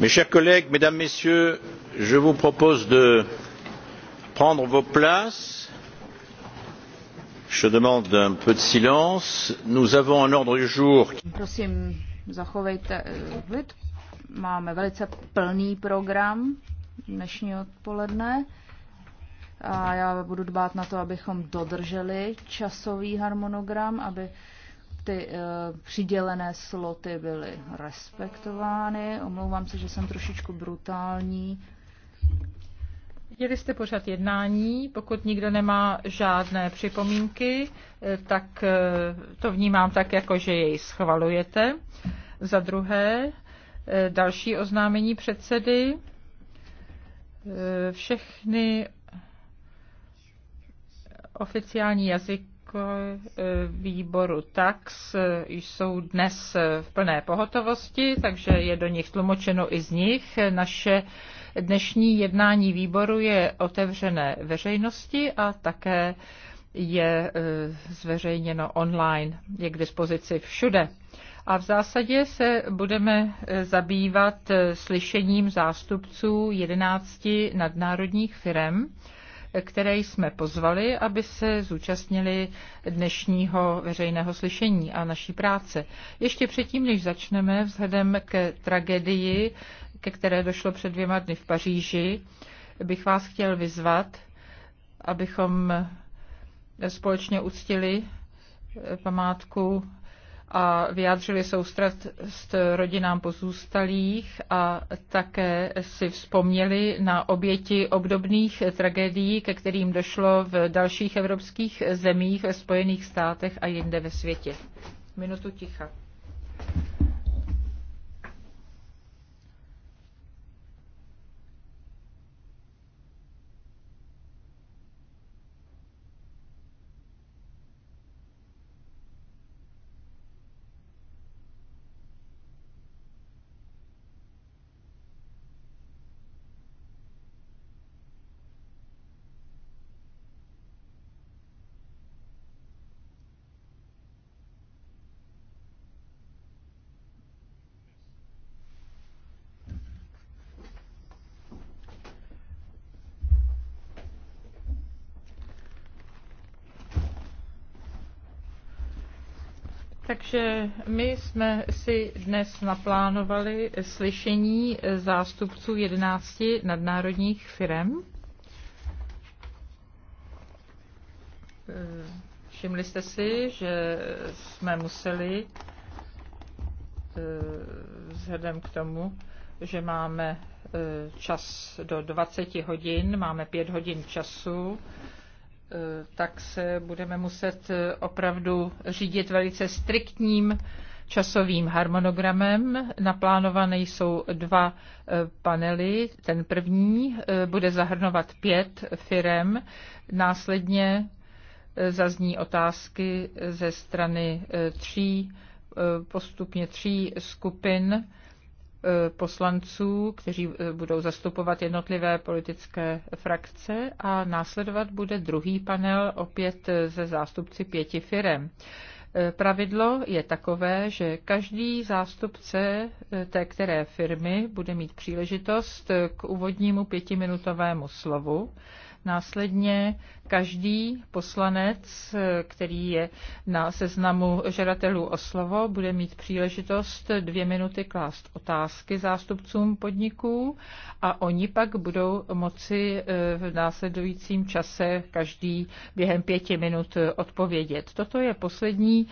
mes chers collègues mesdames et messieurs je vous propose de prendre vos places je demande un peu de silence nous avons un ordre du jour Prosím, zachovejte klid. Eh, Máme velice plný program dnešního odpoledne a já budu dbát na to, abychom dodrželi časový harmonogram, aby ty e, přidělené sloty byly respektovány. Omlouvám se, že jsem trošičku brutální. Viděli jste pořád jednání, pokud nikdo nemá žádné připomínky, eh, tak eh, to vnímám tak, jako že jej schvalujete. Za druhé, další oznámení předsedy. Všechny oficiální jazyky jako, e, výboru TAX e, jsou dnes v plné pohotovosti, takže je do nich tlumočeno i z nich. Naše dnešní jednání výboru je otevřené veřejnosti a také je e, zveřejněno online, je k dispozici všude. A v zásadě se budeme zabývat slyšením zástupců 11 nadnárodních firm, které jsme pozvali, aby se zúčastnili dnešního veřejného slyšení a naší práce. Ještě předtím, než začneme, vzhledem k tragédii, ke které došlo před dvěma dny v Paříži, bych vás chtěl vyzvat, abychom společně uctili památku a vyjádřili soustrat s rodinám pozůstalých a také si vzpomněli na oběti obdobných tragédií, ke kterým došlo v dalších evropských zemích, ve Spojených státech a jinde ve světě. Minutu ticha. že my jsme si dnes naplánovali slyšení zástupců 11 nadnárodních firm. Všimli jste si, že jsme museli eh, vzhledem k tomu, že máme eh, čas do 20 hodin, máme 5 hodin času, Eh, tak se budeme muset eh, opravdu řídit velice striktním časovým harmonogramem. Naplánované jsou dva eh, panely. Ten první bude zahrnovat pět firem. Následně zazní otázky ze strany tří, postupně tří skupin E, poslanců, kteří e, budou zastupovat jednotlivé politické frakce a následovat bude druhý panel opět ze zástupci pěti firem. E, pravidlo je takové, že každý zástupce té které firmy bude mít příležitost k úvodnímu pětiminutovému slovu Následně každý poslanec, který je na seznamu žadatelů o slovo, bude mít příležitost dvě minuty klást otázky zástupcům podniků a oni pak budou moci eh, v následujícím čase každý během pěti minut eh, odpovědět. Toto je poslední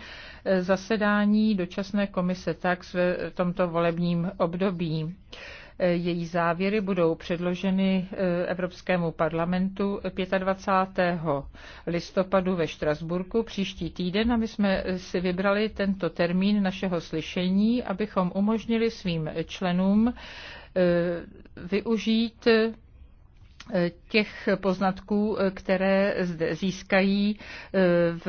eh, zasedání dočasné komise tak v tomto volebním období. Její závěry budou předloženy e, Evropskému parlamentu 25. listopadu ve Štrasburku příští týden a my jsme si vybrali tento termín našeho slyšení, abychom umožnili svým členům e, využít těch poznatků, které zde získají e, v,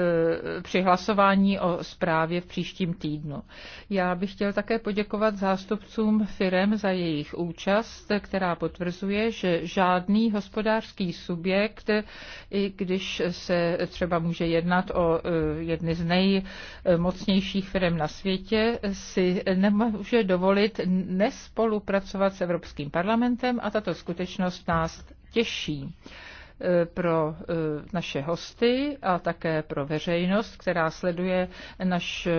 při hlasování o zprávě v příštím týdnu. Já bych chtěl také poděkovat zástupcům firem za jejich účast, která potvrzuje, že žádný hospodářský subjekt, i když se třeba může jednat o e, jedny z nejmocnějších firm na světě, si nemůže dovolit nespolupracovat s Evropským parlamentem a tato skutečnost nás těžší e, pro e, naše hosty a také pro veřejnost, která sleduje naš, e,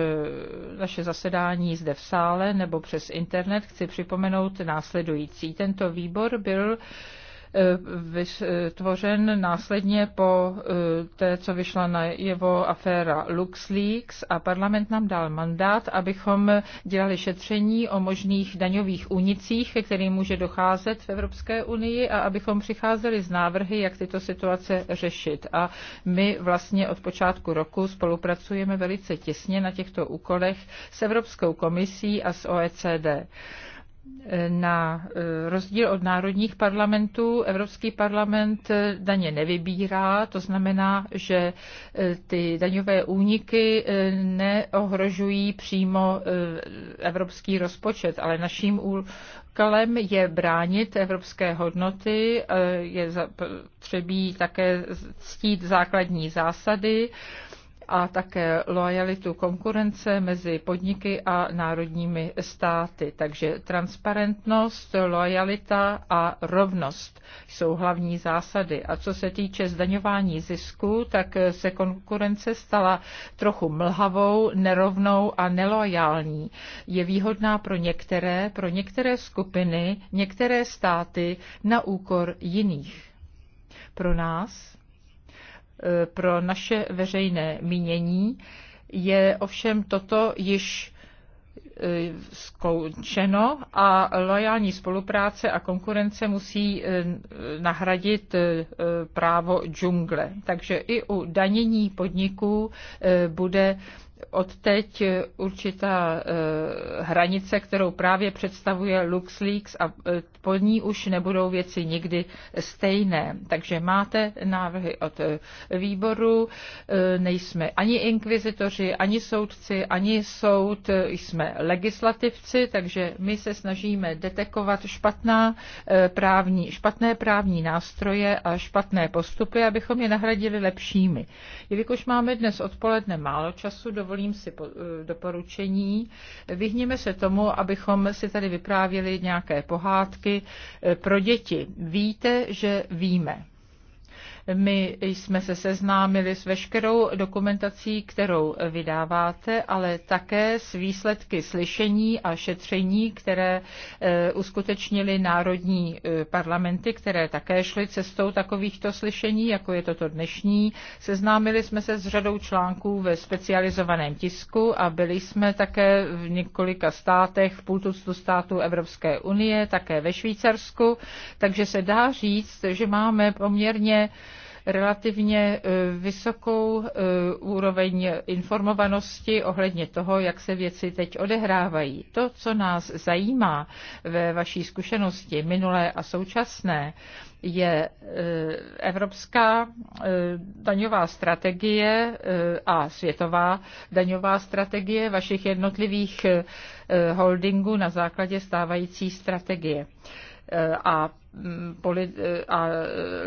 naše zasedání zde v sále nebo přes internet, chci připomenout následující. Tento výbor byl vytvořen následně po eh, té, co vyšla na jeho aféra LuxLeaks a parlament nám dal mandát, abychom dělali šetření o možných daňových únicích, ke kterým může docházet v Evropské unii a abychom přicházeli s návrhy, jak tyto situace řešit. A my vlastně od počátku roku spolupracujeme velice těsně na těchto úkolech s Evropskou komisí a s OECD na eh, rozdíl od národních parlamentů, Evropský parlament eh, daně nevybírá, to znamená, že eh, ty daňové úniky neohrožují přímo evropský rozpočet, ale naším úkolem je bránit evropské hodnoty, je třeba také ctít základní zásady, a také lojalitu konkurence mezi podniky a národními státy. Takže transparentnost, lojalita a rovnost jsou hlavní zásady. A co se týče zdaňování zisku, tak se konkurence stala trochu mlhavou, nerovnou a nelojální. Je výhodná pro některé, pro některé skupiny, některé státy na úkor jiných. Pro nás pro naše veřejné mínění. Je ovšem toto již skončeno e, a loajální spolupráce a konkurence musí e, nahradit e, právo džungle. Takže i u danění podniků bude odteď určitá eh, hranice, kterou právě představuje LuxLeaks a eh, pod ní už nebudou věci nikdy stejné. Takže máte návrhy od eh, výboru, nejsme ani inkvizitoři, ani soudci, ani soud, jsme legislativci, takže my se snažíme detekovat špatná právní, špatné právní nástroje a špatné postupy, abychom je nahradili lepšími. Jelikož máme dnes odpoledne málo času, do dovolím si eh, doporučení. Vyhněme se tomu, abychom si tady vyprávěli nějaké pohádky eh, pro děti. Víte, že víme. My jsme se seznámili s veškerou dokumentací, kterou vydáváte, ale také s výsledky slyšení a šetření, které eh, uskutečnili národní eh, parlamenty, které také šly cestou takovýchto slyšení, jako je toto dnešní. Seznámili jsme se s řadou článků ve specializovaném tisku a byli jsme také v několika státech, v půl států Evropské unie, také ve Švýcarsku, takže se dá říct, že máme poměrně relativně e, vysokou e, úroveň informovanosti ohledně toho, jak se věci teď odehrávají. To, co nás zajímá ve vaší zkušenosti minulé a současné, je e, evropská daňová strategie a světová daňová strategie vašich jednotlivých holdingů na základě stávající strategie. A a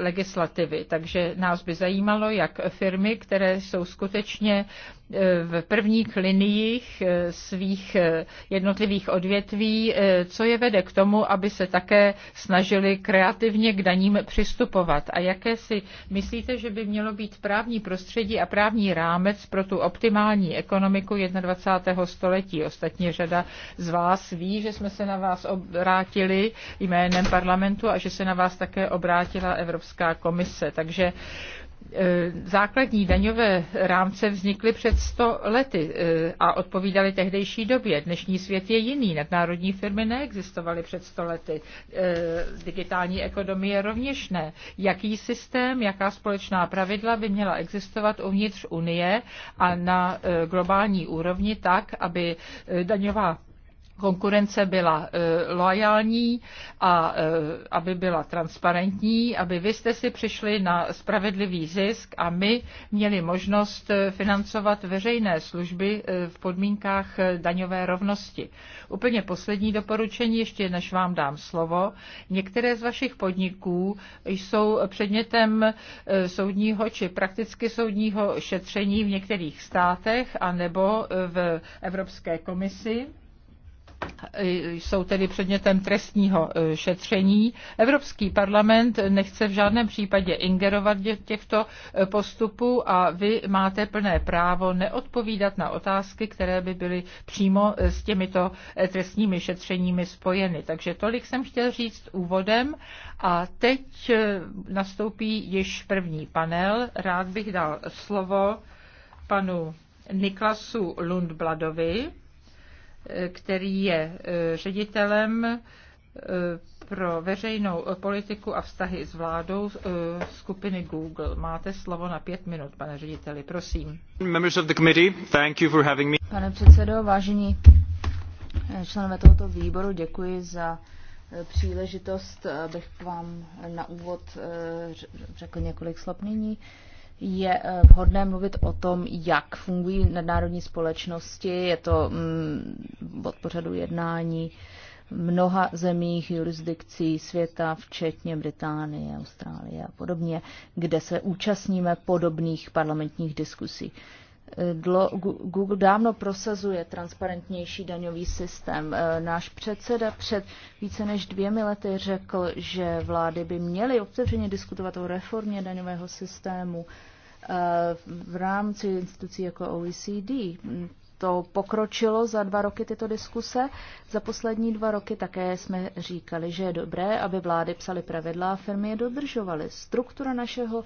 legislativy. Takže nás by zajímalo, jak firmy, které jsou skutečně e, v prvních liniích e, svých e, jednotlivých odvětví, co je vede k tomu, aby se také snažili kreativně k daním přistupovat a jaké si myslíte, že by mělo být právní prostředí a právní rámec pro tu optimální ekonomiku 21. století. Ostatně řada z vás ví, že jsme se na vás obrátili jménem parlamentu a že se na vás také obrátila Evropská komise. Takže e, základní daňové rámce vznikly před 100 lety e, a odpovídaly tehdejší době. Dnešní svět je jiný. Nadnárodní firmy neexistovaly před 100 lety. E, digitální ekonomie rovněž ne. Jaký systém, jaká společná pravidla by měla existovat uvnitř Unie a na globální úrovni tak, aby daňová konkurence byla e, loajální a e, aby byla transparentní, aby vy jste si přišli na spravedlivý zisk a my měli možnost e, financovat veřejné služby v podmínkách daňové rovnosti. Úplně poslední doporučení, ještě než vám dám slovo. Některé z vašich podniků jsou předmětem soudního či prakticky soudního šetření v některých státech a nebo v Evropské komisi jsou tedy předmětem trestního e, šetření. Evropský parlament nechce v žádném případě ingerovat do těchto e, postupů a vy máte plné právo neodpovídat na otázky, které by byly přímo e, s těmito trestními šetřeními spojeny. Takže tolik jsem chtěl říct úvodem a teď nastoupí již první panel. Rád bych dal slovo panu Niklasu Lundbladovi který je e, ředitelem e, pro veřejnou politiku a vztahy s vládou e, skupiny Google. Máte slovo na pět minut, pane řediteli, prosím. of the thank you for me. Pane předsedo, vážení členové tohoto výboru, děkuji za příležitost, abych vám na úvod řekl několik slov nyní je eh, vhodné mluvit o tom, jak fungují nadnárodní společnosti. Je to mm, od pořadu jednání mnoha zemích, jurisdikcí světa, včetně Británie, Austrálie a podobně, kde se účastníme podobných parlamentních diskusí. Google dávno prosazuje transparentnější daňový systém. E, náš předseda před více než dvěmi lety řekl, že vlády by měly otevřeně diskutovat o reformě daňového systému e, v rámci institucí jako OECD. To pokročilo za dva roky tyto diskuse. Za poslední dva roky také jsme říkali, že je dobré, aby vlády psaly pravidla a firmy je dodržovaly. Struktura našeho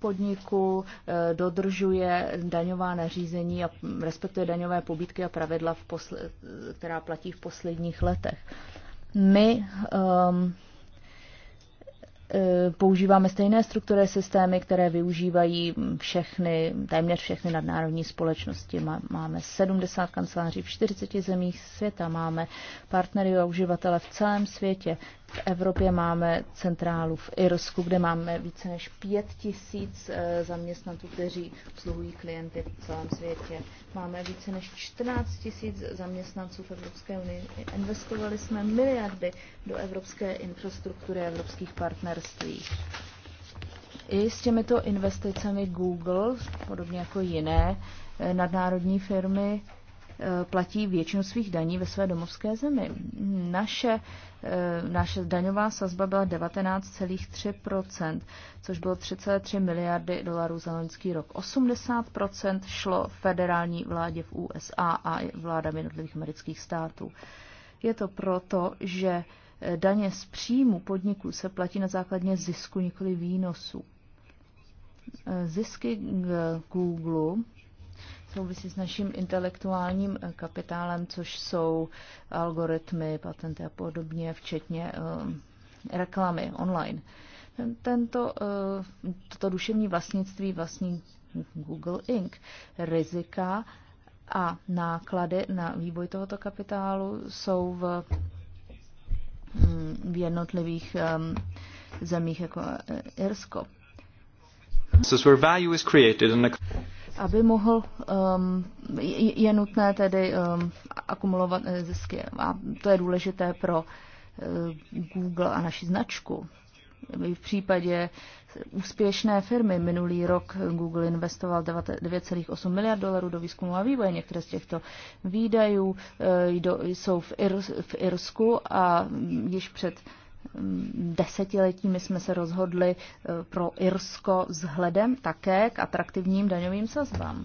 podniku, eh, dodržuje daňová nařízení a respektuje daňové pobídky a pravidla, v posle- která platí v posledních letech. My um, Eh, používáme stejné struktury systémy, které využívají všechny, téměř všechny nadnárodní společnosti. Máme 70 kanceláří v 40 zemích světa, máme partnery a uživatele v celém světě. V Evropě máme centrálu v Irsku, kde máme více než 5 tisíc eh, zaměstnanců, kteří obsluhují klienty v celém světě. Máme více než 14 tisíc zaměstnanců v Evropské unii. Investovali jsme miliardy do evropské infrastruktury evropských partnerů partnerství. I s těmito investicemi Google, podobně jako jiné eh, nadnárodní firmy, eh, platí většinu svých daní ve své domovské zemi. Naše, eh, naše daňová sazba byla 19,3%, což bylo 3,3 miliardy dolarů za loňský rok. 80% šlo federální vládě v USA a vládám jednotlivých amerických států. Je to proto, že Daně z příjmu podniků se platí na základě zisku, nikoli výnosu. Zisky Google souvisí s naším intelektuálním kapitálem, což jsou algoritmy, patenty a podobně, včetně eh, reklamy online. Tento, eh, toto duševní vlastnictví vlastní Google Inc. Rizika a náklady na vývoj tohoto kapitálu jsou v v jednotlivých um, zemích jako eh, Irsko. Aby mohl, um, je, je nutné tedy um, akumulovat zisky a to je důležité pro uh, Google a naši značku. V případě uh, úspěšné firmy. Minulý rok Google investoval 9,8 miliard dolarů do výzkumu a vývoje. Některé z těchto výdajů eh, jsou v, Ir, v Irsku a již před mm, desetiletí my jsme se rozhodli eh, pro Irsko vzhledem také k atraktivním daňovým sazbám.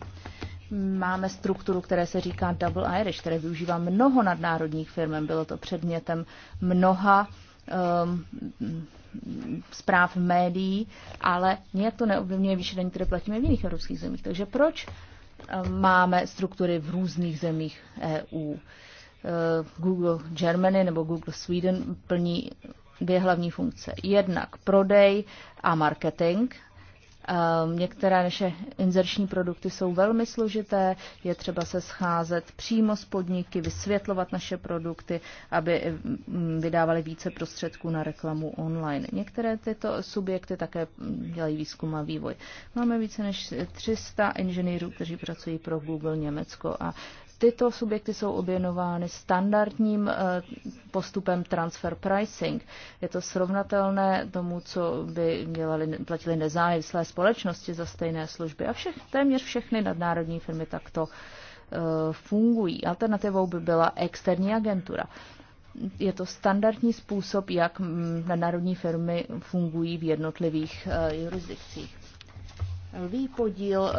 Máme strukturu, které se říká Double Irish, které využívá mnoho nadnárodních firm. Bylo to předmětem mnoha um, zpráv médií, ale nějak to neovlivňuje výši daní, které platíme v jiných evropských zemích. Takže proč um, máme struktury v různých zemích EU? Uh, Google Germany nebo Google Sweden plní dvě hlavní funkce. Jednak prodej a marketing Ehm, některé naše inzerční produkty jsou velmi složité, je třeba se scházet přímo s podniky, vysvětlovat naše produkty, aby mm, vydávali více prostředků na reklamu online. Některé tyto subjekty také dělají výzkum a vývoj. Máme více než 300 inženýrů, kteří pracují pro Google Německo a Tyto subjekty jsou objednovány standardním eh, postupem transfer pricing. Je to srovnatelné tomu, co by dělali, platili nezávislé společnosti za stejné služby. A všech, téměř všechny nadnárodní firmy takto eh, fungují. Alternativou by byla externí agentura. Je to standardní způsob, jak mm, nadnárodní firmy fungují v jednotlivých eh, jurisdikcích. Lví podíl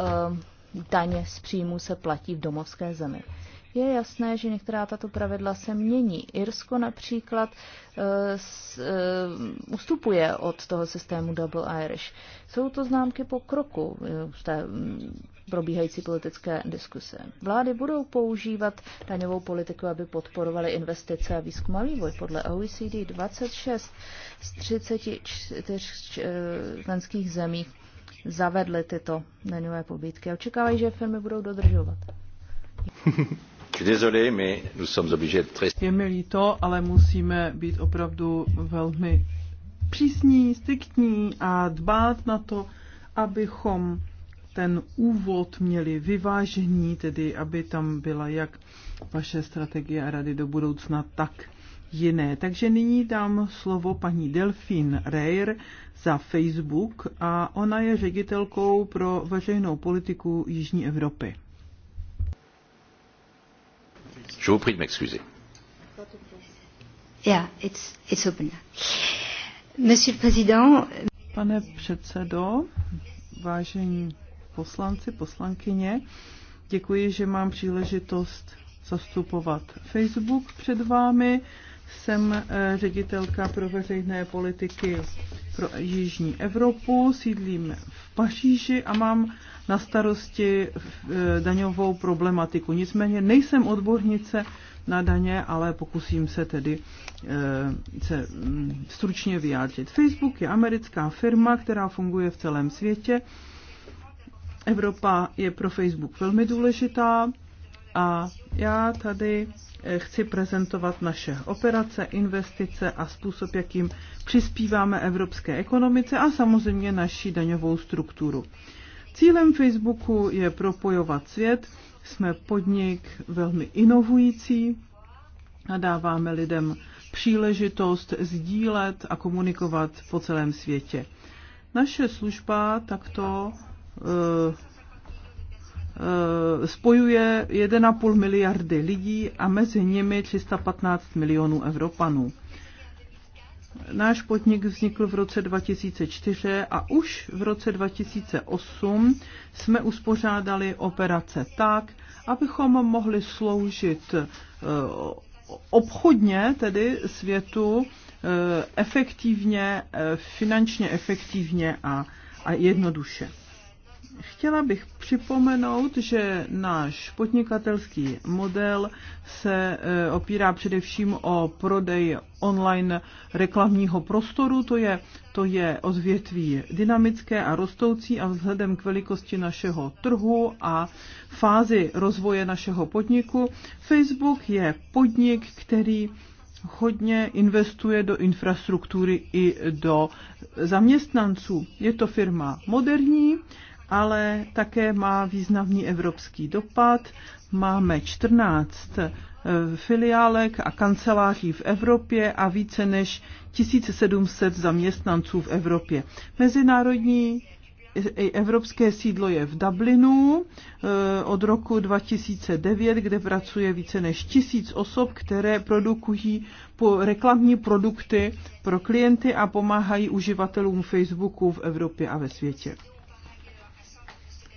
daně z příjmu se platí v domovské zemi. Je jasné, že některá tato pravidla se mění. Irsko například e, s, e, ustupuje od toho systému Double Irish. Jsou to známky pokroku v eh, té mm, probíhající politické diskuse. Vlády budou používat daňovou politiku, aby podporovaly investice a výzkum a vývoj. Podle OECD 26 z 34 členských zemí zavedly tyto daňové pobídky a očekávají, že firmy budou dodržovat. Je mi líto, ale musíme být opravdu velmi přísní, striktní a dbát na to, abychom ten úvod měli vyvážení, tedy aby tam byla jak vaše strategie a rady do budoucna, tak jiné. Takže nyní dám slovo paní Delfín Reir za Facebook a ona je ředitelkou pro veřejnou politiku Jižní Evropy. Je vous prie de m'excuser. Yeah, it's, it's open. Monsieur le Président, Pane předsedo, vážení poslanci, poslankyně, děkuji, že mám příležitost zastupovat Facebook před vámi jsem eh, ředitelka pro veřejné politiky pro Jižní Evropu, sídlím v Paříži a mám na starosti eh, daňovou problematiku. Nicméně nejsem odbornice na daně, ale pokusím se tedy eh, se mm, stručně vyjádřit. Facebook je americká firma, která funguje v celém světě. Evropa je pro Facebook velmi důležitá. A já tady eh, chci prezentovat naše operace, investice a způsob, jakým přispíváme evropské ekonomice a samozřejmě naší daňovou strukturu. Cílem Facebooku je propojovat svět. Jsme podnik velmi inovující a dáváme lidem příležitost sdílet a komunikovat po celém světě. Naše služba takto eh, Eh, spojuje 1,5 miliardy lidí a mezi nimi 315 milionů Evropanů. Náš podnik vznikl v roce 2004 a už v roce 2008 jsme uspořádali operace tak, abychom mohli sloužit eh, obchodně, tedy světu, eh, efektivně, finančně efektivně a, a jednoduše. Chtěla bych připomenout, že náš podnikatelský model se eh, opírá především o prodej online reklamního prostoru. To je, to je odvětví dynamické a rostoucí a vzhledem k velikosti našeho trhu a fázi rozvoje našeho podniku. Facebook je podnik, který hodně investuje do infrastruktury i do zaměstnanců. Je to firma moderní, ale také má významný evropský dopad. Máme 14 eh, filiálek a kanceláří v Evropě a více než 1700 zaměstnanců v Evropě. Mezinárodní eh, evropské sídlo je v Dublinu eh, od roku 2009, kde pracuje více než tisíc osob, které produkují reklamní produkty pro klienty a pomáhají uživatelům Facebooku v Evropě a ve světě.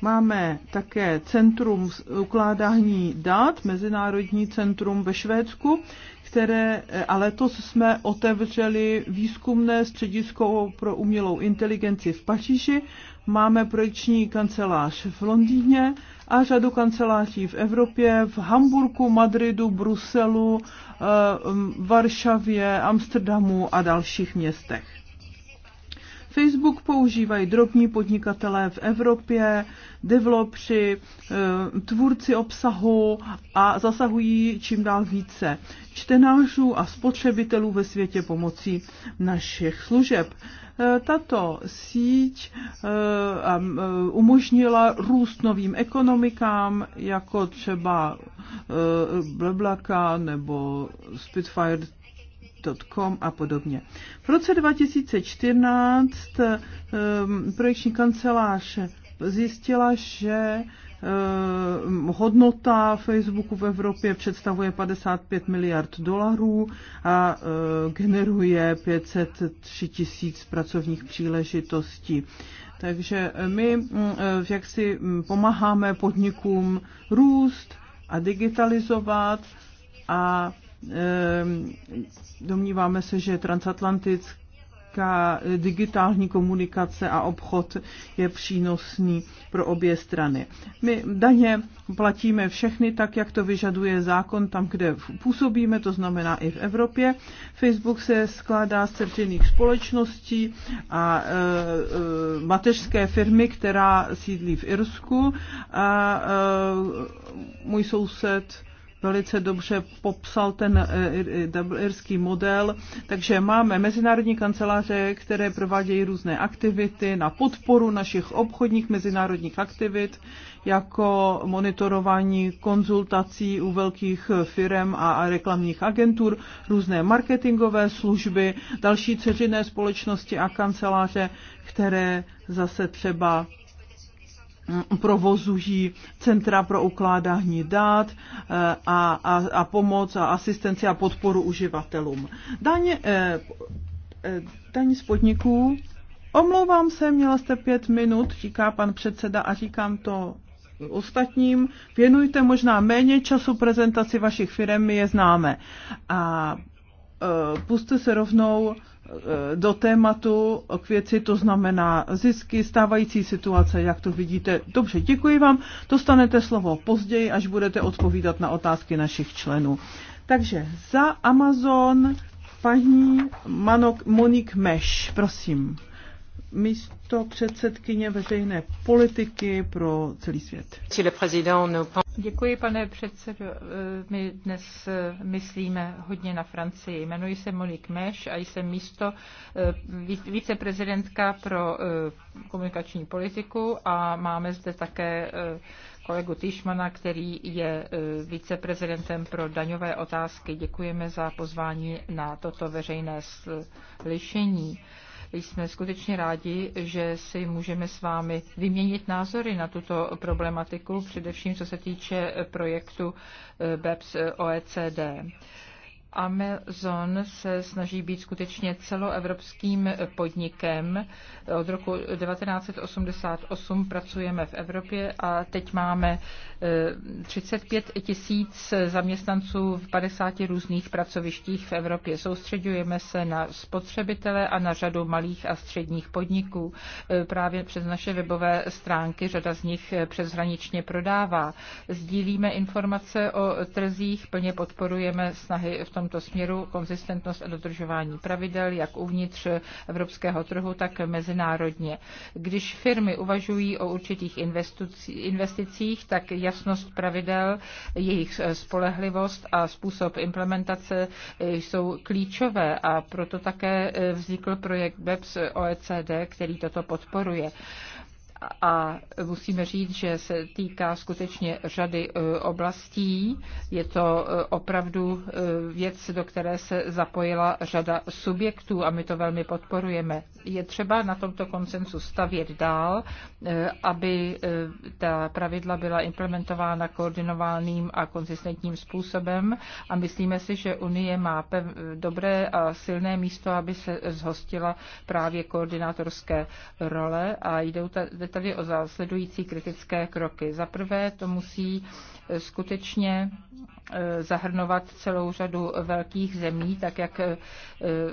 Máme také centrum ukládání dát, Mezinárodní centrum ve Švédsku, které, eh, a letos jsme otevřeli výzkumné středisko pro umělou inteligenci v Paříži, máme projekční kancelář v Londýně a řadu kanceláří v Evropě, v Hamburgu, Madridu, Bruselu, eh, Varšavě, Amsterdamu a dalších městech. Facebook používají drobní podnikatelé v Evropě, developři, eh, tvůrci obsahu a zasahují čím dál více čtenářů a spotřebitelů ve světě pomocí našich služeb. Eh, tato síť eh, umožnila růst novým ekonomikám, jako třeba Bleblaka nebo Spitfire Com a podobně. V roce 2014 ehm, projekční kancelář zjistila, že ehm, hodnota Facebooku v Evropě představuje 55 miliard dolarů a ehm, generuje 503 tisíc pracovních příležitostí. Takže eh, my um, mm, eh, jaksi mm, pomáháme podnikům růst a digitalizovat a Ehm, domníváme se, že transatlantická eh, digitální komunikace a obchod je přínosný pro obě strany. My daně platíme všechny tak, jak to vyžaduje zákon tam, kde působíme, to znamená i v Evropě. Facebook se skládá z certiných společností a e, e, mateřské firmy, která sídlí v Irsku. A e, můj soused velice dobře popsal eh, eh, ten irský model. Takže máme mezinárodní kanceláře, které provádějí různé aktivity na podporu našich obchodních mezinárodních aktivit, jako monitorování konzultací u velkých firm a reklamních agentur, různé marketingové služby, další ceřinné společnosti a kanceláře, které zase třeba Eh, provozují centra pro ukládání dat eh, a, a, a pomoc a asistenci a podporu uživatelům. Daň, eh, daň z podniků. Omlouvám se, měla jste pět minut, říká pan předseda a říkám to ostatním. Věnujte možná méně času prezentaci vašich firm, my je známe. A puste se rovnou do tématu k věci, to znamená zisky, stávající situace, jak to vidíte. Dobře, děkuji vám. Dostanete slovo později, až budete odpovídat na otázky našich členů. Takže za Amazon paní Manok Monik Meš, prosím místo předsedkyně veřejné politiky pro celý svět. Děkuji, pane předsedo. My dnes eh, myslíme hodně na Francii. Jmenuji se Monique Meš a jsem místo eh, viceprezidentka pro eh, komunikační politiku a máme zde také kolegu Týšmana, který je viceprezidentem pro daňové otázky. Děkujeme za pozvání na toto veřejné slyšení. Jsme skutečně rádi, že si můžeme s vámi vyměnit názory na tuto problematiku, především co se týče projektu eh, BEPS eh, OECD. Amazon se snaží být skutečně celoevropským podnikem. Od roku 1988 pracujeme v Evropě a teď máme 35 e, tisíc zaměstnanců v 50 různých pracovištích v Evropě. Soustředujeme se na spotřebitele a na řadu malých a středních podniků. E, právě přes naše webové stránky řada z nich přeshraničně prodává. Sdílíme informace o trzích, plně podporujeme snahy v tom tomto směru konzistentnost a dodržování pravidel, jak uvnitř evropského trhu, tak mezinárodně. Když firmy uvažují o určitých investicích, tak jasnost pravidel, jejich spolehlivost a způsob implementace jsou klíčové a proto také vznikl projekt BEPS OECD, který toto podporuje a musíme říct, že se týká skutečně řady e, oblastí. Je to e, opravdu e, věc, do které se zapojila řada subjektů a my to velmi podporujeme. Je třeba na tomto koncensu stavět dál, aby ta pravidla byla implementována koordinovaným a konzistentním způsobem a myslíme si, že Unie má dobré a silné místo, aby se zhostila právě koordinátorské role a jdou tady tady o zásledující kritické kroky. Za prvé to musí skutečně Eh, zahrnovat celou řadu velkých zemí, tak jak eh,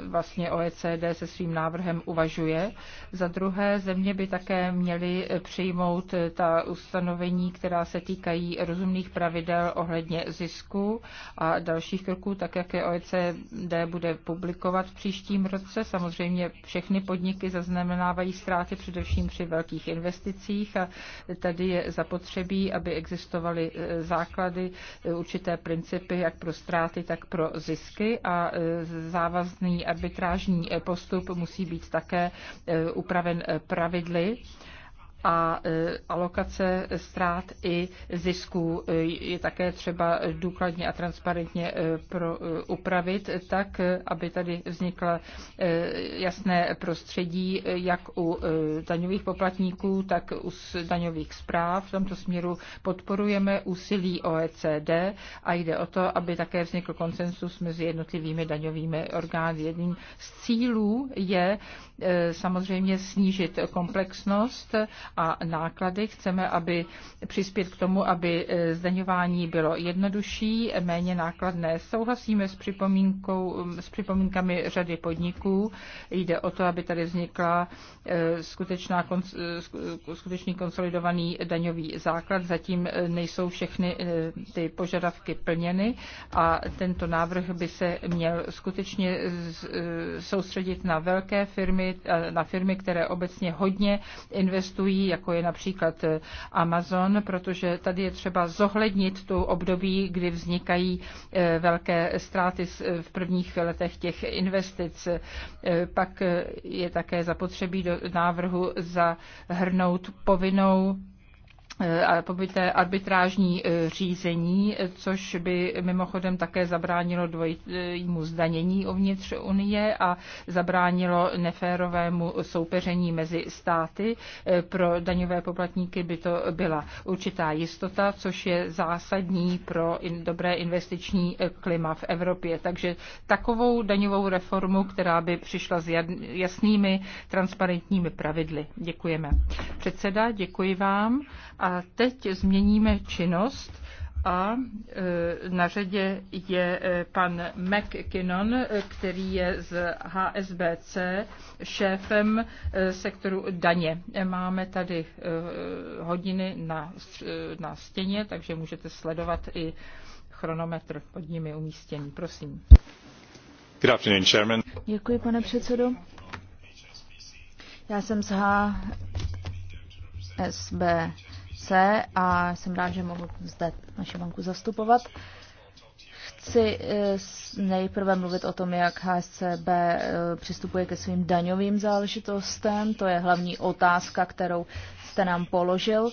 vlastně OECD se svým návrhem uvažuje. Za druhé, země by také měly eh, přijmout ta ustanovení, která se týkají rozumných pravidel ohledně zisku a dalších kroků, tak jak je OECD bude publikovat v příštím roce. Samozřejmě všechny podniky zaznamenávají ztráty především při velkých investicích a tady je zapotřebí, aby existovaly základy určité principy jak pro ztráty, tak pro zisky a e, závazný arbitrážní postup musí být také e, upraven e, pravidly a e, alokace ztrát i zisků e, je také třeba důkladně a transparentně e, pro, upravit tak, aby tady vznikla jasné prostředí jak u daňových poplatníků, tak u daňových zpráv. V tomto směru podporujeme úsilí OECD a jde o to, aby také vznikl konsensus mezi jednotlivými daňovými orgány. Jedním z cílů je samozřejmě snížit komplexnost a náklady. Chceme, aby přispět k tomu, aby eh, zdaňování bylo jednodušší, méně nákladné. Souhlasíme s, připomínkou, mm, s připomínkami řady podniků. Jde o to, aby tady vznikla eh, skutečná, eh, skutečný konsolidovaný daňový základ. Zatím nejsou všechny ty požadavky plněny a tento návrh by se měl skutečně soustředit na velké firmy, na firmy, které obecně hodně investují jako je například eh, Amazon, protože tady je třeba zohlednit tu období, kdy vznikají eh, velké ztráty eh, v prvních letech těch investic. Pak je také zapotřebí do návrhu zahrnout povinnou arbitrážní e, řízení, což by mimochodem také zabránilo dvojímu zdanění uvnitř Unie a zabránilo neférovému soupeření mezi státy. E, pro daňové poplatníky by to byla určitá jistota, což je zásadní pro dobré investiční e, klima v Evropě. Takže takovou daňovou reformu, která by přišla s jasnými transparentními pravidly. Děkujeme. Předseda, děkuji vám. A a teď změníme činnost a e, na řadě je e, pan McKinnon, e, který je z HSBC šéfem sektoru daně. Máme tady hodiny na, na stěně, takže můžete sledovat i chronometr pod nimi umístěný. Prosím. Good afternoon, chairman. Děkuji, pane předsedo. Já jsem z HSBC práce a jsem rád, že mohu zde naši banku zastupovat. Chci eh, nejprve mluvit o tom, jak HSCB eh, přistupuje ke svým daňovým záležitostem. To je hlavní otázka, kterou jste nám položil.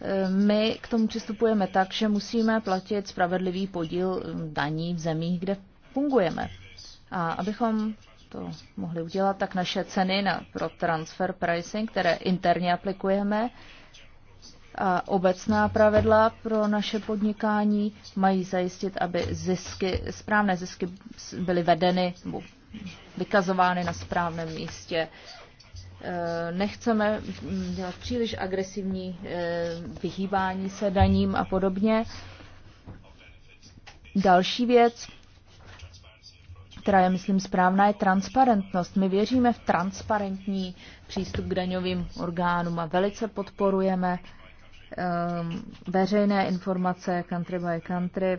Eh, my k tomu přistupujeme tak, že musíme platit spravedlivý podíl daní v zemích, kde fungujeme. A abychom to mohli udělat, tak naše ceny na, pro transfer pricing, které interně aplikujeme, a obecná pravidla pro naše podnikání mají zajistit, aby zisky, správné zisky byly vedeny nebo vykazovány na správném místě. E, nechceme dělat příliš agresivní e, vyhýbání se daním a podobně. Další věc, která je, myslím, správná, je transparentnost. My věříme v transparentní přístup k daňovým orgánům a velice podporujeme uh, um, veřejné informace country by country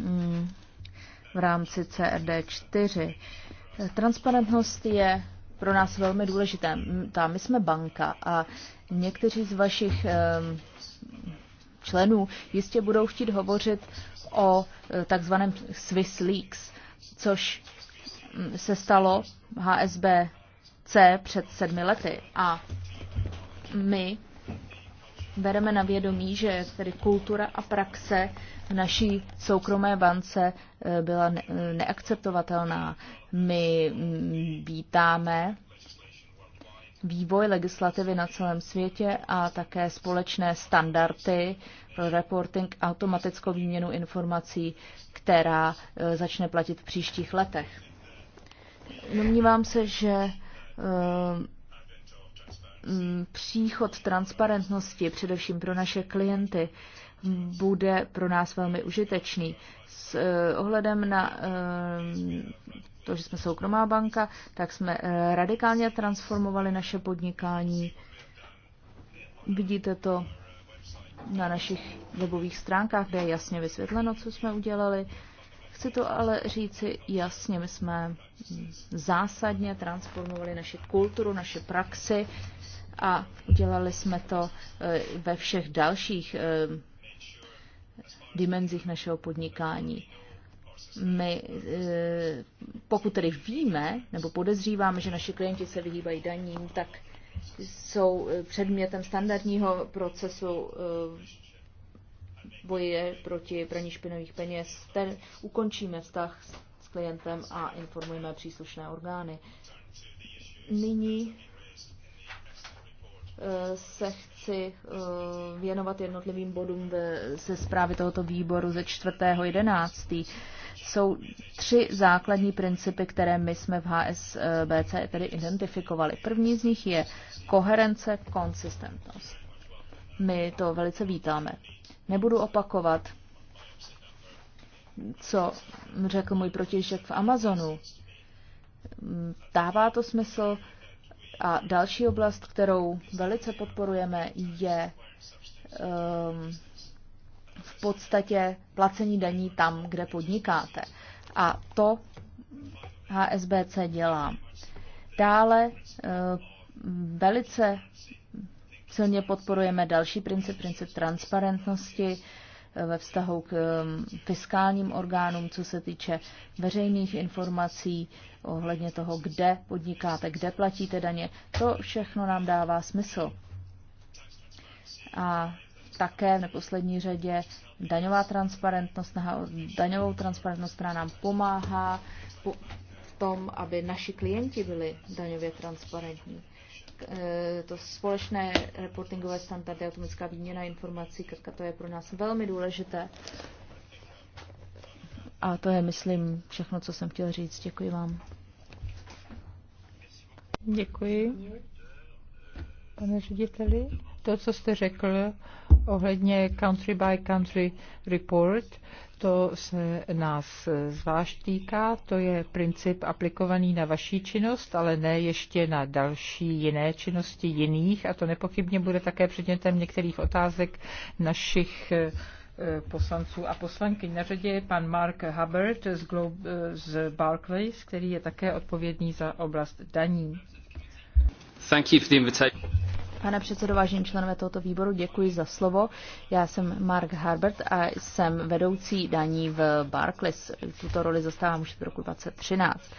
um, v rámci CRD 4. Transparentnost je pro nás velmi důležitá. My jsme banka a někteří z vašich um, členů jistě budou chtít hovořit o e, takzvaném Swiss Leaks, což mm, se stalo HSBC před sedmi lety. A my bereme na vědomí, že tedy kultura a praxe v naší soukromé bance eh, byla neakceptovatelná. My mm, vítáme vývoj legislativy na celém světě a také společné standardy pro reporting automatickou výměnu informací, která eh, začne platit v příštích letech. Domnívám se, že eh, Mm, příchod transparentnosti, především pro naše klienty, bude pro nás velmi užitečný. S eh, ohledem na eh, to, že jsme soukromá banka, tak jsme eh, radikálně transformovali naše podnikání. Vidíte to na našich webových stránkách, kde je jasně vysvětleno, co jsme udělali. Chci to ale říci jasně, my jsme zásadně transformovali naši kulturu, naše praxi a udělali jsme to e, ve všech dalších e, dimenzích našeho podnikání. My, e, pokud tedy víme nebo podezříváme, že naši klienti se vyhýbají daním, tak jsou předmětem standardního procesu boje proti praní špinových peněz. Ten ukončíme vztah s klientem a informujeme příslušné orgány. Nyní se chci eh, věnovat jednotlivým bodům ze zprávy tohoto výboru ze 4.11. Jsou tři základní principy, které my jsme v HSBC tedy identifikovali. První z nich je koherence, konsistentnost. My to velice vítáme. Nebudu opakovat, co řekl můj protěžek v Amazonu. Dává to smysl, a další oblast, kterou velice podporujeme, je um, v podstatě placení daní tam, kde podnikáte. A to HSBC dělá. Dále um, velice silně podporujeme další princip, princip transparentnosti eh, ve vztahu k ehm, fiskálním orgánům, co se týče veřejných informací, ohledně toho, kde podnikáte, kde platíte daně. To všechno nám dává smysl. A také v neposlední řadě daňová transparentnost, daňovou transparentnost, která nám pomáhá v tom, aby naši klienti byli daňově transparentní. E, to společné reportingové standardy, automatická výměna informací, to je pro nás velmi důležité a to je, myslím, všechno, co jsem chtěl říct. Děkuji vám. Děkuji. Pane řediteli, to, co jste řekl ohledně country by country report, to se nás zvlášť týká, to je princip aplikovaný na vaší činnost, ale ne ještě na další jiné činnosti jiných a to nepochybně bude také předmětem některých otázek našich Eh, poslanců a poslanky. Na řadě je pan Mark Hubbard z, eh, z Barclays, který je také odpovědný za oblast daní. Thank you for the invitation. Pane předsedo, vážení členové tohoto výboru, děkuji za slovo. Já jsem Mark Harbert a jsem vedoucí daní v Barclays. Tuto roli zastávám už od roku 2013.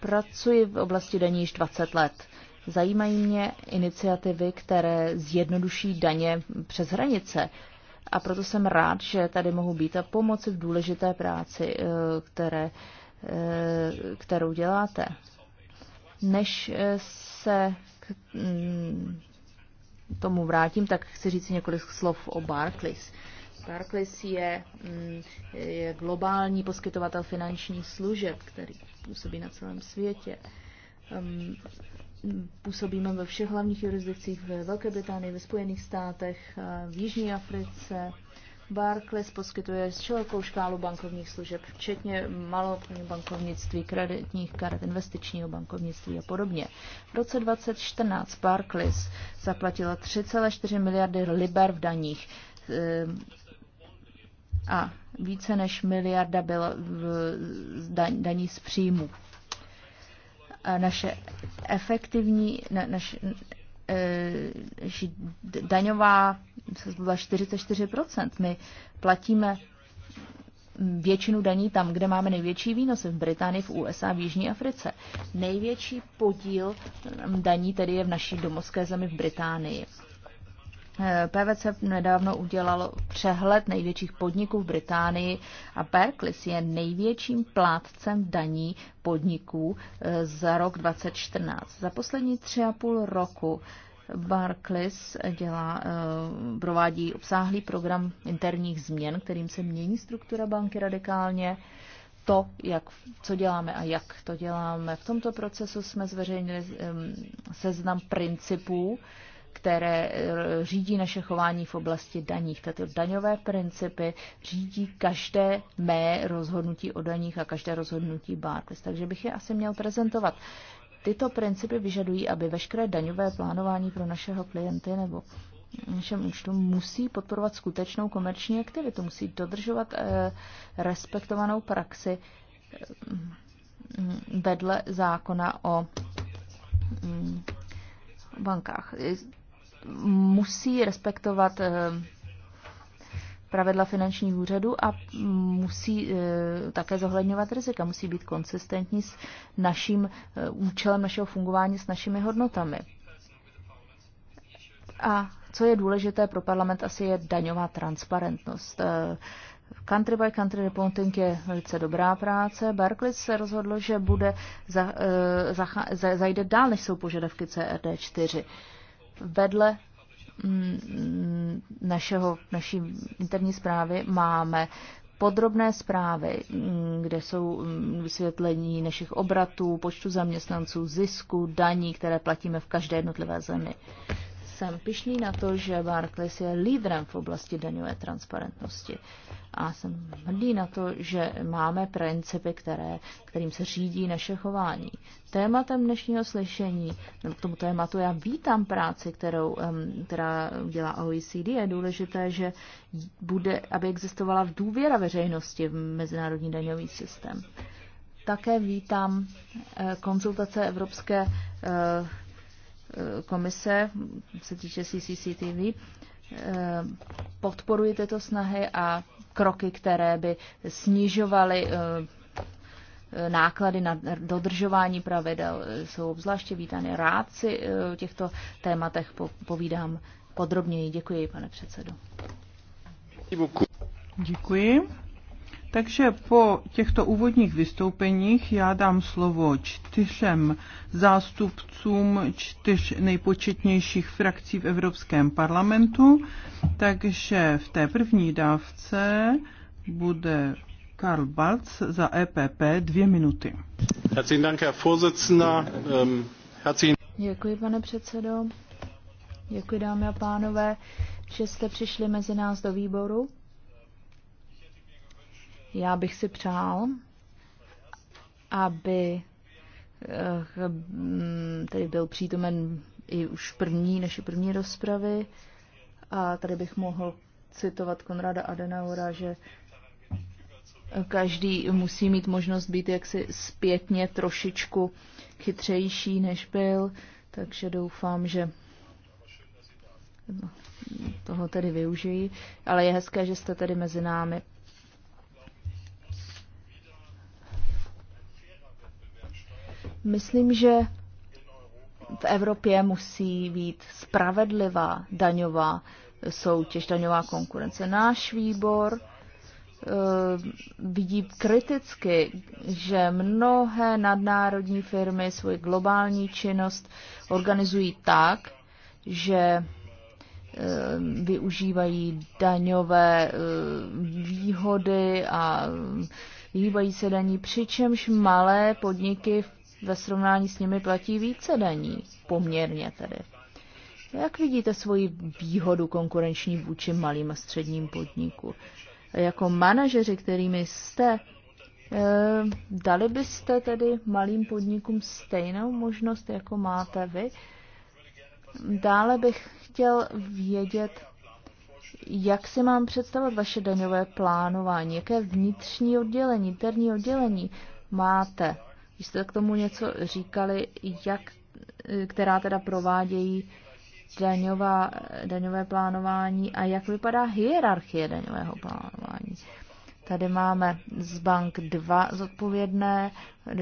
Pracuji v oblasti daní již 20 let. Zajímají mě iniciativy, které zjednoduší daně přes hranice a proto jsem rád, že tady mohu být a pomoci v důležité práci, eh, které, eh, kterou děláte. Než eh, se k mm, tomu vrátím, tak chci říct několik slov o Barclays. Barclays je, mm, je globální poskytovatel finančních služeb, který působí na celém světě. Ehm, Působíme ve všech hlavních jurisdikcích ve Velké Británii, ve Spojených státech, eh, v Jižní Africe. Barclays poskytuje širokou škálu bankovních služeb, včetně malou bankovnictví, kreditních karet, investičního bankovnictví a podobně. V roce 2014 Barclays zaplatila 3,4 miliardy liber v daních eh, a více než miliarda byla v daní z příjmu naše efektivní, na, naš, e, naši daňová byla 44%. My platíme většinu daní tam, kde máme největší výnosy, v Británii, v USA, v Jižní Africe. Největší podíl daní tedy je v naší domovské zemi v Británii. PVC nedávno udělalo přehled největších podniků v Británii a Berkeley je největším plátcem daní podniků eh, za rok 2014. Za poslední tři a půl roku Barclays dělá, eh, provádí obsáhlý program interních změn, kterým se mění struktura banky radikálně. To, jak, co děláme a jak to děláme. V tomto procesu jsme zveřejnili ehm, seznam principů, které eh, řídí naše chování v oblasti daních. Tato daňové principy řídí každé mé rozhodnutí o daních a každé rozhodnutí Barclays. Takže bych je asi měl prezentovat. Tyto principy vyžadují, aby veškeré daňové plánování pro našeho klienty nebo našem účtu musí podporovat skutečnou komerční aktivitu, musí dodržovat eh, respektovanou praxi eh, vedle zákona o mm, bankách musí respektovat eh, pravidla finančních úřadů a musí eh, také zohledňovat rizika, musí být konsistentní s naším eh, účelem našeho fungování, s našimi hodnotami. A co je důležité pro parlament, asi je daňová transparentnost. Country by country reporting je velice dobrá práce. Barclays se rozhodlo, že bude za, za, za, zajde dál, než jsou požadavky CRD 4. Vedle mm, našeho, naší interní zprávy máme podrobné zprávy, mm, kde jsou mm, vysvětlení našich obratů, počtu zaměstnanců, zisku, daní, které platíme v každé jednotlivé zemi jsem pišný na to, že Barclays je lídrem v oblasti daňové transparentnosti. A jsem hrdý na to, že máme principy, které, kterým se řídí naše chování. Tématem dnešního slyšení, no, k tomu tématu, já vítám práci, kterou, která dělá OECD. Je důležité, že bude, aby existovala v důvěra veřejnosti v mezinárodní daňový systém. Také vítám eh, konzultace Evropské eh, komise, se týče CCCTV, eh, podporuji tyto snahy a kroky, které by snižovaly eh, náklady na dodržování pravidel eh, jsou obzvláště vítány. Rád si o těchto tématech povídám podrobněji. Děkuji, pane předsedo. Děkuji. Takže po těchto úvodních vystoupeních já dám slovo čtyřem zástupcům čtyř nejpočetnějších frakcí v Evropském parlamentu. Takže v té první dávce bude Karl Balc za EPP dvě minuty. Ähm, Děkuji, pane předsedo. Děkuji, dámy a pánové, že jste přišli mezi nás do výboru. Já bych si přál, aby eh, tady byl přítomen i už první, naše první rozpravy. A tady bych mohl citovat Konrada Adenaura, že každý musí mít možnost být jaksi zpětně trošičku chytřejší, než byl. Takže doufám, že toho tedy využijí. Ale je hezké, že jste tady mezi námi. Myslím, že v Evropě musí být spravedlivá daňová soutěž, daňová konkurence. Náš výbor eh, vidí kriticky, že mnohé nadnárodní firmy svoji globální činnost organizují tak, že eh, využívají daňové eh, výhody a vyhýbají se daní, přičemž malé podniky v ve srovnání s nimi platí více daní, poměrně tedy. Jak vidíte svoji výhodu konkurenční vůči malým a středním podniku? Jako manažeři, kterými jste, eh, dali byste tedy malým podnikům stejnou možnost, jako máte vy? Dále bych chtěl vědět, jak si mám představit vaše daňové plánování, jaké vnitřní oddělení, interní oddělení máte jste k tomu něco říkali, jak, která teda provádějí daňová, daňové plánování a jak vypadá hierarchie daňového plánování. Tady máme z bank dva zodpovědné,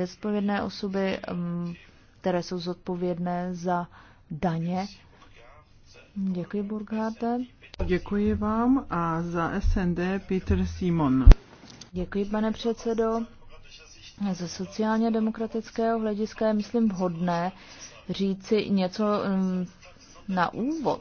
zodpovědné osoby, mm, které jsou zodpovědné za daně. Děkuji, Burgháte. Děkuji vám a za SND Peter Simon. Děkuji, pane předsedo. Ze sociálně demokratického hlediska je, myslím, vhodné říci něco um, na úvod.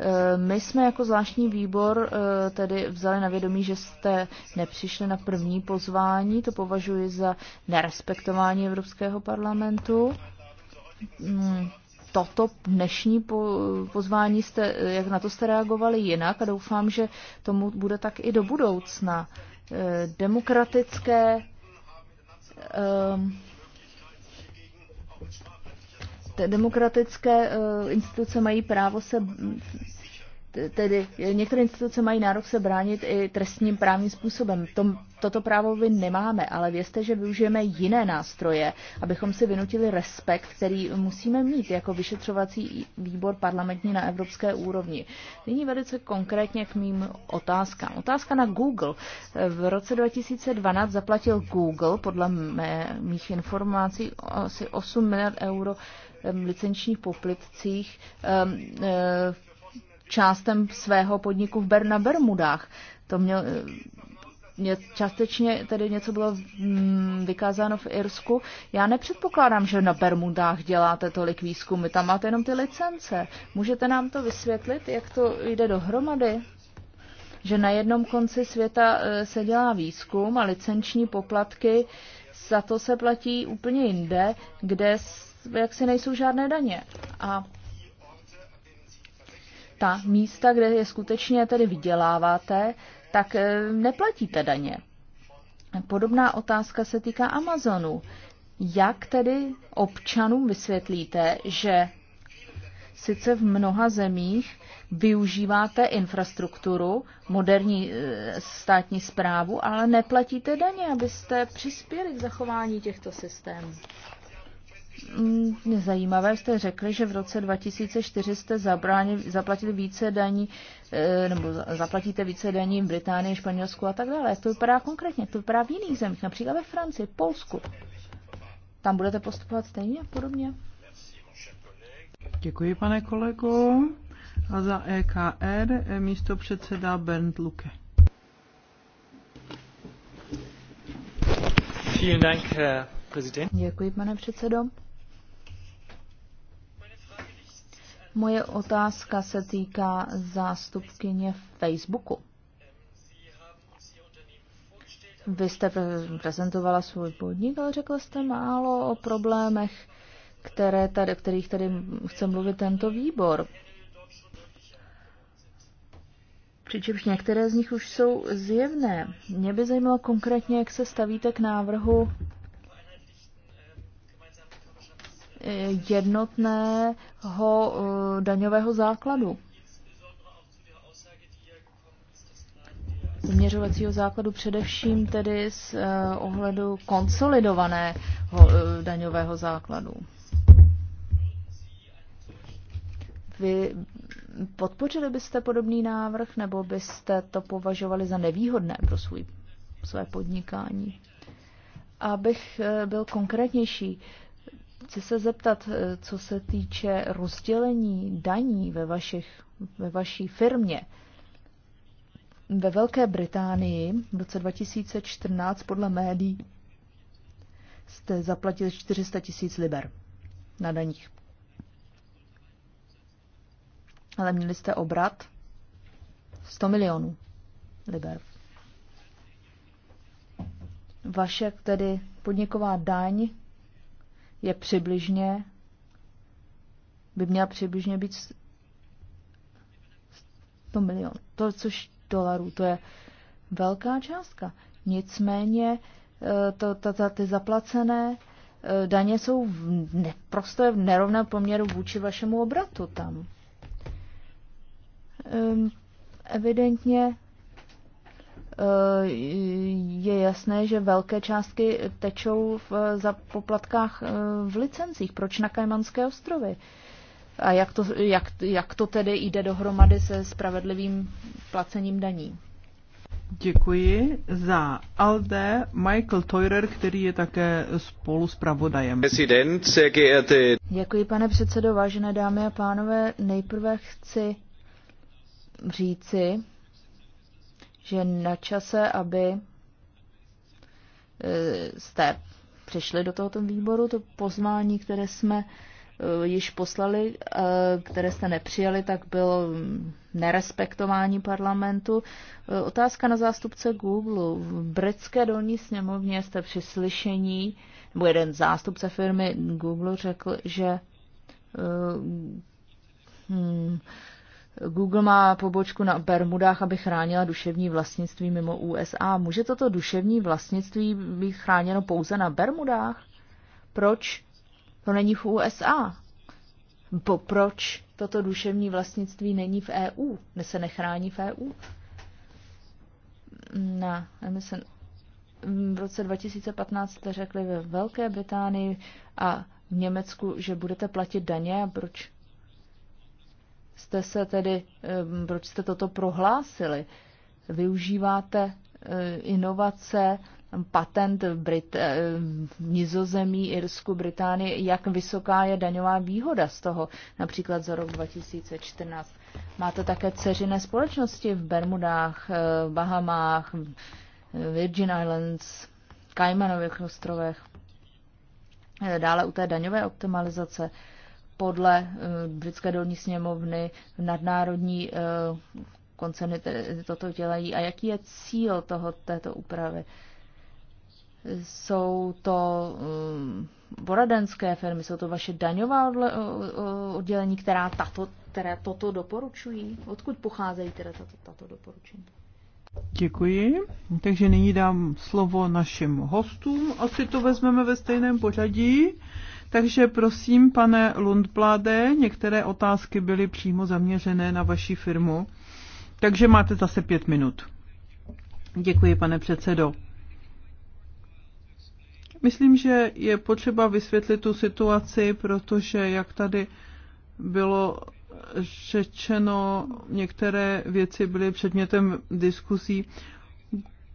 Eh, my jsme jako zvláštní výbor eh, tedy vzali na vědomí, že jste nepřišli na první pozvání. To považuji za nerespektování Evropského parlamentu. Hmm, toto dnešní pozvání jste, eh, jak na to jste reagovali jinak a doufám, že tomu bude tak i do budoucna. Demokratické Ehm, demokratické eh, instituce mají právo se tedy některé instituce mají nárok se bránit i trestním právním způsobem. Tom, toto právo vy nemáme, ale vězte, že využijeme jiné nástroje, abychom si vynutili respekt, který musíme mít jako vyšetřovací výbor parlamentní na evropské úrovni. Nyní velice konkrétně k mým otázkám. Otázka na Google. V roce 2012 zaplatil Google podle mé, mých informací asi 8 miliard euro licenčních poplitcích částem svého podniku v Berna na Bermudách. To měl, eh, mě částečně tedy něco bylo mm, vykázáno v Irsku. Já nepředpokládám, že na Bermudách děláte tolik výzkumy, tam máte jenom ty licence. Můžete nám to vysvětlit, jak to jde dohromady? Že na jednom konci světa eh, se dělá výzkum a licenční poplatky za to se platí úplně jinde, kde jaksi nejsou žádné daně. A ta místa, kde je skutečně tedy vyděláváte, tak eh, neplatíte daně. Podobná otázka se týká Amazonu. Jak tedy občanům vysvětlíte, že sice v mnoha zemích využíváte infrastrukturu, moderní eh, státní zprávu, ale neplatíte daně, abyste přispěli k zachování těchto systémů? Mm, zajímavé, jste řekli, že v roce 2004 jste zabráně, zaplatili více daní, eh, nebo zaplatíte více daní v Británii, Španělsku a tak dále. Jak to vypadá konkrétně? to vypadá v jiných zemích, například ve Francii, Polsku? Tam budete postupovat stejně a podobně? Děkuji, pane kolego. A za EKR eh, místo předseda Bernd Luke. Vielen Dank, Herr Děkuji, pane předsedo. Moje otázka se týká zástupkyně Facebooku. Vy jste prezentovala svůj podnik, ale řekla jste málo o problémech, které tady, kterých tady chce mluvit tento výbor. Přičemž některé z nich už jsou zjevné. Mě by zajímalo konkrétně, jak se stavíte k návrhu jednotného eh, daňového základu. Změřovacího základu především tedy z eh, ohledu konsolidovaného eh, daňového základu. Vy podpořili byste podobný návrh, nebo byste to považovali za nevýhodné pro svůj, své podnikání? Abych byl konkrétnější, Chci se zeptat, eh, co se týče rozdělení daní ve, vašich, ve vaší firmě. Ve Velké Británii v roce 2014 podle médií jste zaplatili 400 tisíc liber na daních. Ale měli jste obrat 100 milionů liber. Vaše tedy podniková daň je přibližně, by měla přibližně být 100 milion. To, což dolarů, to je velká částka. Nicméně eh, to, to, to, ty zaplacené eh, daně jsou v ne, prostě v nerovném poměru vůči vašemu obratu tam. Ehm, evidentně Eh, je jasné, že velké částky tečou v, za poplatkách eh, v licencích. Proč na Kajmanské ostrovy? A jak to, jak, jak to tedy jde dohromady se spravedlivým placením daní? Děkuji za Alde Michael Teurer, který je také spolu s pravodajem. Děkuji, pane předsedo, vážené dámy a pánové. Nejprve chci říci, že na čase, aby e, jste přišli do tohoto výboru, to pozvání, které jsme e, již poslali, e, které jste nepřijali, tak bylo nerespektování parlamentu. Otázka na zástupce Google. V britské dolní sněmovně jste při slyšení, nebo jeden zástupce firmy Google řekl, že hmm, Google má pobočku na Bermudách, aby chránila duševní vlastnictví mimo USA. Může toto duševní vlastnictví být chráněno pouze na Bermudách? Proč to není v USA? Bo proč toto duševní vlastnictví není v EU? Ne se nechrání v EU? Na MSN v roce 2015 jste řekli ve Velké Británii a v Německu, že budete platit daně a proč jste se tedy, proč jste toto prohlásili? Využíváte eh, inovace, patent v, Brit- v eh, Nizozemí, Irsku, Británii, jak vysoká je daňová výhoda z toho, například za rok 2014. Máte také ceřiné společnosti v Bermudách, eh, Bahamách, Virgin Islands, Kajmanových ostrovech. Dále u té daňové optimalizace podle eh, britské dolní sněmovny nadnárodní eh, koncerny toto dělají a jaký je cíl toho, této úpravy. Jsou to eh, poradenské firmy, jsou to vaše daňová oddělení, která tato, které toto doporučují? Odkud pocházejí teda tato, tato doporučení? Děkuji. Takže nyní dám slovo našim hostům. Asi to vezmeme ve stejném pořadí. Takže prosím, pane Lundblade, některé otázky byly přímo zaměřené na vaši firmu, takže máte zase pět minut. Děkuji, pane předsedo. Myslím, že je potřeba vysvětlit tu situaci, protože jak tady bylo řečeno, některé věci byly předmětem diskusí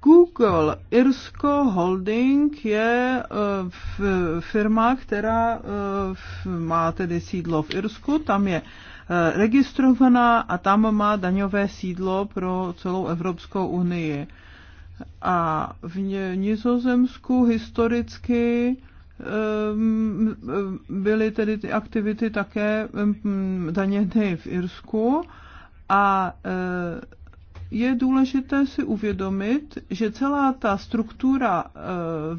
Google Irsko Holding je eh, firma, která eh, má tedy sídlo v Irsku, tam je eh, registrovaná a tam má daňové sídlo pro celou Evropskou unii. A v Nizozemsku historicky ehm, byly tedy ty aktivity také ehm, daněny v Irsku a je důležité si uvědomit, že celá ta struktura eh,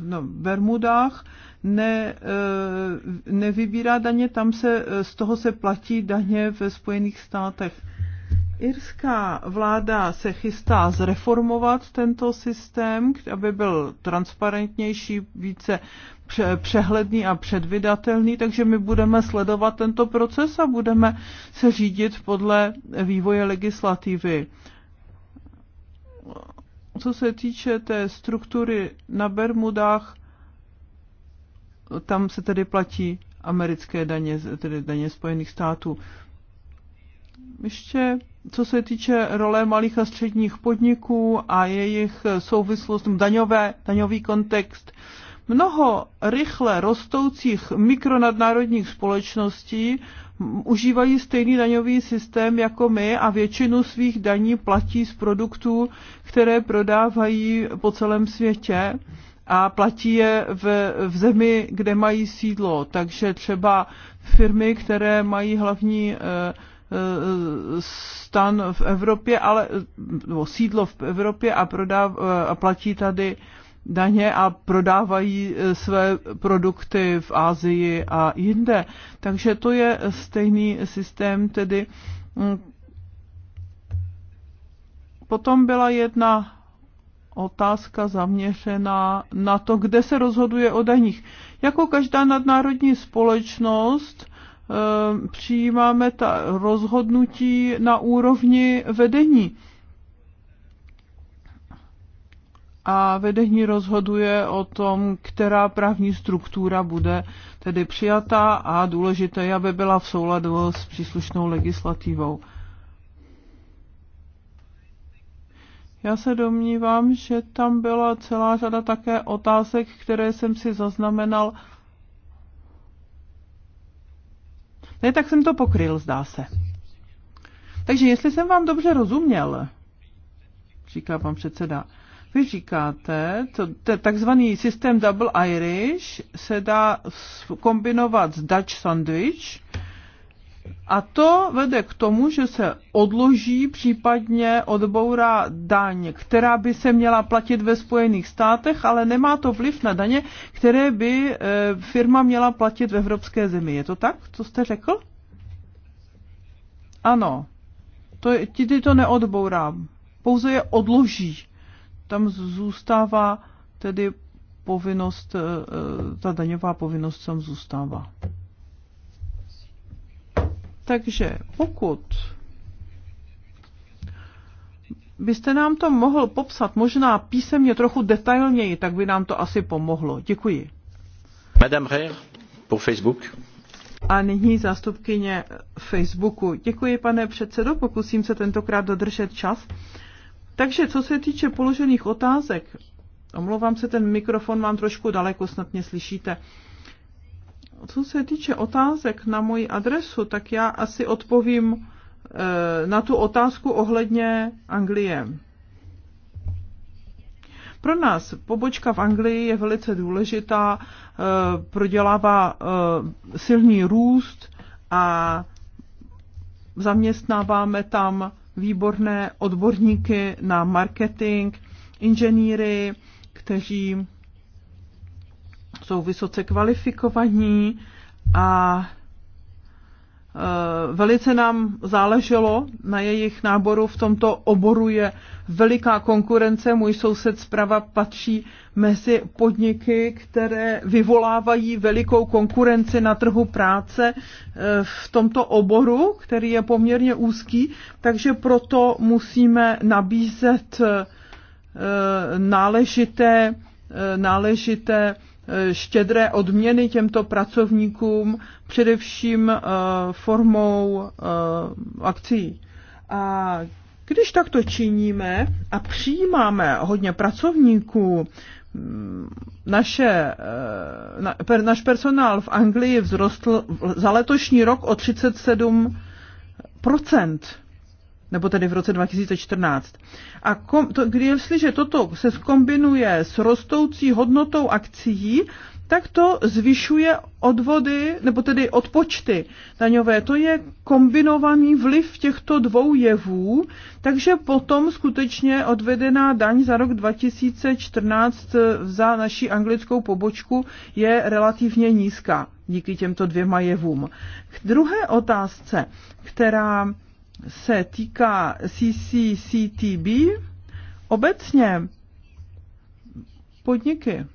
no, v Bermudách ne, eh, nevybírá daně, tam se eh, z toho se platí daně ve Spojených státech. Irská vláda se chystá zreformovat tento systém, aby byl transparentnější, více přehledný a předvydatelný, takže my budeme sledovat tento proces a budeme se řídit podle vývoje legislativy co se týče té struktury na Bermudách, tam se tedy platí americké daně, tedy daně Spojených států. Ještě co se týče role malých a středních podniků a jejich souvislost, daňové, daňový kontext, mnoho rychle rostoucích mikronadnárodních společností užívají stejný daňový systém jako my a většinu svých daní platí z produktů, které prodávají po celém světě a platí je v, v zemi, kde mají sídlo. Takže třeba firmy, které mají hlavní eh, eh, stan v Evropě, ale, nebo sídlo v Evropě a, prodáv, eh, a platí tady daně a prodávají e, své produkty v Ázii a jinde. Takže to je stejný systém, tedy mm, potom byla jedna otázka zaměřená na to, kde se rozhoduje o daních. Jako každá nadnárodní společnost e, přijímáme ta rozhodnutí na úrovni vedení. a vedení rozhoduje o tom, která právní struktura bude tedy přijatá a důležité je, aby byla v souladu s příslušnou legislativou. Já se domnívám, že tam byla celá řada také otázek, které jsem si zaznamenal. Ne, tak jsem to pokryl, zdá se. Takže jestli jsem vám dobře rozuměl, říká pan předseda, vy říkáte, to, takzvaný systém Double Irish se dá kombinovat s Dutch Sandwich a to vede k tomu, že se odloží, případně odbourá daň, která by se měla platit ve Spojených státech, ale nemá to vliv na daně, které by e, firma měla platit v evropské zemi. Je to tak, co jste řekl? Ano, to, ti, ty to neodbourá, pouze je odloží tam zůstává tedy povinnost, eh, eh, ta daňová povinnost tam zůstává. Takže pokud byste nám to mohl popsat možná písemně trochu detailněji, tak by nám to asi pomohlo. Děkuji. Madame Rer, po Facebook. A nyní zástupkyně Facebooku. Děkuji, pane předsedo, pokusím se tentokrát dodržet čas. Uh, takže co se týče položených otázek, omlouvám se, ten mikrofon mám trošku daleko, snad mě slyšíte. Co se týče otázek na moji adresu, tak já asi odpovím eh, na tu otázku ohledně Anglie. Pro nás pobočka v Anglii je velice důležitá, eh, prodělává eh, silný růst a zaměstnáváme tam výborné odborníky na marketing, inženýry, kteří jsou vysoce kvalifikovaní a eh, velice nám záleželo na jejich náboru v tomto oboru je veliká konkurence. Můj soused zprava patří mezi podniky, které vyvolávají velikou konkurenci na trhu práce eh, v tomto oboru, který je poměrně úzký, takže proto musíme nabízet eh, náležité, eh, náležité štědré odměny těmto pracovníkům, především formou akcí. A když takto činíme a přijímáme hodně pracovníků, mm, naše, eh, na, per, naš personál v Anglii vzrostl za letošní rok o 37 nebo tedy v roce 2014. A kom, to, když, jestliže toto se skombinuje s rostoucí hodnotou akcí, tak to zvyšuje odvody, nebo tedy odpočty daňové. To je kombinovaný vliv těchto dvou jevů, takže potom skutečně odvedená daň za rok 2014 eh, za naší anglickou pobočku je relativně nízká díky těmto dvěma jevům. K druhé otázce, která se týká CCCTB, obecně podniky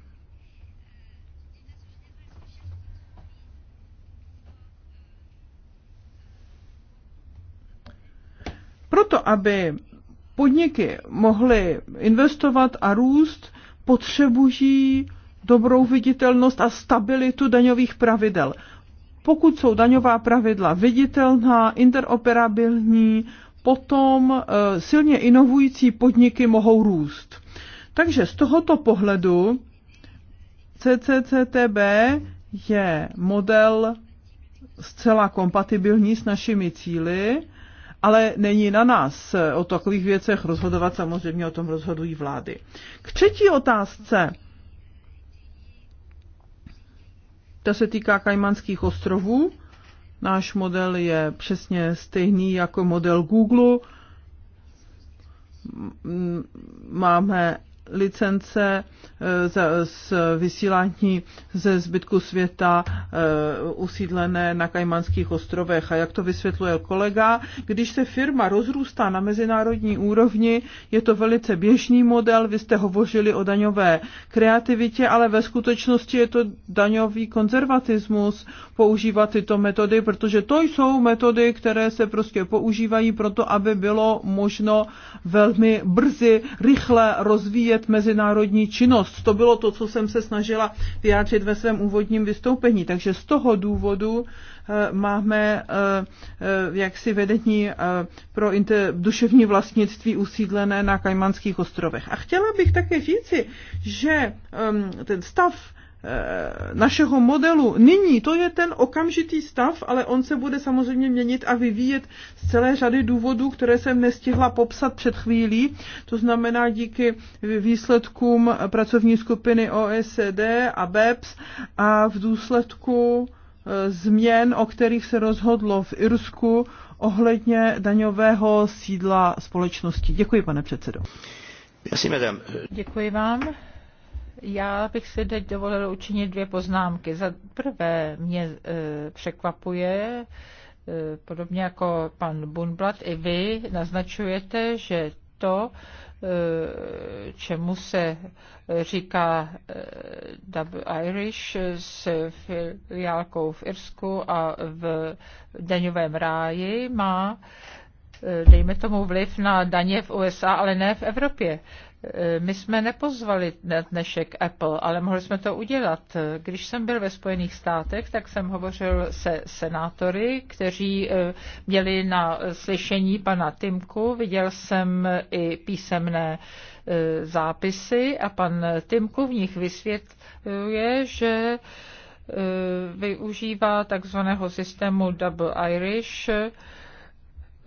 Proto, aby podniky mohly investovat a růst, potřebují dobrou viditelnost a stabilitu daňových pravidel. Pokud jsou daňová pravidla viditelná, interoperabilní, potom e, silně inovující podniky mohou růst. Takže z tohoto pohledu CCCTB je model zcela kompatibilní s našimi cíly ale není na nás o takových věcech rozhodovat, samozřejmě o tom rozhodují vlády. K třetí otázce, ta se týká Kajmanských ostrovů. Náš model je přesně stejný jako model Google. Máme licence eh, z vysílání ze zbytku světa eh, usídlené na Kajmanských ostrovech. A jak to vysvětluje kolega, když se firma rozrůstá na mezinárodní úrovni, je to velice běžný model, vy jste hovořili o daňové kreativitě, ale ve skutečnosti je to daňový konzervatismus používat tyto metody, protože to jsou metody, které se prostě používají proto, aby bylo možno velmi brzy, rychle rozvíjet rozvíjet mezinárodní činnost. To bylo to, co jsem se snažila vyjádřit ve svém úvodním vystoupení. Takže z toho důvodu eh, máme eh, eh, jaksi vedení pro duševní vlastnictví usídlené na Kajmanských ostrovech. A chtěla bych také říci, že ehm, ten stav Eh, našeho modelu nyní, to je ten okamžitý stav, ale on se bude samozřejmě měnit a vyvíjet z celé řady důvodů, které jsem nestihla popsat před chvílí. To znamená díky výsledkům pracovní skupiny OECD a BEPS a v důsledku eh, změn, o kterých se rozhodlo v Irsku ohledně daňového sídla společnosti. Děkuji, pane předsedo. Děkuji vám. Já bych si teď dovolila učinit dvě poznámky. Za prvé mě e, překvapuje, e, podobně jako pan Bunblat, i vy naznačujete, že to, e, čemu se říká e, Dub Irish s filiálkou v Irsku a v daňovém ráji, má e, dejme tomu, vliv na daně v USA, ale ne v Evropě. My jsme nepozvali dnešek Apple, ale mohli jsme to udělat. Když jsem byl ve Spojených státech, tak jsem hovořil se senátory, kteří eh, měli na slyšení pana Timku. Viděl jsem i písemné eh, zápisy a pan Timku v nich vysvětluje, že eh, využívá takzvaného systému Double Irish,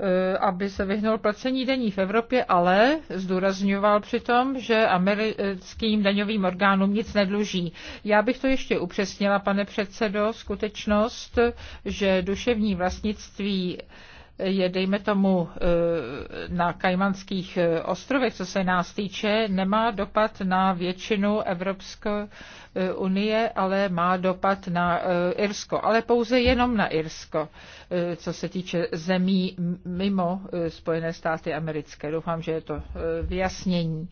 Eh, aby se vyhnul placení daní v Evropě, ale zdůrazňoval přitom, že americkým daňovým orgánům nic nedluží. Já bych to ještě upřesnila, pane předsedo, skutečnost, že duševní vlastnictví je, dejme tomu, eh, na Kajmanských eh, ostrovech, co se nás týče, nemá dopad na většinu Evropské eh, unie, ale má dopad na Irsko. Ale pouze jenom na Irsko, co se týče zemí mimo Spojené státy americké. Doufám, že je to vyjasnění.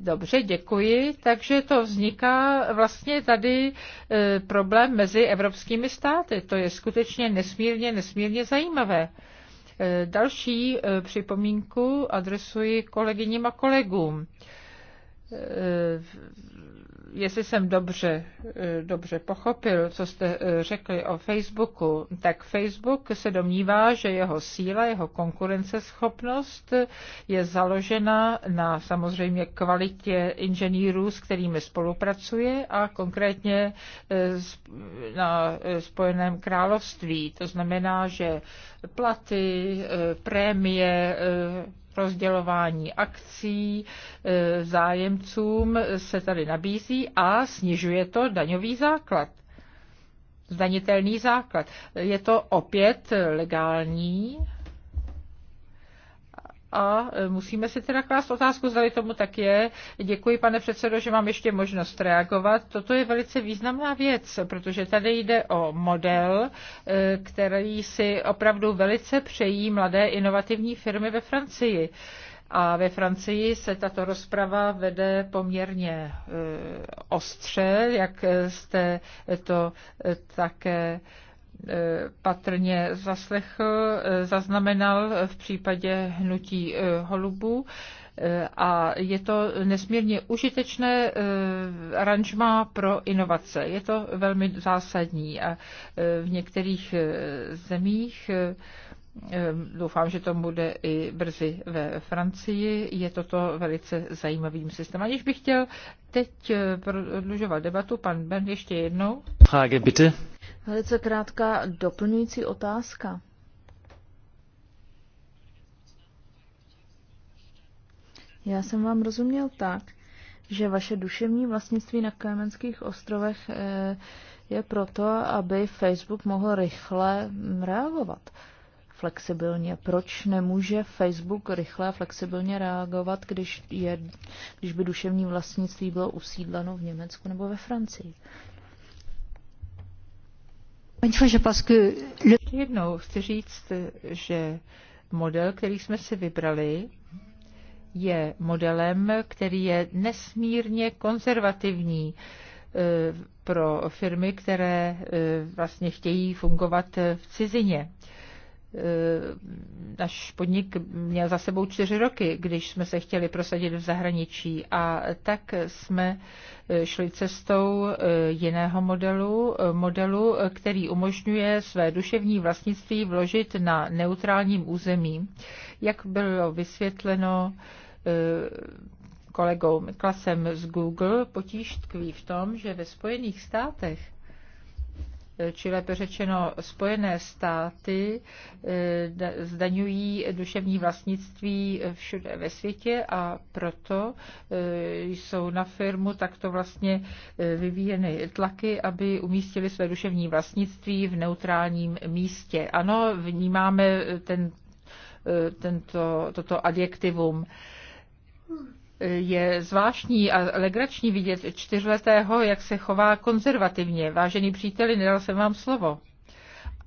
Dobře, děkuji. Takže to vzniká vlastně tady problém mezi evropskými státy. To je skutečně nesmírně, nesmírně zajímavé. Eh, další eh, připomínku adresuji kolegyním a kolegům eh, jestli jsem dobře, eh, dobře pochopil, co jste eh, řekli o Facebooku, tak Facebook se domnívá, že jeho síla, jeho konkurenceschopnost je založena na samozřejmě kvalitě inženýrů, s kterými spolupracuje a konkrétně eh, na Spojeném království. To znamená, že platy, prémie, rozdělování akcí e, zájemcům se tady nabízí a snižuje to daňový základ. Zdanitelný základ. Je to opět legální a e, musíme si teda klást otázku, zda tomu tak je. Děkuji, pane předsedo, že mám ještě možnost reagovat. Toto je velice významná věc, protože tady jde o model, e, který si opravdu velice přejí mladé inovativní firmy ve Francii. A ve Francii se tato rozprava vede poměrně e, ostře, jak jste to také patrně zaslechl, zaznamenal v případě hnutí eh, holubů eh, a je to nesmírně užitečné eh, aranžma pro inovace. Je to velmi zásadní a v některých zemích Doufám, že to bude i brzy ve Francii. Je toto velice zajímavým systémem. Aniž bych chtěl teď prodlužovat debatu, pan Ben ještě jednou. Frage, bitte. Velice krátká doplňující otázka. Já jsem vám rozuměl tak, že vaše duševní vlastnictví na Kajmenských ostrovech eh, je proto, aby Facebook mohl rychle mm, reagovat flexibilně. Proč nemůže Facebook rychle a flexibilně reagovat, když, je, když by duševní vlastnictví bylo usídleno v Německu nebo ve Francii? Ještě jednou chci říct, že model, který jsme si vybrali, je modelem, který je nesmírně konzervativní eh, pro firmy, které eh, vlastně chtějí fungovat v cizině. Eh, náš podnik měl za sebou čtyři roky, když jsme se chtěli prosadit v zahraničí a tak jsme eh, šli cestou eh, jiného modelu, modelu, který umožňuje své duševní vlastnictví vložit na neutrálním území. Jak bylo vysvětleno kolegou Klasem z Google, potíž tkví v tom, že ve Spojených státech či lépe řečeno Spojené státy eh, zdaňují duševní vlastnictví všude ve světě a proto eh, jsou na firmu takto vlastně eh, vyvíjeny tlaky, aby umístili své duševní vlastnictví v neutrálním místě. Ano, vnímáme ten, tento, toto adjektivum je zvláštní a legrační vidět čtyřletého, jak se chová konzervativně. Vážený příteli, nedal jsem vám slovo.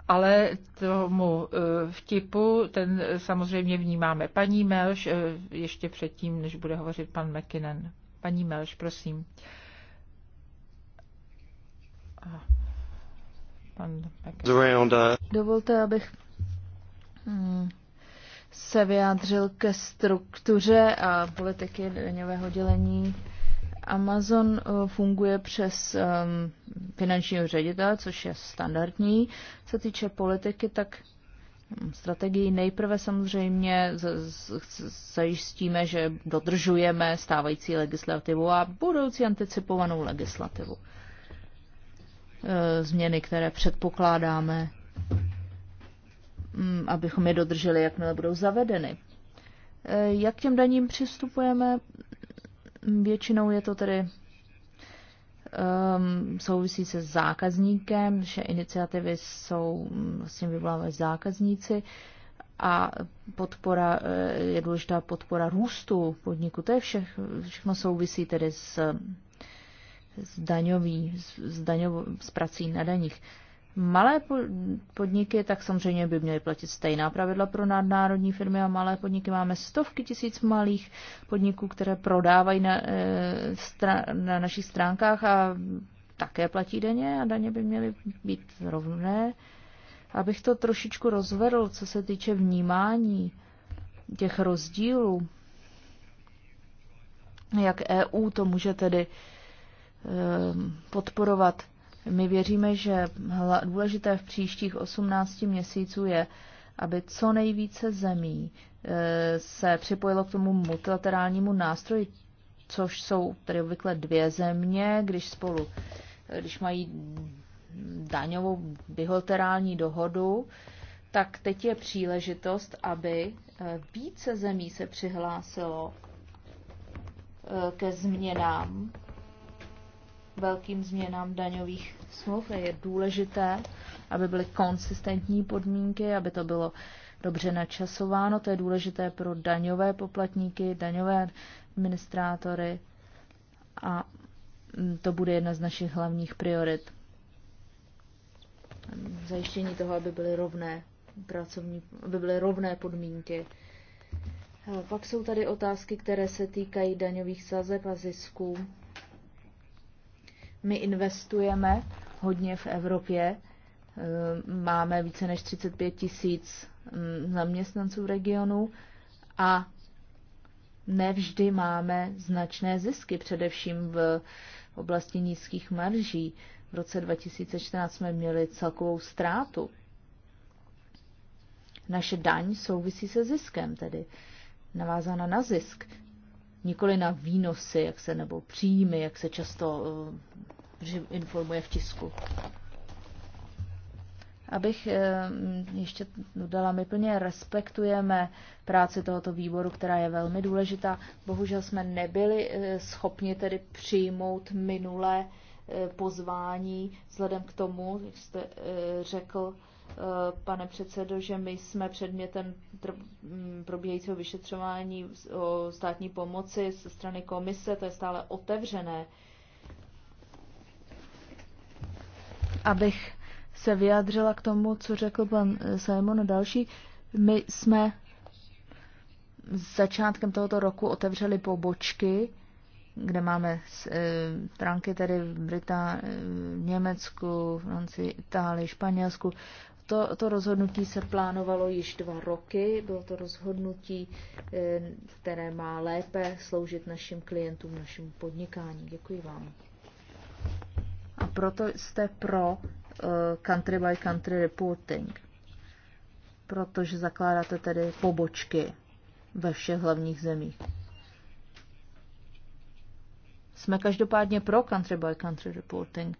Ale tomu eh, vtipu, ten samozřejmě vnímáme. Paní Melš, eh, ještě předtím, než bude hovořit pan McKinnon. Paní Melš, prosím. Ah, pan McKinnon. Dovolte, abych hmm, se vyjádřil ke struktuře a politiky daňového dělení. Amazon eh, funguje přes um, finančního ředitele, což je standardní. Co týče politiky, tak ehm, strategii nejprve samozřejmě zajistíme, že dodržujeme stávající legislativu a budoucí anticipovanou legislativu. Eh, změny, které předpokládáme, Mm, abychom je dodrželi, jakmile budou zavedeny. E, jak těm daním přistupujeme? Většinou je to tedy um, souvisí se zákazníkem, že iniciativy jsou mm, vlastně vyvolávají zákazníci a podpora, e, je důležitá podpora růstu podniku. To je vše, všechno souvisí tedy s, s daňový, s, daňov, s prací na daních malé podniky, tak samozřejmě by měly platit stejná pravidla pro nadnárodní firmy a malé podniky. Máme stovky tisíc malých podniků, které prodávají na, eh, na našich stránkách a také platí daně a daně by měly být rovné. Abych to trošičku rozvedl, co se týče vnímání těch rozdílů, jak EU to může tedy eh, podporovat my věříme, že důležité v příštích 18 měsíců je, aby co nejvíce zemí e, se připojilo k tomu multilaterálnímu nástroji, což jsou tedy obvykle dvě země, když spolu, e, když mají daňovou bilaterální dohodu, tak teď je příležitost, aby e, více zemí se přihlásilo ke změnám velkým změnám daňových smluv. Je důležité, aby byly konsistentní podmínky, aby to bylo dobře načasováno. To je důležité pro daňové poplatníky, daňové administrátory a to bude jedna z našich hlavních priorit. Zajištění toho, aby byly rovné pracovní, aby byly rovné podmínky. Pak jsou tady otázky, které se týkají daňových sazeb a zisků my investujeme hodně v Evropě. Eh, máme více než 35 tisíc hm, zaměstnanců v regionu a nevždy máme značné zisky, především v oblasti nízkých marží. V roce 2014 jsme měli celkovou ztrátu. Naše daň souvisí se ziskem, tedy navázána na zisk, nikoli na výnosy, jak se nebo příjmy, jak se často eh, protože informuje v tisku. Abych eh, ještě dodala, my plně respektujeme práci tohoto výboru, která je velmi důležitá. Bohužel jsme nebyli eh, schopni tedy přijmout minulé eh, pozvání, vzhledem k tomu, jak jste řekl, pane předsedo, že my jsme předmětem probíhajícího vyšetřování o státní pomoci ze strany komise, to je stále otevřené. abych se vyjádřila k tomu, co řekl pan Simon a další. My jsme začátkem tohoto roku otevřeli pobočky, kde máme stránky e, tedy v Britá, e, Německu, Francii, Itálii, Španělsku. To, to rozhodnutí se plánovalo již dva roky. Bylo to rozhodnutí, e, které má lépe sloužit našim klientům, našemu podnikání. Děkuji vám proto jste pro eh, country by country reporting, protože zakládáte tedy pobočky ve všech hlavních zemích. Jsme každopádně pro country by country reporting.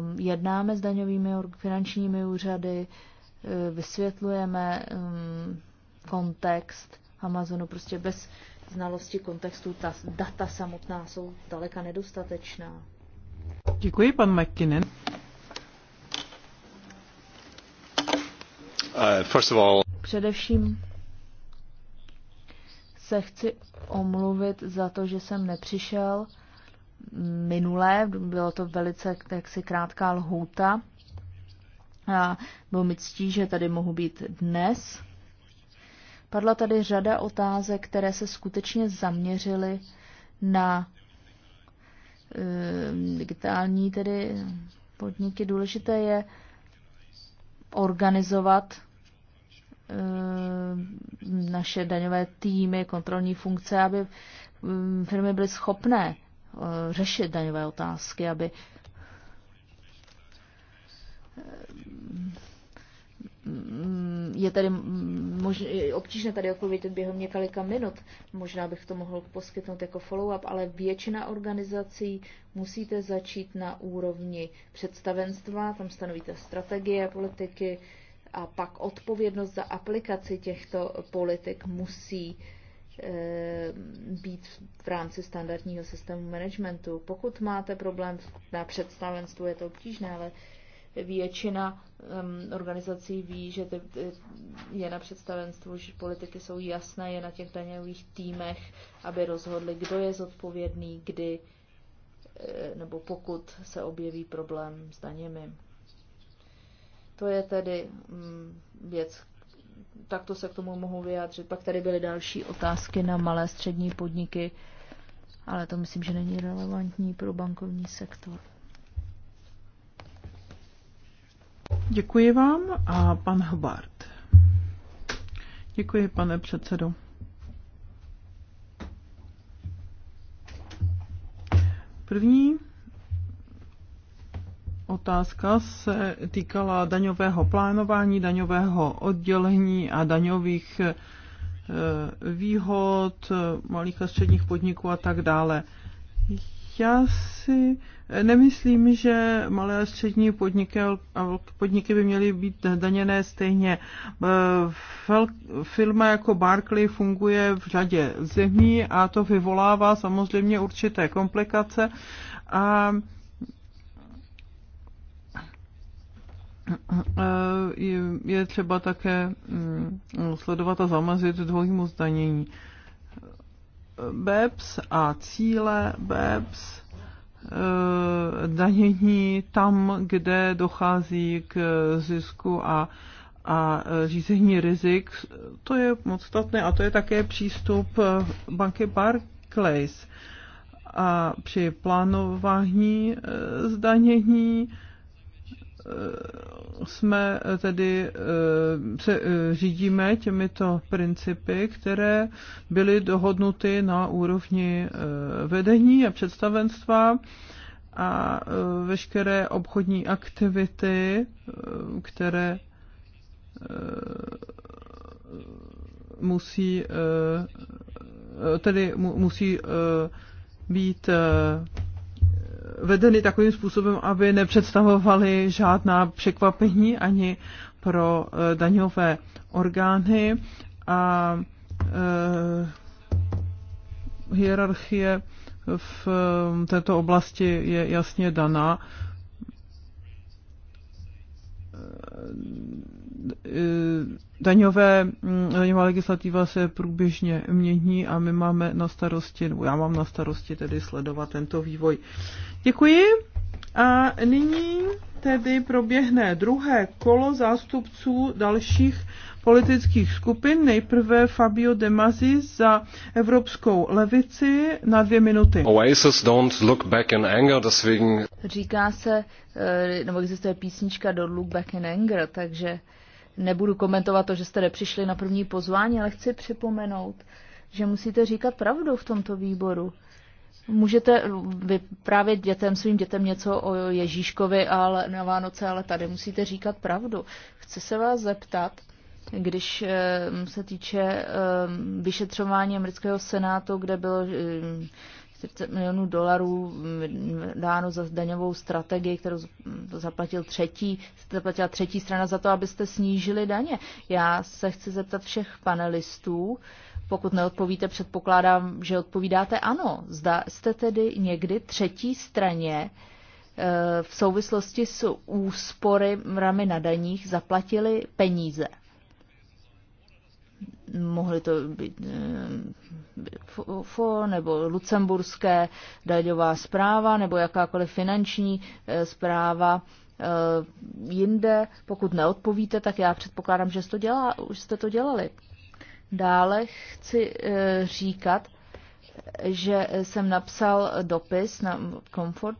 Um, jednáme s daňovými finančními úřady, eh, vysvětlujeme um, kontext Amazonu. Prostě bez znalosti kontextu ta data samotná jsou daleka nedostatečná. Děkuji, pan McKinnon. Uh, Především se chci omluvit za to, že jsem nepřišel minulé, bylo to velice jaksi krátká lhůta. A bylo mi ctí, že tady mohu být dnes. Padla tady řada otázek, které se skutečně zaměřily na Ehm, digitální tedy podniky. Důležité je organizovat ehm, naše daňové týmy, kontrolní funkce, aby ehm, firmy byly schopné eh, řešit daňové otázky, aby je tady mož, obtížné tady odpovědět během několika minut. Možná bych to mohl poskytnout jako follow-up, ale většina organizací musíte začít na úrovni představenstva, tam stanovíte strategie politiky a pak odpovědnost za aplikaci těchto politik musí eh, být v rámci standardního systému managementu. Pokud máte problém na představenstvu, je to obtížné, ale většina um, organizací ví, že ty, ty, je na představenstvu, že politiky jsou jasné, je na těch daňových týmech, aby rozhodli, kdo je zodpovědný, kdy e, nebo pokud se objeví problém s daněmi. To je tedy um, věc, takto se k tomu mohou vyjádřit. Pak tady byly další otázky na malé střední podniky, ale to myslím, že není relevantní pro bankovní sektor. Děkuji vám a pan Hobart. Děkuji, pane předsedo. První otázka se týkala daňového plánování, daňového oddělení a daňových eh, výhod malých a středních podniků a tak dále. Já si Nemyslím, že malé a střední podniky, podniky by měly být daněné stejně. Eh, firma jako Barclay funguje v řadě zemí a to vyvolává samozřejmě určité komplikace a eh, je třeba také mm, sledovat a zamezit dvojímu zdanění. Eh, BEPS a cíle BEPS Eh, danění tam, kde dochází k zisku a, a eh, řízení rizik. To je podstatné a to je také přístup eh, banky Barclays. A při plánování zdanění Eh, jsme eh, tedy eh, se řídíme těmito principy, které byly dohodnuty na úrovni vedení a představenstva a veškeré obchodní aktivity, které musí tedy musí být vedeny takovým způsobem, aby nepředstavovaly žádná překvapení ani pro eh, daňové orgány a eh, hierarchie v eh, této oblasti je jasně daná Eh, daňové, mm, daňová legislativa se průběžně mění a my máme na starosti, nebo já mám na starosti tedy sledovat tento vývoj. Děkuji. A nyní tedy proběhne druhé kolo zástupců dalších politických skupin. Nejprve Fabio De Masi za Evropskou levici na dvě minuty. Oasis don't look back in anger, deswegen... Říká se, eh, nebo existuje písnička Don't Look Back in Anger, takže nebudu komentovat to, že jste nepřišli na první pozvání, ale chci připomenout, že musíte říkat pravdu v tomto výboru. Můžete vyprávět dětem, svým dětem něco o Ježíškovi ale na Vánoce, ale tady musíte říkat pravdu. Chci se vás zeptat, když eh, se týče eh, vyšetřování amerického senátu, kde bylo 40 milionů dolarů mm, dáno za daňovou strategii, kterou zaplatil třetí, zaplatila třetí strana za to, abyste snížili daně. Já se chci zeptat všech panelistů, pokud neodpovíte, předpokládám, že odpovídáte ano. Zda jste tedy někdy třetí straně eh, v souvislosti s úspory rami na daních zaplatili peníze mohly to být eh, FO nebo lucemburské daňová zpráva nebo jakákoliv finanční zpráva eh, eh, jinde. Pokud neodpovíte, tak já předpokládám, že jste to, dělá, už jste to dělali. Dále chci říkat, že jsem napsal dopis na Comfort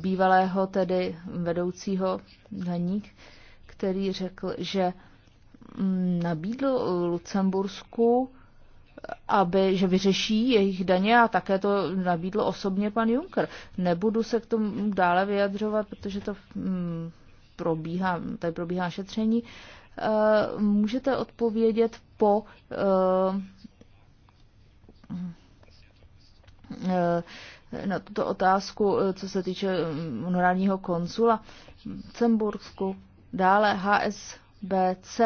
bývalého tedy vedoucího daník, který řekl, že nabídl Lucembursku, aby, že vyřeší jejich daně a také to nabídl osobně pan Juncker. Nebudu se k tomu dále vyjadřovat, protože to mm, probíhá, tady probíhá šetření. Eh, můžete odpovědět po eh, eh, na tuto otázku, co se týče honorálního konsula v Dále HS BC.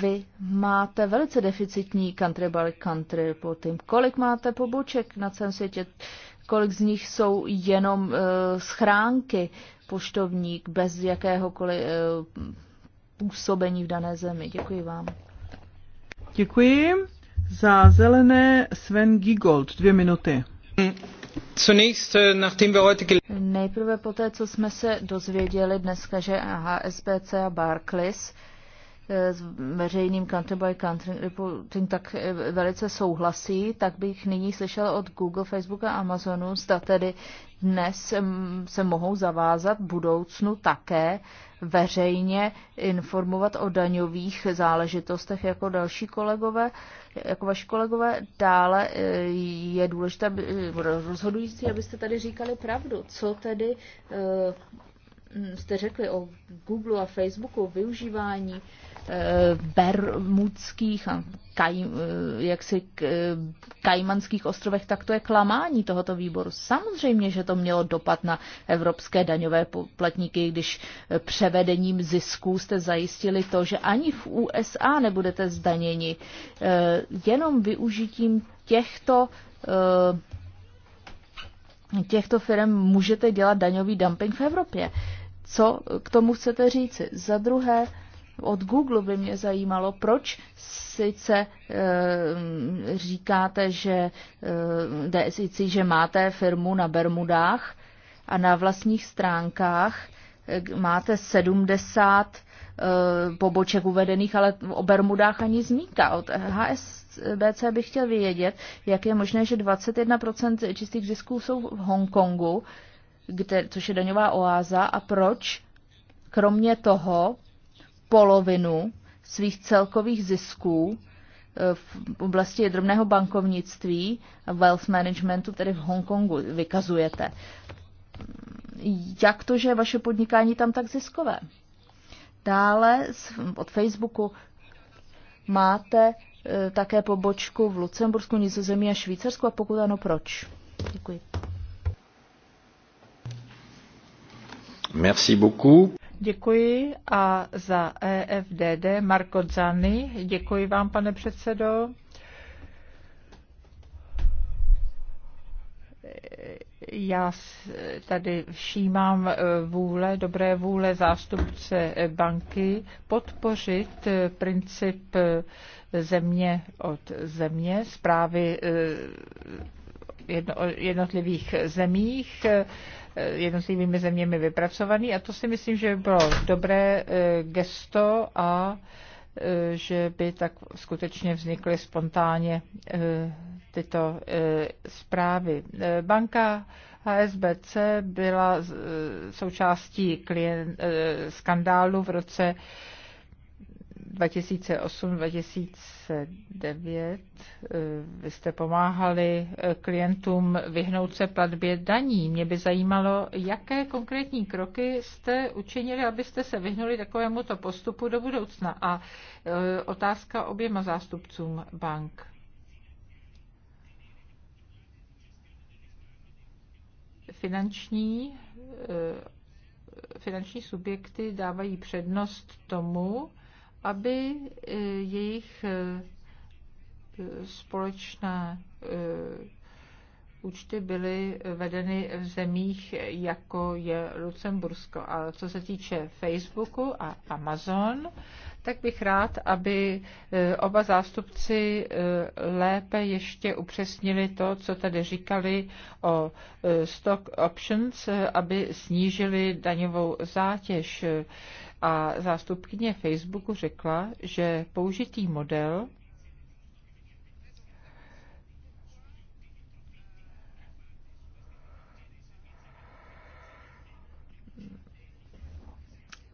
Vy máte velice deficitní country by country tým. Kolik máte poboček na celém světě? Kolik z nich jsou jenom uh, schránky poštovník bez jakéhokoliv uh, působení v dané zemi? Děkuji vám. Děkuji. Za zelené Sven Gigold, dvě minuty. Mm. Äh, Nejprve po té, co jsme se dozvěděli dneska, že HSBC a Barclays eh, s veřejným country by country reporting tak eh, velice souhlasí, tak bych nyní slyšela od Google, Facebook a Amazonu, zda tedy dnes mm, se mohou zavázat v budoucnu také veřejně informovat o daňových záležitostech jako další kolegové jako vaši kolegové. Dále e, je důležité, e, rozhodující, abyste tady říkali pravdu. Co tedy e, jste řekli o Google a Facebooku, o využívání Eh, bermudských a kaj, eh, jaksi eh, Kajmanských ostrovech, tak to je klamání tohoto výboru. Samozřejmě, že to mělo dopad na evropské daňové poplatníky, když převedením zisků jste zajistili to, že ani v USA nebudete zdaněni. Jenom využitím těchto těchto firm můžete dělat daňový dumping v Evropě. Co k tomu chcete říci? Za druhé, od Google by mě zajímalo, proč sice e, říkáte, že, eh, e, sice, že máte firmu na Bermudách a na vlastních stránkách eh, máte 70 e, poboček uvedených, ale o Bermudách ani zmínka. Od HSBC bych chtěl vědět, jak je možné, že 21% čistých zisků jsou v Hongkongu, kde, což je daňová oáza, a proč kromě toho polovinu svých celkových zisků eh, v oblasti jadrného bankovnictví a wealth managementu, tedy v Hongkongu, vykazujete. Jak to, že je vaše podnikání tam tak ziskové? Dále od Facebooku máte eh, také pobočku v Lucembursku, Nizozemí a Švýcarsku a pokud ano, proč? Děkuji. Merci beaucoup. Děkuji a za EFDD Marko Zany. Děkuji vám, pane předsedo. Já tady všímám eh, vůle, dobré vůle zástupce eh, banky podpořit eh, princip země od země, zprávy jednotlivých zemích, eh, jednotlivými zeměmi vypracovaný a to si myslím, že by bylo dobré eh, gesto a eh, že by tak skutečně vznikly spontánně tyto zprávy. Banka HSBC byla součástí skandálu v roce 2008-2009 eh, vy jste pomáhali eh, klientům vyhnout se platbě daní. Mě by zajímalo, jaké konkrétní kroky jste učinili, abyste se vyhnuli takovémuto postupu do budoucna. A eh, otázka oběma zástupcům bank. Finanční finanční subjekty dávají přednost tomu, aby eh, jejich eh, společné eh, účty byly vedeny v zemích, jako je Lucembursko. A co se týče Facebooku a Amazon, tak bych rád, aby oba zástupci lépe ještě upřesnili to, co tady říkali o stock options, aby snížili daňovou zátěž a zástupkyně Facebooku řekla, že použitý model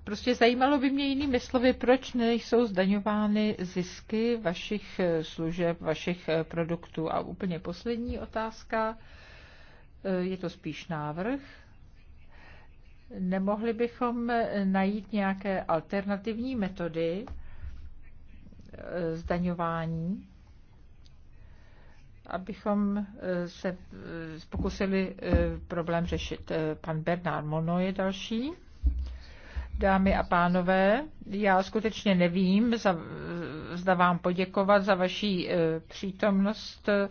Prostě zajímalo by mě jinými slovy, proč nejsou zdaňovány zisky vašich služeb, vašich produktů. A úplně poslední otázka, je to spíš návrh, Nemohli bychom najít nějaké alternativní metody eh, zdaňování, abychom eh, se eh, pokusili problém řešit. Pan Bernard Mono je další. Dámy a pánové, já skutečně nevím, za, zda vám poděkovat za vaši e, přítomnost. E,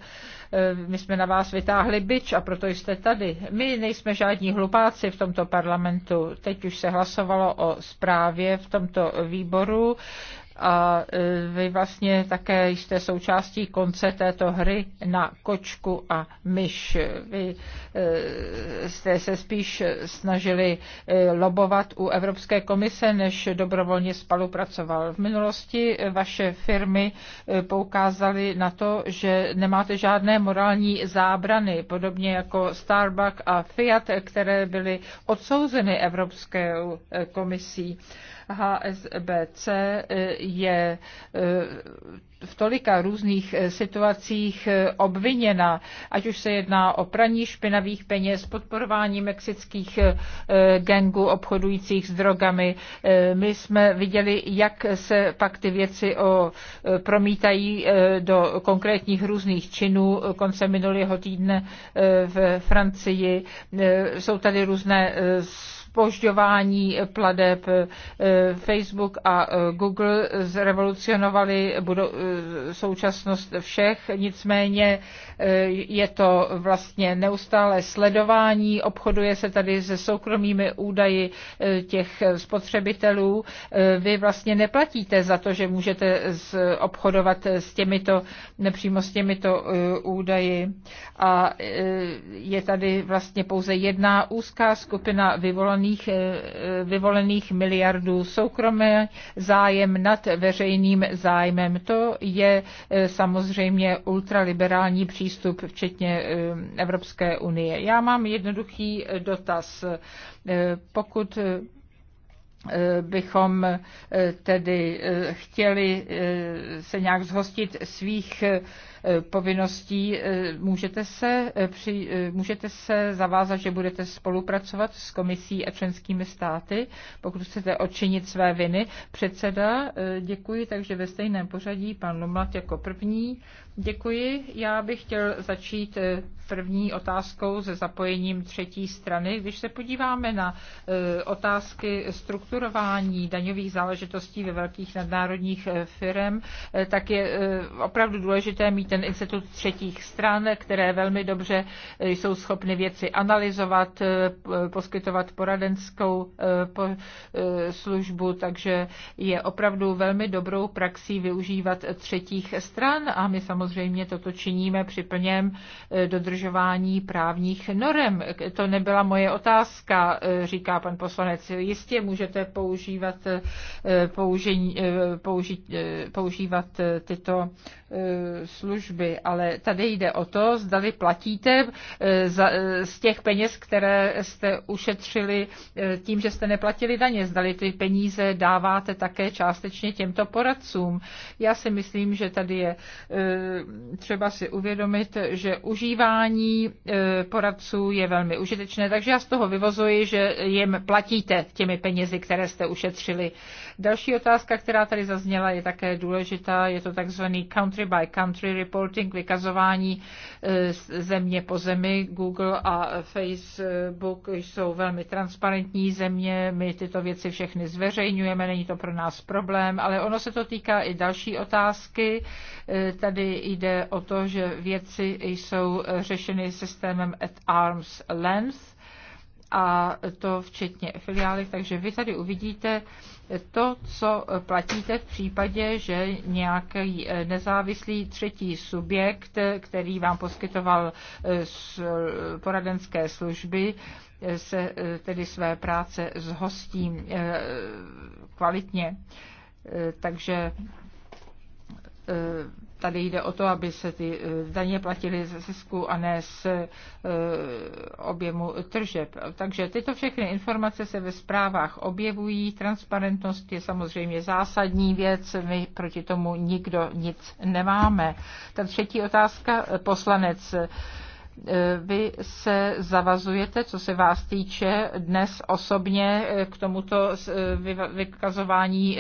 my jsme na vás vytáhli byč a proto jste tady. My nejsme žádní hlupáci v tomto parlamentu. Teď už se hlasovalo o zprávě v tomto výboru a e, vy vlastně také jste součástí konce této hry na kočku a myš. Vy e, jste se spíš snažili e, lobovat u Evropské komise, než dobrovolně spolupracoval. V minulosti vaše firmy poukázaly na to, že nemáte žádné morální zábrany, podobně jako Starbucks a Fiat, které byly odsouzeny Evropskou komisí. HSBC eh, je eh, v tolika různých eh, situacích obviněna, ať už se jedná o praní špinavých peněz, podporování mexických gangů obchodujících s drogami. My jsme viděli, jak se pak ty věci o, promítají do konkrétních různých činů konce minulého týdne v Francii. Jsou tady různé spožďování pladeb. Eh, Facebook a eh, Google zrevolucionovali eh, současnost všech, nicméně je to vlastně neustále sledování, obchoduje se tady se soukromými údaji těch spotřebitelů. Vy vlastně neplatíte za to, že můžete obchodovat s těmito, nepřímo s těmito údaji a je tady vlastně pouze jedna úzká skupina vyvolených vyvolených, eh, vyvolených miliardů soukromé zájem nad veřejným zájmem. To je eh, samozřejmě ultraliberální přístup, včetně eh, Evropské unie. Já mám jednoduchý dotaz. Pokud bychom tedy chtěli se nějak zhostit svých E, povinností. E, můžete se, e, při, můžete se zavázat, že budete spolupracovat s komisí a členskými státy, pokud chcete odčinit své viny. Předseda, děkuji, takže ve stejném pořadí pan Lomlat jako první, Děkuji. Já bych chtěl začít eh, první otázkou se zapojením třetí strany. Když se podíváme na eh, otázky strukturování daňových záležitostí ve velkých nadnárodních eh, firm, tak je opravdu důležité mít ten institut třetích stran, které velmi dobře jsou schopny věci analyzovat, poskytovat poradenskou službu, takže je opravdu velmi dobrou praxí využívat třetích stran a my samozřejmě samozřejmě toto činíme při plněm eh, dodržování právních norem. To nebyla moje otázka, eh, říká pan poslanec. Jistě můžete používat, použi, eh, použi, používat tyto služby, ale tady jde o to, zdali platíte z těch peněz, které jste ušetřili tím, že jste neplatili daně, zdali ty peníze dáváte také částečně těmto poradcům. Já si myslím, že tady je Eh, třeba si uvědomit, že užívání eh, poradců je velmi užitečné, takže já z toho vyvozuji, že jim platíte těmi penězi, které jste ušetřili Další otázka, která tady zazněla, je také důležitá. Je to takzvaný country by country reporting, vykazování eh, země po zemi. Google a Facebook jsou velmi transparentní země. My tyto věci všechny zveřejňujeme, není to pro nás problém, ale ono se to týká i další otázky. Eh, tady jde o to, že věci jsou řešeny systémem at arm's length, a to včetně filiály, takže vy tady uvidíte to, co platíte v případě, že nějaký eh, nezávislý třetí subjekt, eh, který vám poskytoval eh, poradenské služby, se tedy své práce zhostí kvalitně. Takže Tady jde o to, aby se ty eh, daně platily ze zisku a ne z eh, objemu tržeb. Takže tyto všechny informace se ve zprávách objevují. Transparentnost je samozřejmě zásadní věc. My proti tomu nikdo nic nemáme. Ta třetí otázka, eh, poslanec vy se zavazujete, co se vás týče, dnes osobně k tomuto vykazování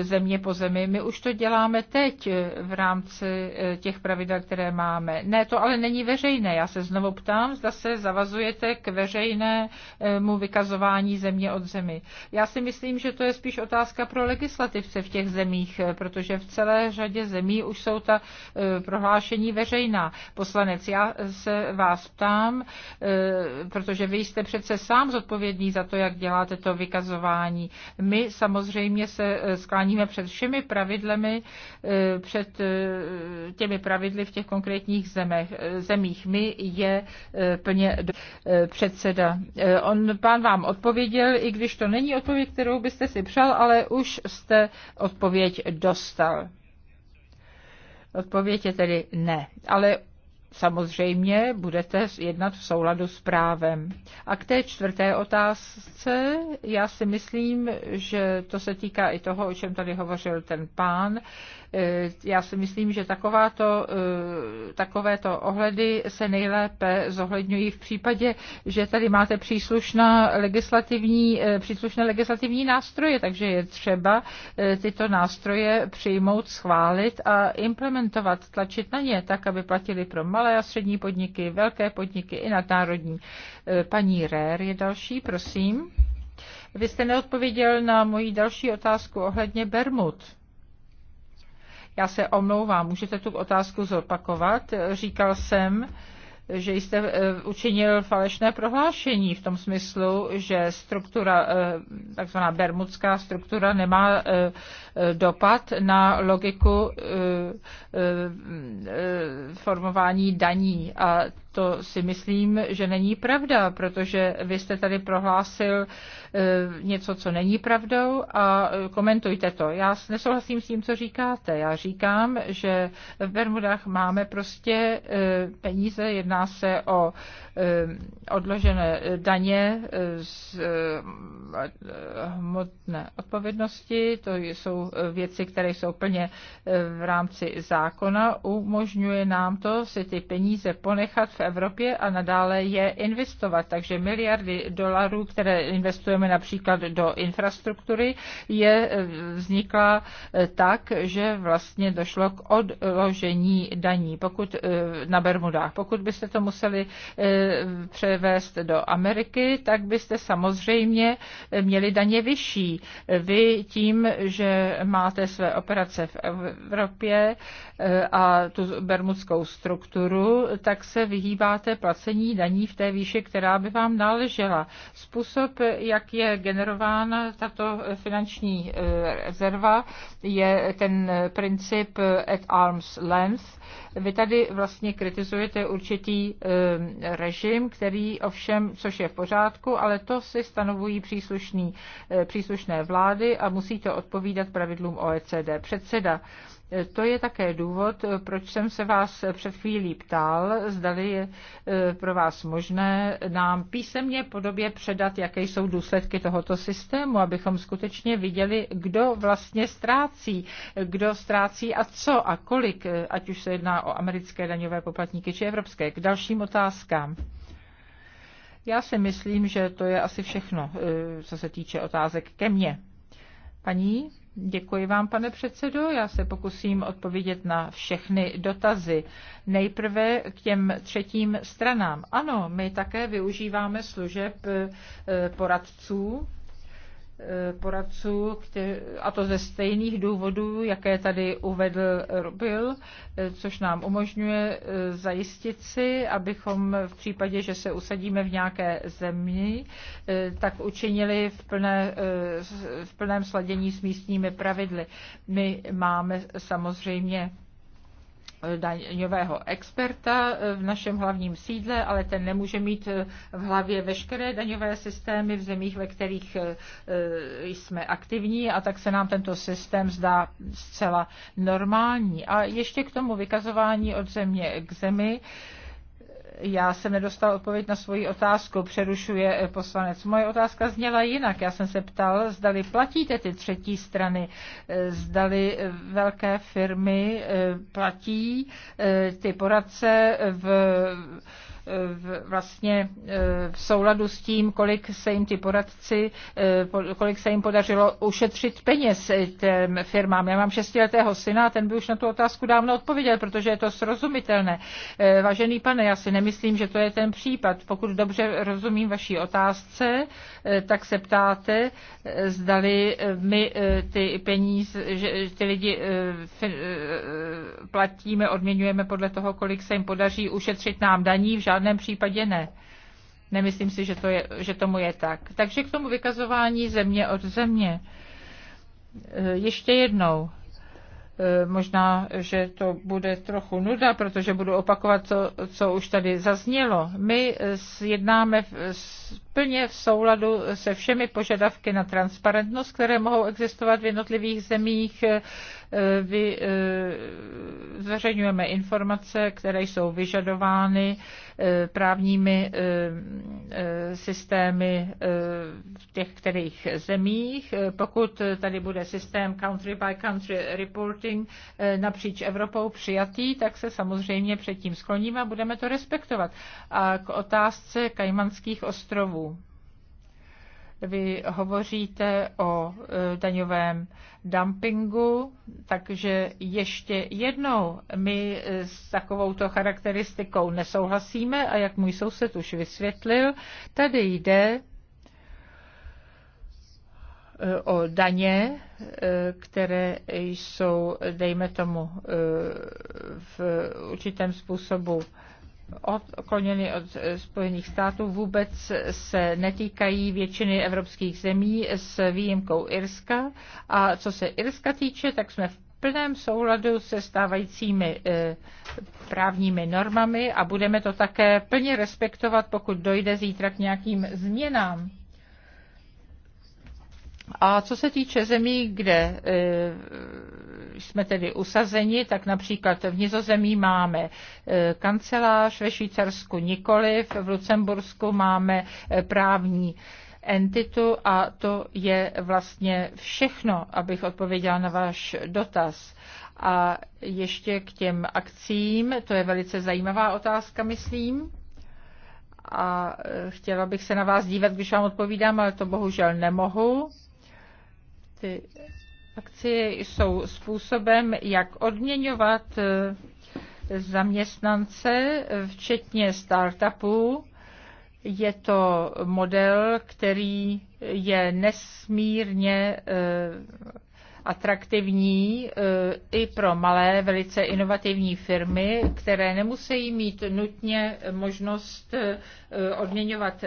země po zemi. My už to děláme teď v rámci eh, těch pravidel, které máme. Ne, to ale není veřejné. Já se znovu ptám, zda se zavazujete k veřejnému vykazování země od zemi. Já si myslím, že to je spíš otázka pro legislativce v těch zemích, eh, protože v celé řadě zemí už jsou ta eh, prohlášení veřejná. Poslanec, já se vás ptám, protože vy jste přece sám zodpovědný za to, jak děláte to vykazování. My samozřejmě se skláníme před všemi pravidlemi, e, před e, těmi pravidly v těch konkrétních zemech, e, zemích. My je plně do... předseda. On, pán vám odpověděl, i když to není odpověď, kterou byste si přál, ale už jste odpověď dostal. Odpověď je tedy ne. Ale samozřejmě budete jednat v souladu s právem. A k té čtvrté otázce, já si myslím, že to se týká i toho, o čem tady hovořil ten pán, Eh, já si myslím, že takováto, eh, takovéto ohledy se nejlépe zohledňují v případě, že tady máte příslušná legislativní, eh, příslušné legislativní nástroje, takže je třeba tyto nástroje přijmout, schválit a implementovat, tlačit na ně tak, aby platili pro malé a střední podniky, velké podniky i nadnárodní. Paní Rér je další, prosím. Vy jste neodpověděl na moji další otázku ohledně Bermud. Já se omlouvám, můžete tu otázku zopakovat? Říkal jsem, že jste eh, učinil falešné prohlášení v tom smyslu, že struktura, eh, takzvaná bermudská struktura nemá eh, dopad na logiku formování daní. A to si myslím, že není pravda, protože vy jste tady prohlásil eh, něco, co není pravdou a eh, komentujte to. Já nesouhlasím s tím, co říkáte. Já říkám, že v Bermudách máme prostě eh, peníze, jedná se o odložené daně z hmotné odpovědnosti, to jsou věci, které jsou plně v rámci zákona, umožňuje nám to si ty peníze ponechat v Evropě a nadále je investovat. Takže miliardy dolarů, které investujeme například do infrastruktury, je eh, vznikla eh, tak, že vlastně došlo k odložení daní pokud, eh, na Bermudách. Pokud byste to museli převést do Ameriky, tak byste samozřejmě měli daně vyšší. Vy tím, že máte své operace v Evropě a tu bermudskou strukturu, tak se vyhýbáte vyhýbáte placení daní v té výši, která by vám náležela. Způsob, jak je generována tato finanční eh, rezerva, je ten princip at arm's length. Vy tady vlastně kritizujete určitý eh, režim, který ovšem, což je v pořádku, ale to si stanovují příslušný, eh, příslušné vlády a musí to odpovídat pravidlům OECD. Předseda to je také důvod, proč jsem se vás před chvílí ptal, zdali je e, pro vás možné nám písemně podobě předat, jaké jsou důsledky tohoto systému, abychom skutečně viděli, kdo vlastně ztrácí, kdo ztrácí a co a kolik, e, ať už se jedná o americké daňové poplatníky či evropské. K dalším otázkám. Já si myslím, že to je asi všechno, e, co se týče otázek ke mně. Paní, děkuji vám, pane předsedo. Já se pokusím odpovědět na všechny dotazy. Nejprve k těm třetím stranám. Ano, my také využíváme služeb eh, poradců Eh, poradců, a to ze stejných důvodů, jaké tady uvedl Robil, eh, což nám umožňuje eh, zajistit si, abychom v případě, že se usadíme v nějaké zemi, tak učinili v, plné, v plném sladění s místními pravidly. My máme samozřejmě daňového experta v našem hlavním sídle, ale ten nemůže mít v hlavě veškeré daňové systémy v zemích, ve kterých eh, jsme aktivní a tak se nám tento systém zdá zcela normální. A ještě k tomu vykazování od země k zemi já jsem nedostal odpověď na svoji otázku, přerušuje eh, poslanec. Moje otázka zněla jinak. Já jsem se ptal, zdali platíte ty třetí strany, eh, zdali eh, velké firmy platí ty poradce v vlastně eh, v souladu s tím, kolik se jim ty poradci, eh, kolik se jim podařilo ušetřit peněz eh, těm firmám. Já mám šestiletého syna a ten by už na tu otázku dávno odpověděl, protože je to srozumitelné. Vážený pane, já si nemyslím, že to je ten případ. Pokud dobře rozumím vaší otázce, tak se ptáte, zdali my ty peníze, že ty lidi platíme, odměňujeme podle toho, kolik se jim podaří ušetřit nám daní v žádném případě ne. Nemyslím si, že, to je, že tomu je tak. Takže k tomu vykazování země od země. Eh, ještě jednou. Eh, možná, že to bude trochu nuda, protože budu opakovat to, co už tady zaznělo. My eh, jednáme plně v souladu se všemi požadavky na transparentnost, které mohou existovat v jednotlivých zemích. Vy zveřejňujeme informace, které jsou vyžadovány eh, právními eh, eh, systémy v těch kterých zemích. Pokud tady bude systém country by country reporting napříč Evropou přijatý, tak se samozřejmě předtím skloníme a budeme to respektovat. A k otázce Kajmanských ostrovů. Vy hovoříte o e, daňovém dumpingu, takže ještě jednou my s takovouto charakteristikou nesouhlasíme a jak můj soused už vysvětlil, tady jde e, o daně, e, které jsou, dejme tomu, v určitém způsobu odkloněny od Spojených států, vůbec se netýkají většiny evropských zemí s výjimkou Irska. A co se Irska týče, tak jsme v plném souladu se stávajícími e, právními normami a budeme to také plně respektovat, pokud dojde zítra k nějakým změnám. A co se týče zemí, kde e, jsme tedy usazeni, tak například v Nizozemí máme e, kancelář, ve Švýcarsku nikoliv, v Lucembursku máme e, právní entitu a to je vlastně všechno, abych odpověděla na váš dotaz. A ještě k těm akcím, to je velice zajímavá otázka, myslím. A e, chtěla bych se na vás dívat, když vám odpovídám, ale to bohužel nemohu. Ty Akcie jsou způsobem, jak odměňovat eh, zaměstnance, včetně startupů. Je to model, který je nesmírně eh, atraktivní eh, i pro malé, velice inovativní firmy, které nemusí mít nutně možnost odměňovat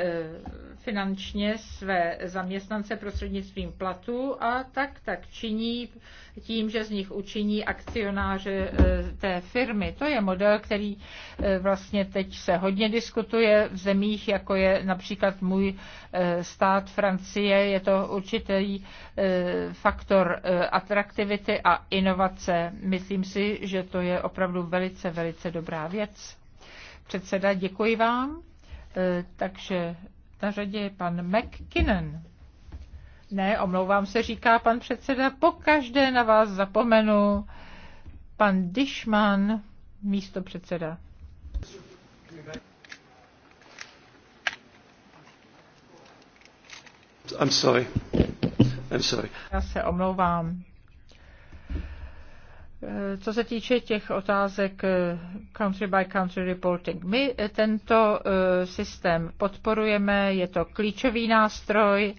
finančně své zaměstnance prostřednictvím platů a tak tak činí tím, že z nich učiní akcionáře eh, té firmy. To je model, který eh, vlastně teď se hodně diskutuje v zemích, jako je například můj eh, stát Francie. Je to určitý faktor atraktivity a inovace. Myslím si, že to je opravdu velice, velice dobrá věc. Předseda, děkuji vám. Takže na řadě je pan McKinnon. Ne, omlouvám se, říká pan předseda, po každé na vás zapomenu. Pan Dishman, místo předseda. I'm sorry. I'm sorry. Já se omlouvám. Eh, co se týče těch otázek eh, country by country reporting, my eh, tento systém podporujeme, je to klíčový nástroj,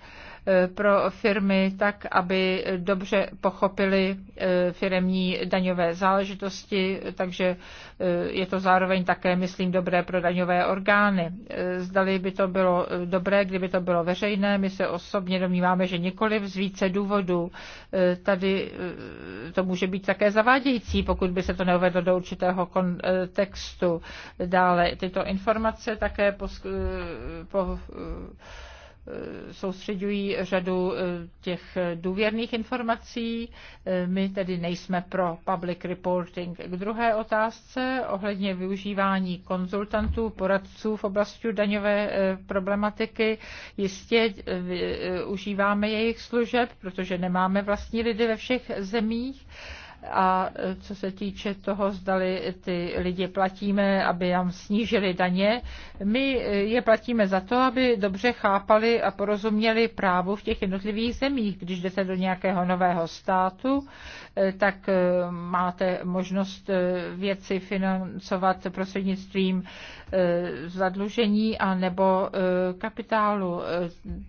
Eh, pro firmy, tak aby dobře pochopili eh, firemní daňové záležitosti, takže eh, je to zároveň také, myslím, dobré pro daňové orgány. Zdali by to bylo dobré, kdyby to bylo veřejné, my se osobně domníváme, že nikoli z více důvodů. Tady to může být také zavádějící, pokud by se to neuvedlo do určitého kontextu. Dále tyto informace také po, po Eh, soustředují řadu eh, těch důvěrných informací. Eh, my tedy nejsme pro public reporting. K druhé otázce ohledně využívání konzultantů, poradců v oblasti daňové problematiky. Jistě užíváme jejich služeb, protože nemáme vlastní lidi ve všech zemích a co se týče toho, zdali ty lidi platíme, aby nám snížili daně, my je platíme za to, aby dobře chápali a porozuměli právu v těch jednotlivých zemích. Když jdete do nějakého nového státu, eh, tak eh, máte možnost eh, věci financovat prostřednictvím zadlužení a nebo kapitálu.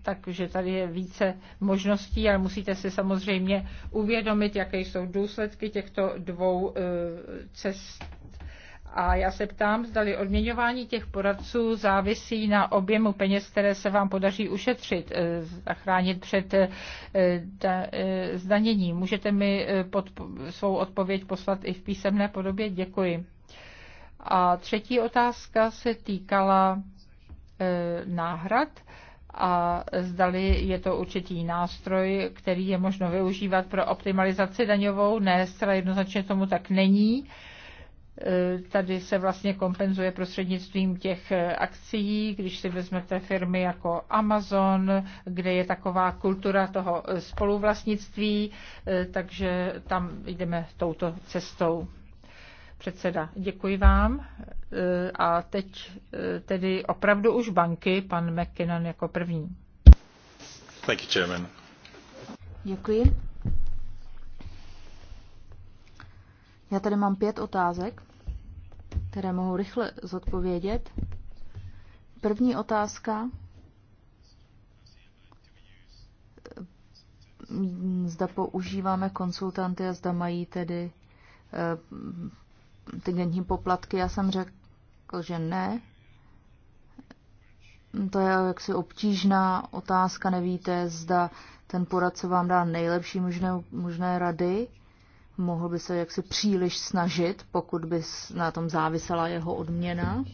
Takže tady je více možností, ale musíte si samozřejmě uvědomit, jaké jsou důsledky výsledky těchto dvou eh, cest. A já se ptám, zdali odměňování těch poradců závisí na objemu peněz, které se vám podaří ušetřit, eh, zachránit před eh, zdaněním. Můžete mi pod svou odpověď poslat i v písemné podobě? Děkuji. A třetí otázka se týkala náhrad a zdali je to určitý nástroj, který je možno využívat pro optimalizaci daňovou. Ne, zcela jednoznačně tomu tak není. E, tady se vlastně kompenzuje prostřednictvím těch e, akcí, když si vezmete firmy jako Amazon, kde je taková kultura toho e, spoluvlastnictví, takže tam jdeme touto cestou. Předseda, děkuji vám. Eh, a teď eh, tedy opravdu už banky, pan McKinnon jako první. Thank you, Chairman. Děkuji. Já tady mám pět otázek, které mohu rychle zodpovědět. První otázka. Zda používáme konsultanty a zda mají tedy eh, inteligentní poplatky. Já jsem řekl, že ne. To je jaksi obtížná otázka, nevíte, zda ten poradce vám dá nejlepší možné, možné rady. Mohl by se jaksi příliš snažit, pokud by na tom závisela jeho odměna.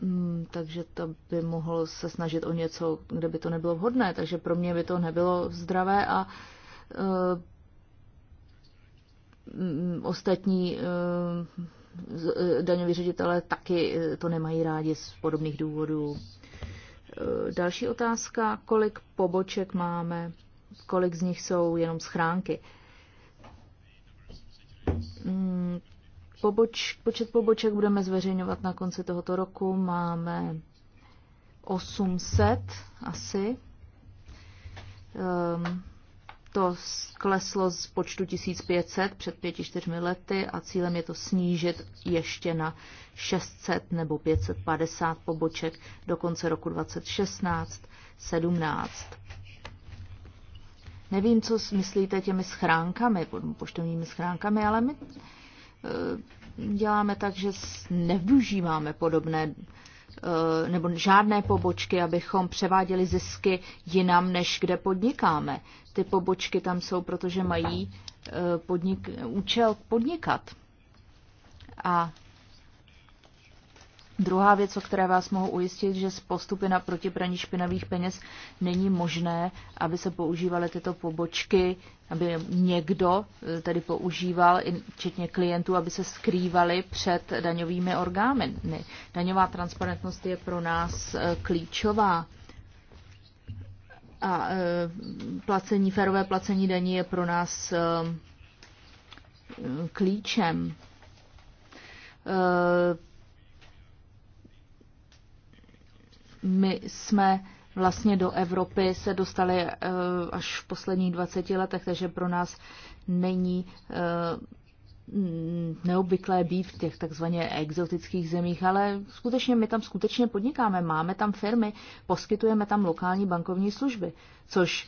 Um, takže to by mohl se snažit o něco, kde by to nebylo vhodné. Takže pro mě by to nebylo zdravé a eh, Mm, ostatní eh, eh, daňoví ředitelé taky eh, to nemají rádi z podobných důvodů. Další otázka, kolik poboček máme, kolik z nich jsou jenom schránky. Mm, poboč, počet poboček budeme zveřejňovat na konci tohoto roku. Máme 800 asi. Ehm, to skleslo z počtu 1500 před 5-4 lety a cílem je to snížit ještě na 600 nebo 550 poboček do konce roku 2016 17 Nevím, co myslíte těmi schránkami, poštovními schránkami, ale my eh, děláme tak, že nevyužíváme podobné Eh, nebo žádné pobočky, abychom převáděli zisky jinam, než kde podnikáme. Ty pobočky tam jsou, protože mají eh, podnik, účel podnikat. A Druhá věc, o které vás mohu ujistit, že z postupy na protipraní špinavých peněz není možné, aby se používaly tyto pobočky, aby někdo eh, tedy používal, včetně klientů, aby se skrývali před daňovými orgány. Daňová transparentnost je pro nás eh, klíčová. A eh, placení, férové placení daní je pro nás klíčem my jsme vlastně do Evropy se dostali eh, až v posledních 20 letech, takže pro nás není eh, neobvyklé být v těch takzvaně exotických zemích, ale skutečně my tam skutečně podnikáme, máme tam firmy, poskytujeme tam lokální bankovní služby, což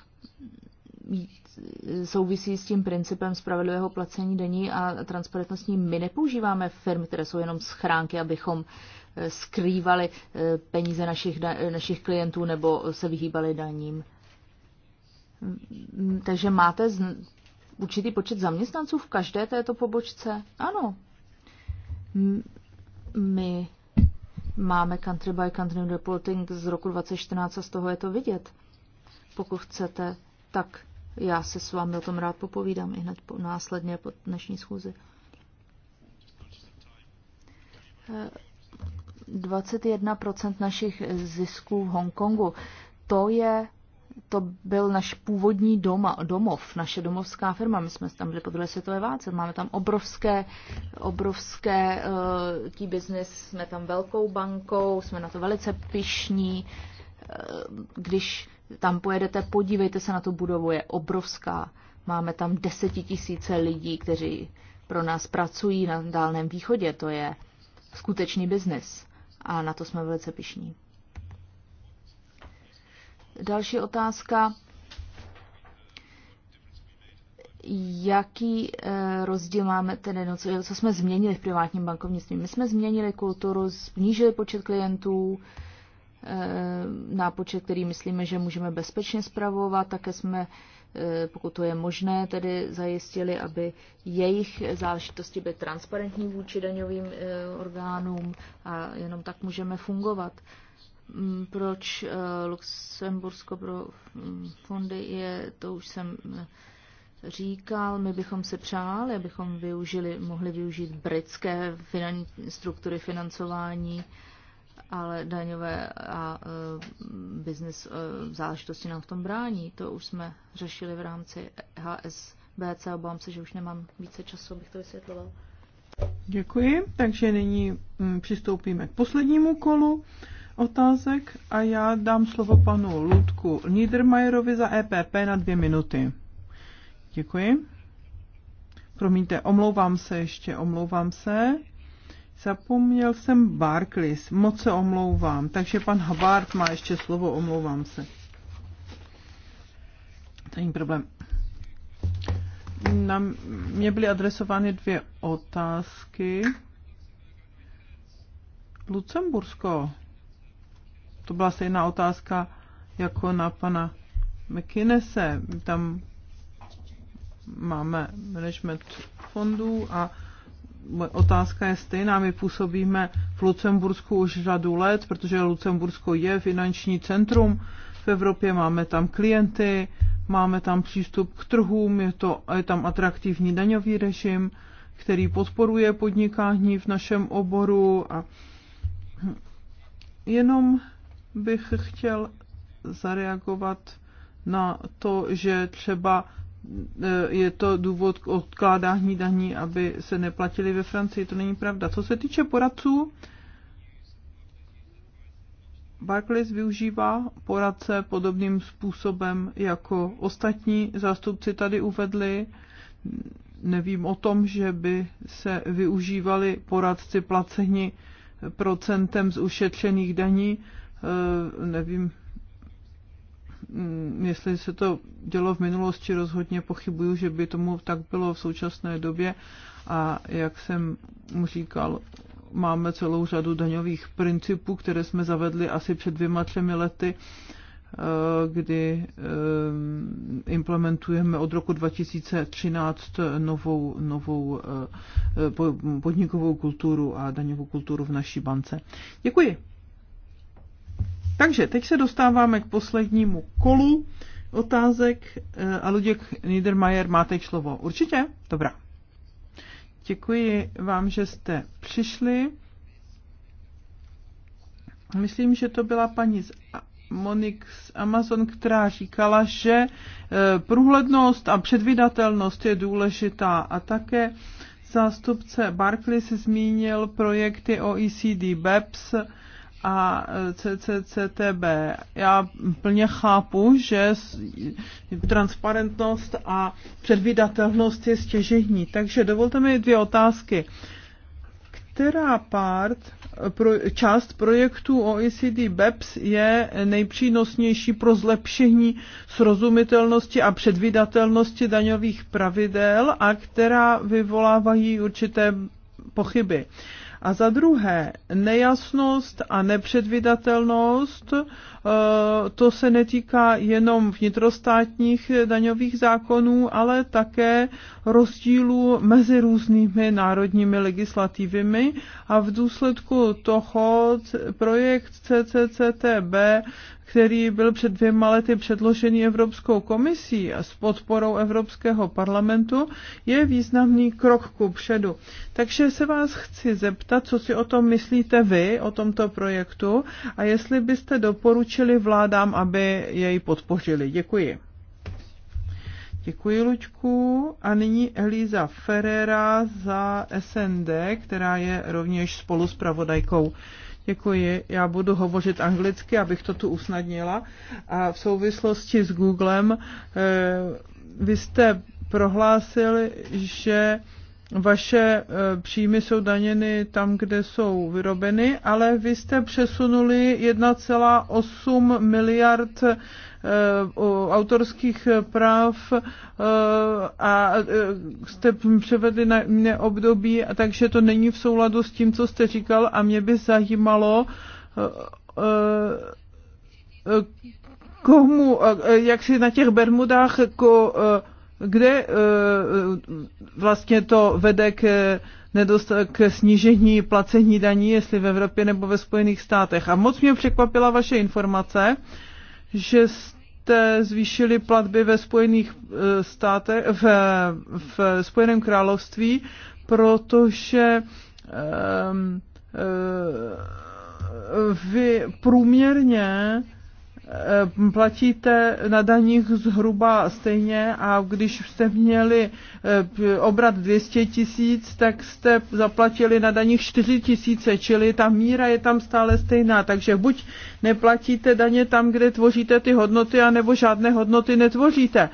souvisí s tím principem spravedlivého placení daní a transparentnostní. My nepoužíváme firmy, které jsou jenom schránky, abychom eh, skrývali eh, peníze našich, našich klientů nebo se vyhýbali daním. Mm, mm, takže máte z, určitý počet zaměstnanců v každé této pobočce? Ano. My máme country by country reporting z roku 2014 a z toho je to vidět. Pokud chcete, tak já se s vámi o tom rád popovídám i hned po, následně po dnešní schůzi. 21% našich zisků v Hongkongu. To je to byl náš původní doma, domov, naše domovská firma. My jsme tam byli po druhé světové válce, máme tam obrovské, obrovské uh, tí biznis, jsme tam velkou bankou, jsme na to velice pišní. Uh, eh, když tam pojedete, podívejte se na tu budovu, je obrovská. Máme tam desetitisíce lidí, kteří pro nás pracují na Dálném východě. To je skutečný biznis a na to jsme velice pišní. Další otázka. Jaký eh, rozdíl máme tedy, no, co, co jsme změnili v privátním bankovnictví? My jsme změnili kulturu, snížili počet klientů, Eh, nápočet, který myslíme, že můžeme bezpečně zpravovat. Také jsme, eh, pokud to je možné, tedy zajistili, aby jejich záležitosti byly transparentní vůči daňovým eh, orgánům a jenom tak můžeme fungovat. Mm, proč Luxembursko pro mm, fondy je, to už jsem říkal, my bychom se přáli, abychom využili, mohli využít britské finan, struktury financování ale daňové a e, business e, záležitosti nám v tom brání. To už jsme řešili v rámci HSBC. Obávám se, že už nemám více času, abych to vysvětloval. Děkuji, takže nyní mm, přistoupíme k poslednímu kolu otázek a já dám slovo panu Ludku Niedermayerovi za EPP na dvě minuty. Děkuji. Promiňte, omlouvám se ještě, omlouvám se. Zapomněl jsem Barclays, moc se omlouvám, takže pan Habart má ještě slovo, omlouvám se. To není problém. Na mě byly adresovány dvě otázky. Lucembursko. To byla stejná otázka jako na pana McKinnese. Tam máme management fondů a otázka je stejná. My působíme v Lucembursku už řadu let, protože Lucembursko je finanční centrum v Evropě, máme tam klienty, máme tam přístup k trhům, je, to, je tam atraktivní daňový režim, který podporuje podnikání v našem oboru. A jenom bych chtěl zareagovat na to, že třeba je to důvod k odkládání daní, aby se neplatili ve Francii. To není pravda. Co se týče poradců, Barclays využívá poradce podobným způsobem, jako ostatní zástupci tady uvedli. Nevím o tom, že by se využívali poradci placeni procentem z ušetřených daní. Nevím, Mm, jestli se to dělo v minulosti, rozhodně pochybuju, že by tomu tak bylo v současné době. A jak jsem říkal, máme celou řadu daňových principů, které jsme zavedli asi před dvěma, třemi lety, eh, kdy eh, implementujeme od roku 2013 novou, novou eh, podnikovou kulturu a daňovou kulturu v naší bance. Děkuji. Takže teď se dostáváme k poslednímu kolu otázek eh, a Luděk Niedermayer máte slovo. Určitě? Dobrá. Děkuji vám, že jste přišli. Myslím, že to byla paní z Monik z Amazon, která říkala, že eh, průhlednost a předvydatelnost je důležitá a také zástupce Barclays zmínil projekty OECD BEPS, a CCCTB. Já plně chápu, že transparentnost a předvídatelnost je stěžení. Takže dovolte mi dvě otázky. Která part, pro, část projektu OECD BEPS je nejpřínosnější pro zlepšení srozumitelnosti a předvídatelnosti daňových pravidel a která vyvolávají určité pochyby. A za druhé, nejasnost a nepředvydatelnost, eh, to se netýká jenom vnitrostátních daňových zákonů, ale také rozdílů mezi různými národními legislativami a v důsledku toho projekt CCCTB, který byl před dvěma lety předložený Evropskou komisí a s podporou Evropského parlamentu, je významný krok ku předu. Takže se vás chci zeptat, co si o tom myslíte vy, o tomto projektu a jestli byste doporučili vládám, aby jej podpořili. Děkuji. Děkuji, Lučku. A nyní Eliza Ferrera za SND, která je rovněž spolu s pravodajkou. Děkuji. Já budu hovořit anglicky, abych to tu usnadnila. A v souvislosti s Googlem, eh, vy jste prohlásil, že vaše eh, příjmy jsou daněny tam, kde jsou vyrobeny, ale vy jste přesunuli 1,8 miliard Eh, autorských práv eh, a eh, jste převedli na jiné období, takže to není v souladu s tím, co jste říkal a mě by zajímalo, komu, jak si na těch Bermudách, kde vlastně to vede k, k snížení placení daní, jestli v Evropě nebo ve Spojených státech. A moc mě překvapila vaše informace, že jste zvýšili platby ve Spojených eh, státech, v, v Spojeném království, protože um, uh, vy průměrně Eh, platíte na daních zhruba stejně a když jste měli eh, obrat 200 tisíc, tak jste zaplatili na daních 4 tisíce, čili ta míra je tam stále stejná. Takže buď neplatíte daně tam, kde tvoříte ty hodnoty, anebo žádné hodnoty netvoříte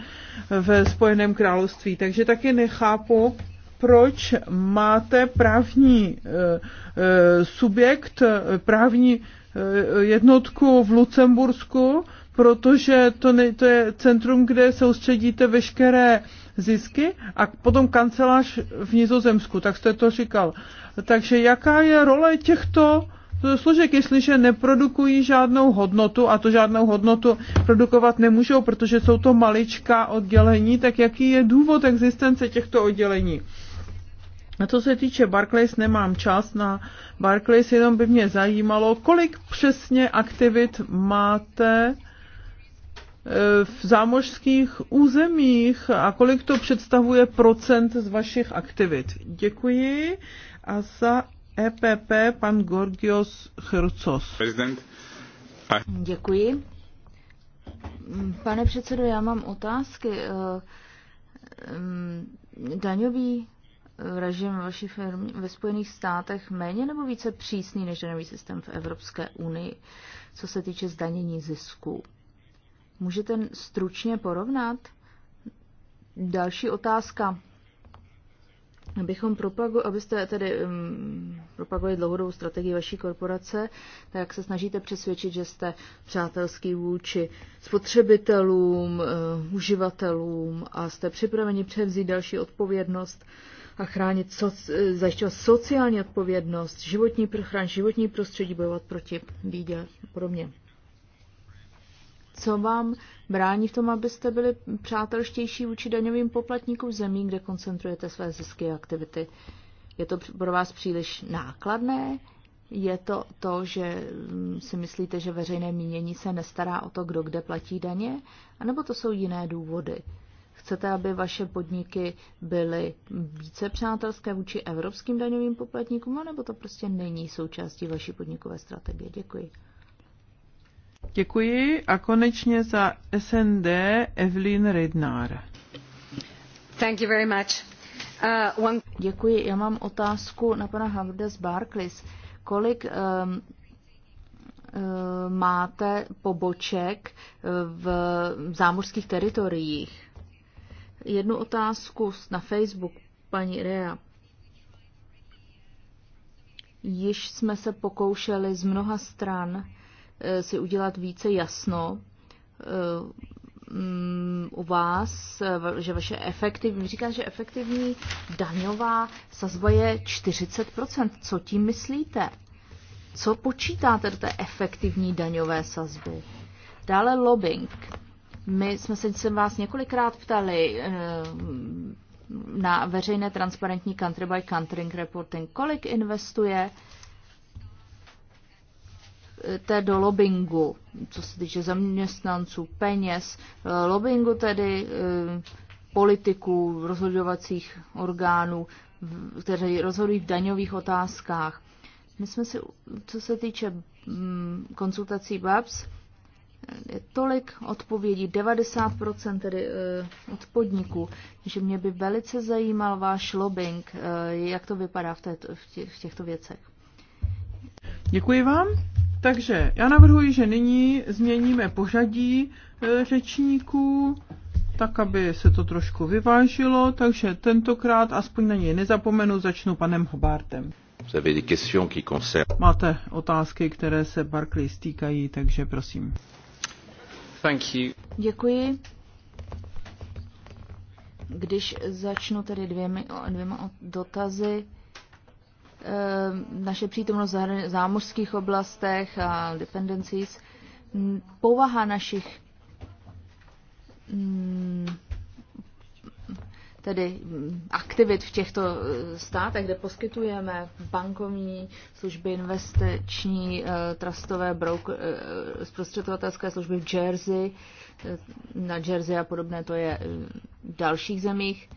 ve Spojeném království. Takže taky nechápu, proč máte právní eh, subjekt, právní Eh, jednotku v Lucembursku, protože to, ne, to je centrum, kde soustředíte veškeré zisky a potom kancelář v Nizozemsku, tak jste to říkal. Takže jaká je role těchto služek, jestliže neprodukují žádnou hodnotu, a to žádnou hodnotu produkovat nemůžou, protože jsou to maličká oddělení, tak jaký je důvod existence těchto oddělení? A co se týče Barclays, nemám čas na Barclays, jenom by mě zajímalo, kolik přesně aktivit máte e, v zámořských územích a kolik to představuje procent z vašich aktivit. Děkuji. A za EPP pan Gorgios Chircos. Děkuji. Mm, pane předsedo, já mám otázky. E, mm, daňový režim vaší firmy ve Spojených státech méně nebo více přísný než daňový systém v Evropské unii, co se týče zdanění zisků? Můžete stručně porovnat? Další otázka. Abychom propagu, abyste tedy um, propagovali dlouhodobou strategii vaší korporace, tak se snažíte přesvědčit, že jste přátelský vůči spotřebitelům, uh, uživatelům a jste připraveni převzít další odpovědnost uh, a chránit soci, eh, zajišťovat sociální odpovědnost, životní, chránit životní prostředí, bojovat proti bídě a podobně. Co vám brání v tom, abyste byli přátelštější vůči daňovým poplatníkům zemí, kde koncentrujete své zisky a aktivity? Je to pro vás příliš nákladné? Je to to, že mm, si myslíte, že veřejné mínění se nestará o to, kdo kde platí daně? A nebo to jsou jiné důvody? Chcete, aby vaše podniky byly více přátelské vůči evropským daňovým poplatníkům, nebo to prostě není součástí vaší podnikové strategie? Děkuji. Děkuji a konečně za SND Evelyn Rednár. Thank you very much. Uh, one... Děkuji. Já mám otázku na pana Hamrda z Barclays. Kolik um, uh, máte poboček v zámořských teritoriích jednu otázku na Facebook, paní Rea. Již jsme se pokoušeli z mnoha stran eh, si udělat více jasno eh, mm, u vás, eh, že vaše efektivní, říká, že efektivní daňová sazba je 40%. Co tím myslíte? Co počítáte do té efektivní daňové sazby? Dále lobbying. My jsme se jsem vás několikrát ptali eh, na veřejné transparentní country by country reporting, kolik investuje eh, té do lobbingu, co se týče zaměstnanců, peněz, eh, lobbingu tedy politiků, rozhodovacích orgánů, kteří rozhodují v daňových otázkách. My jsme si, co se týče mm, konzultací BABS, tolik odpovědí, 90% tedy eh, od podniků, že mě by velice zajímal váš lobbying, eh, jak to vypadá v, této, v těchto věcech. Děkuji vám. Takže já navrhuji, že nyní změníme pořadí eh, řečníků, tak aby se to trošku vyvážilo, takže tentokrát, aspoň na něj nezapomenu, začnu panem Hobartem. Máte otázky, které se Barclays týkají, takže prosím. Děkuji. Když začnu tedy dvěmi, dvěma dotazy, eh, naše přítomnost v zámořských oblastech a dependencies, povaha našich mm, tedy hm, aktivit v těchto eh, státech, kde poskytujeme bankovní služby, investiční, eh, trustové, broker, eh, zprostředkovatelské služby v Jersey, na Jersey a podobné, to je hm, v dalších zemích.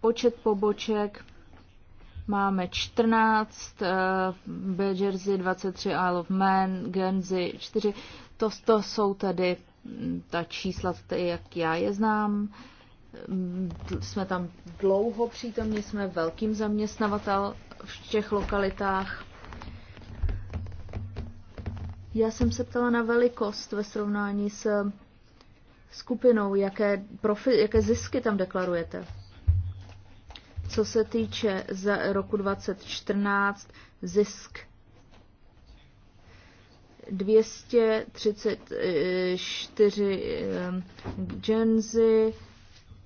Počet poboček máme 14, v Jersey 23, Isle of Man, Guernsey 4. To, to jsou tedy hm, ta čísla, jak já je znám jsme tam dlouho přítomní, jsme velkým zaměstnavatel v těch lokalitách. Já jsem se ptala na velikost ve srovnání s skupinou, jaké, profi, jaké zisky tam deklarujete. Co se týče za roku 2014 zisk 234 eh, Genzy,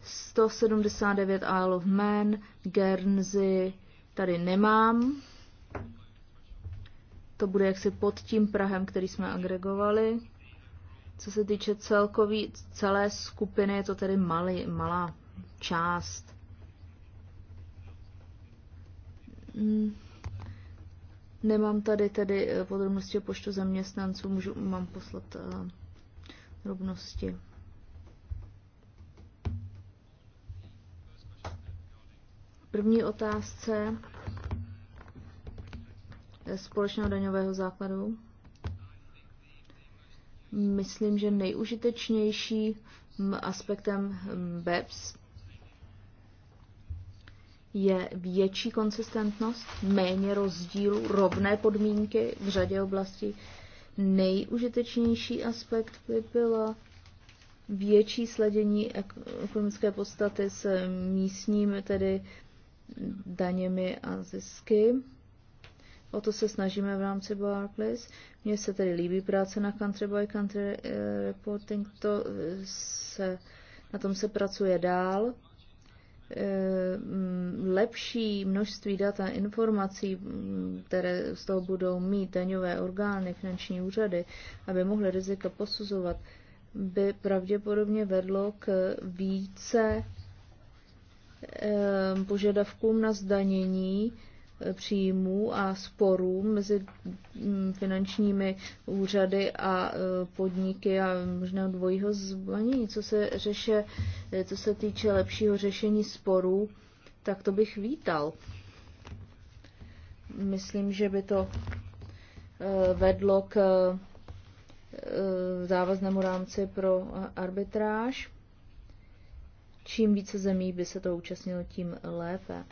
179 Isle of Man, Guernsey tady nemám. To bude jaksi pod tím Prahem, který jsme agregovali. Co se týče celkový, celé skupiny, je to tedy malý, malá část. Hmm. Nemám tady tedy eh, podrobnosti o poštu zaměstnanců, můžu, mám poslat uh, drobnosti. První otázce společného daňového základu. Myslím, že nejužitečnější aspektem BEPS je větší konsistentnost, méně rozdílů, rovné podmínky v řadě oblastí. Nejužitečnější aspekt by byla větší sledění ekonomické podstaty s místními, tedy daněmi a zisky. O to se snažíme v rámci Barclays. Mně se tedy líbí práce na country by country eh, reporting, to eh, se, na tom se pracuje dál. Eh, mm, lepší množství dat a informací, mm, které z toho budou mít daňové orgány, finanční úřady, aby mohly rizika posuzovat, by pravděpodobně vedlo k více Eh, požadavkům na zdanění eh, příjmů a sporů mezi mm, finančními úřady a eh, podniky a možná dvojího zvanění. Co se, řeše, co se týče lepšího řešení sporů, tak to bych vítal. Myslím, že by to vedlo k závaznému rámci pro arbitráž Čím více zemí by se to účastnilo, tím lépe.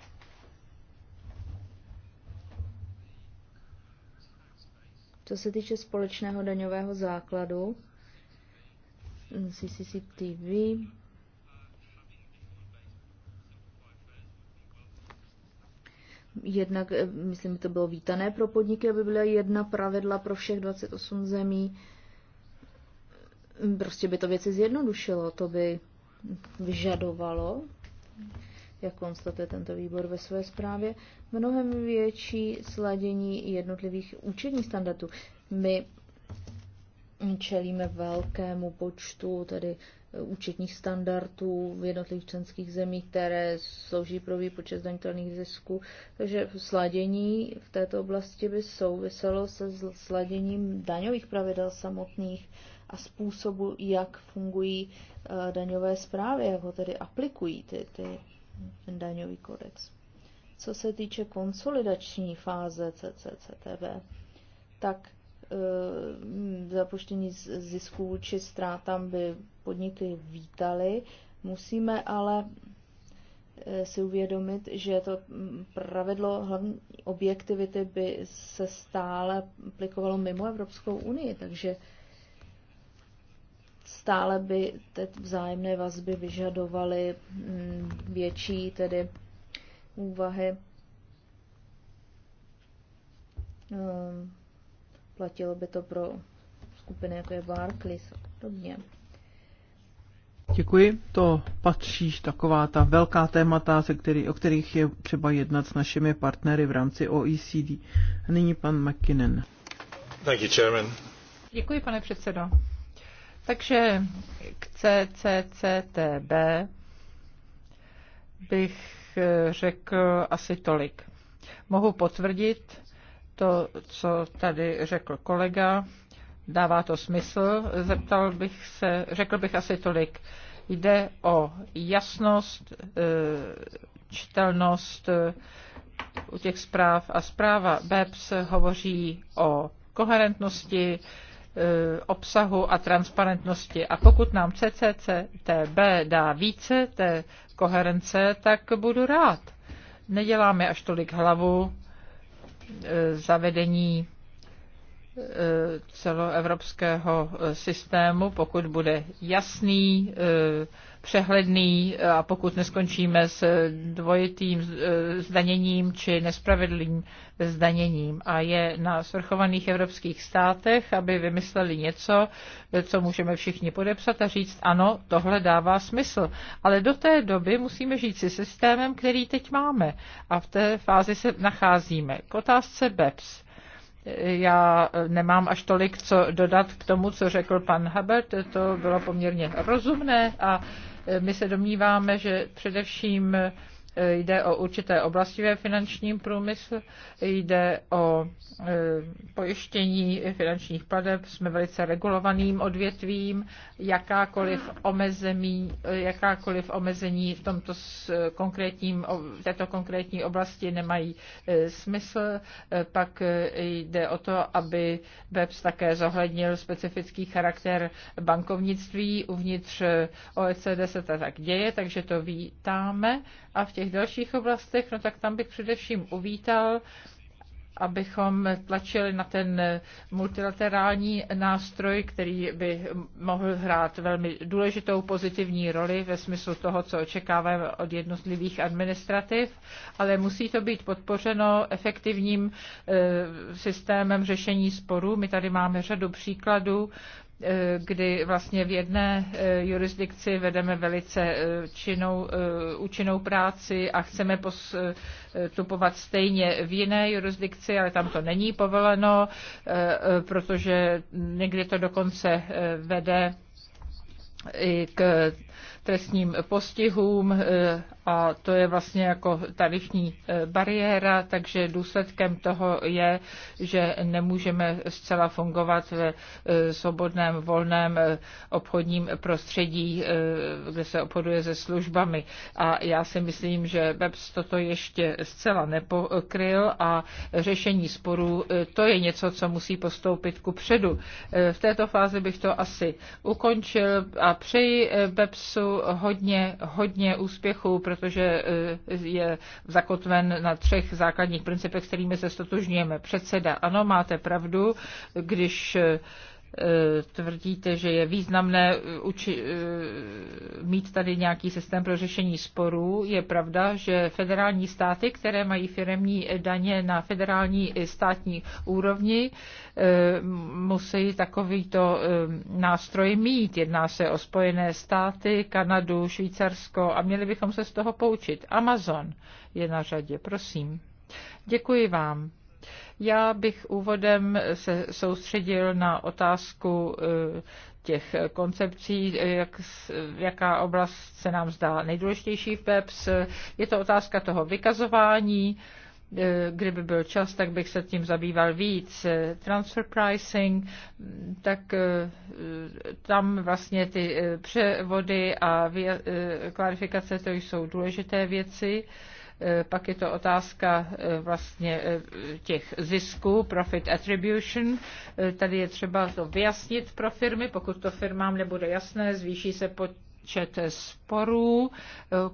Co se týče společného daňového základu, CCCTV, jednak, eh, myslím, to bylo vítané pro podniky, aby byla jedna pravidla pro všech 28 zemí. Prostě by to věci zjednodušilo, to by vyžadovalo, jak konstatuje tento výbor ve své zprávě, mnohem větší sladění jednotlivých účetních standardů. My čelíme velkému počtu tedy eh, účetních standardů v jednotlivých členských zemích, které slouží pro výpočet zdanitelných zisků. Takže sladění v této oblasti by souviselo se sladěním daňových pravidel samotných a způsobu, jak fungují eh, daňové zprávy, jak ho tedy aplikují ty, ty daňový kodex. Co se týče konsolidační fáze CCCTV, tak e, zapuštění zisků či ztrátám by podniky vítali. Musíme ale eh, si uvědomit, že to mm, pravidlo hlavní objektivity by se stále aplikovalo mimo Evropskou unii, takže stále by ty vzájemné vazby vyžadovaly mm, větší tedy úvahy. Ehm, platilo by to pro skupiny jako je Barclays a podobně. Děkuji. To patří taková ta velká témata, se který, o kterých je třeba jednat s našimi partnery v rámci OECD. A nyní pan McKinnon. Thank you, chairman. Děkuji, pane předsedo. Takže k CCCTB bych eh, řekl asi tolik. Mohu potvrdit to, co tady řekl kolega. Dává to smysl. Zeptal bych se, řekl bych asi tolik. Jde o jasnost, eh, čtelnost eh, u těch zpráv a zpráva BEPS hovoří o koherentnosti, Eh, obsahu a transparentnosti. A pokud nám CCCTB dá více té koherence, tak budu rád. Neděláme až tolik hlavu eh, zavedení eh, celoevropského systému, pokud bude jasný, přehledný eh, a pokud neskončíme s eh, dvojitým eh, zdaněním či nespravedlivým zdaněním. A je na svrchovaných evropských státech, aby vymysleli něco, co můžeme všichni podepsat a říct, ano, tohle dává smysl. Ale do té doby musíme žít si systémem, který teď máme. A v té fázi se nacházíme. K otázce BEPS já nemám až tolik co dodat k tomu, co řekl pan Hubert. To bylo poměrně rozumné a my se domníváme, že především jde o určité oblasti ve finančním průmyslu, jde o e, pojištění finančních pladeb, jsme velice regulovaným odvětvím, jakákoliv omezení, jakákoliv omezení v tomto konkrétním, v této konkrétní oblasti nemají e, smysl. E, pak jde o to, aby BEPS také zohlednil specifický charakter bankovnictví. Uvnitř OECD se to tak děje, takže to vítáme. A v těch některých dalších oblastech, no tak tam bych především uvítal, abychom tlačili na ten multilaterální nástroj, který by mohl hrát velmi důležitou pozitivní roli ve smyslu toho, co očekáváme od jednotlivých administrativ, ale musí to být podpořeno efektivním eh, systémem řešení sporů. My tady máme řadu příkladů Eh, kdy vlastně v jedné eh, jurisdikci vedeme velice eh, činou, účinnou práci a chceme postupovat stejně v jiné jurisdikci, ale tam to není povoleno, protože někdy to dokonce vede i k trestním postihům a to je vlastně jako tarifní e, bariéra, takže důsledkem toho je, že nemůžeme zcela fungovat ve e, svobodném, volném e, obchodním prostředí, kde se obchoduje se službami. A já si myslím, že BEPS toto ještě zcela nepokryl a řešení sporů, to je něco, co musí postoupit ku předu. V této fázi bych to asi ukončil a přeji BEPSu hodně, hodně úspěchů, protože eh, je zakotven na třech základních principech, kterými se stotožňujeme. Předseda, ano, máte pravdu, když eh, tvrdíte, že je významné eh, uči, eh, mít tady nějaký systém pro řešení sporů. Je pravda, že federální státy, které mají firemní daně na federální i státní úrovni, eh, musí takovýto nástroj mít. Jedná se o Spojené státy, Kanadu, Švýcarsko a měli bychom se z toho poučit. Amazon je na řadě, prosím. Děkuji vám. Já bych úvodem se soustředil na otázku eh, těch koncepcí, jak, jaká oblast se nám zdá nejdůležitější v PEPs. Je to otázka toho vykazování, eh, kdyby byl čas, tak bych se tím zabýval víc. Eh, transfer pricing, tak tam vlastně ty převody a klarifikace, to jsou důležité věci. Eh, pak je to otázka eh, vlastně eh, těch zisků, profit attribution. Tady je třeba to vyjasnit pro firmy, pokud to firmám nebude jasné, zvýší se pod čet sporů.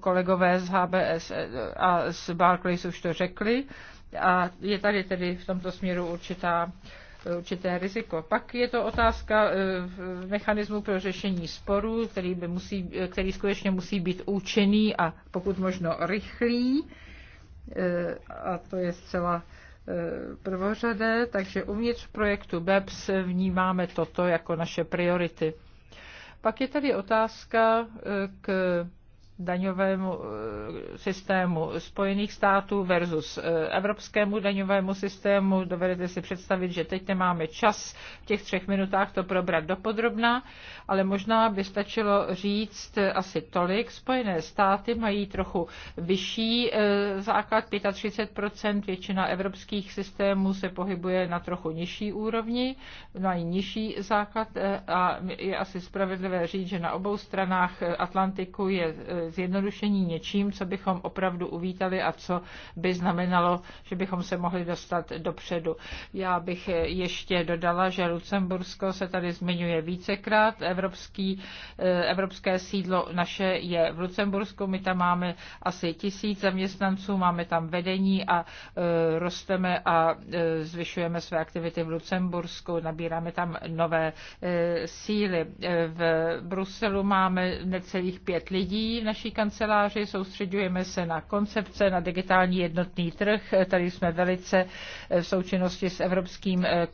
Kolegové z HBS a z Barclays už to řekli. A je tady tedy v tomto směru určitá určité riziko. Pak je to otázka eh, mechanismu pro řešení sporů, který, by musí, eh, který skutečně musí být účinný a pokud možno rychlý. Eh, a to je zcela prvořadé, takže uvnitř projektu BEPS vnímáme toto jako naše priority. Pak je tady otázka k daňovému eh, systému Spojených států versus eh, evropskému daňovému systému. Dovedete si představit, že teď nemáme čas v těch třech minutách to probrat dopodrobná, ale možná by stačilo říct eh, asi tolik. Spojené státy mají trochu vyšší základ 35%, většina evropských systémů se pohybuje na trochu nižší úrovni, mají nižší základ a je asi spravedlivé říct, že na obou stranách Atlantiku je zjednodušení něčím, co bychom opravdu uvítali a co by znamenalo, že bychom se mohli dostat dopředu. Já bych ještě dodala, že Lucembursko se tady zmiňuje vícekrát. Evropský, eh, evropské sídlo naše je v Lucembursku. My tam máme asi tisíc zaměstnanců, máme tam vedení a eh, rosteme a eh, zvyšujeme své aktivity v Lucembursku, nabíráme tam nové síly. V Bruselu máme necelých pět lidí v naší naší kanceláři, soustředujeme se na koncepce, na digitální jednotný trh. Tady jsme velice eh, v součinnosti s Evropským, eh,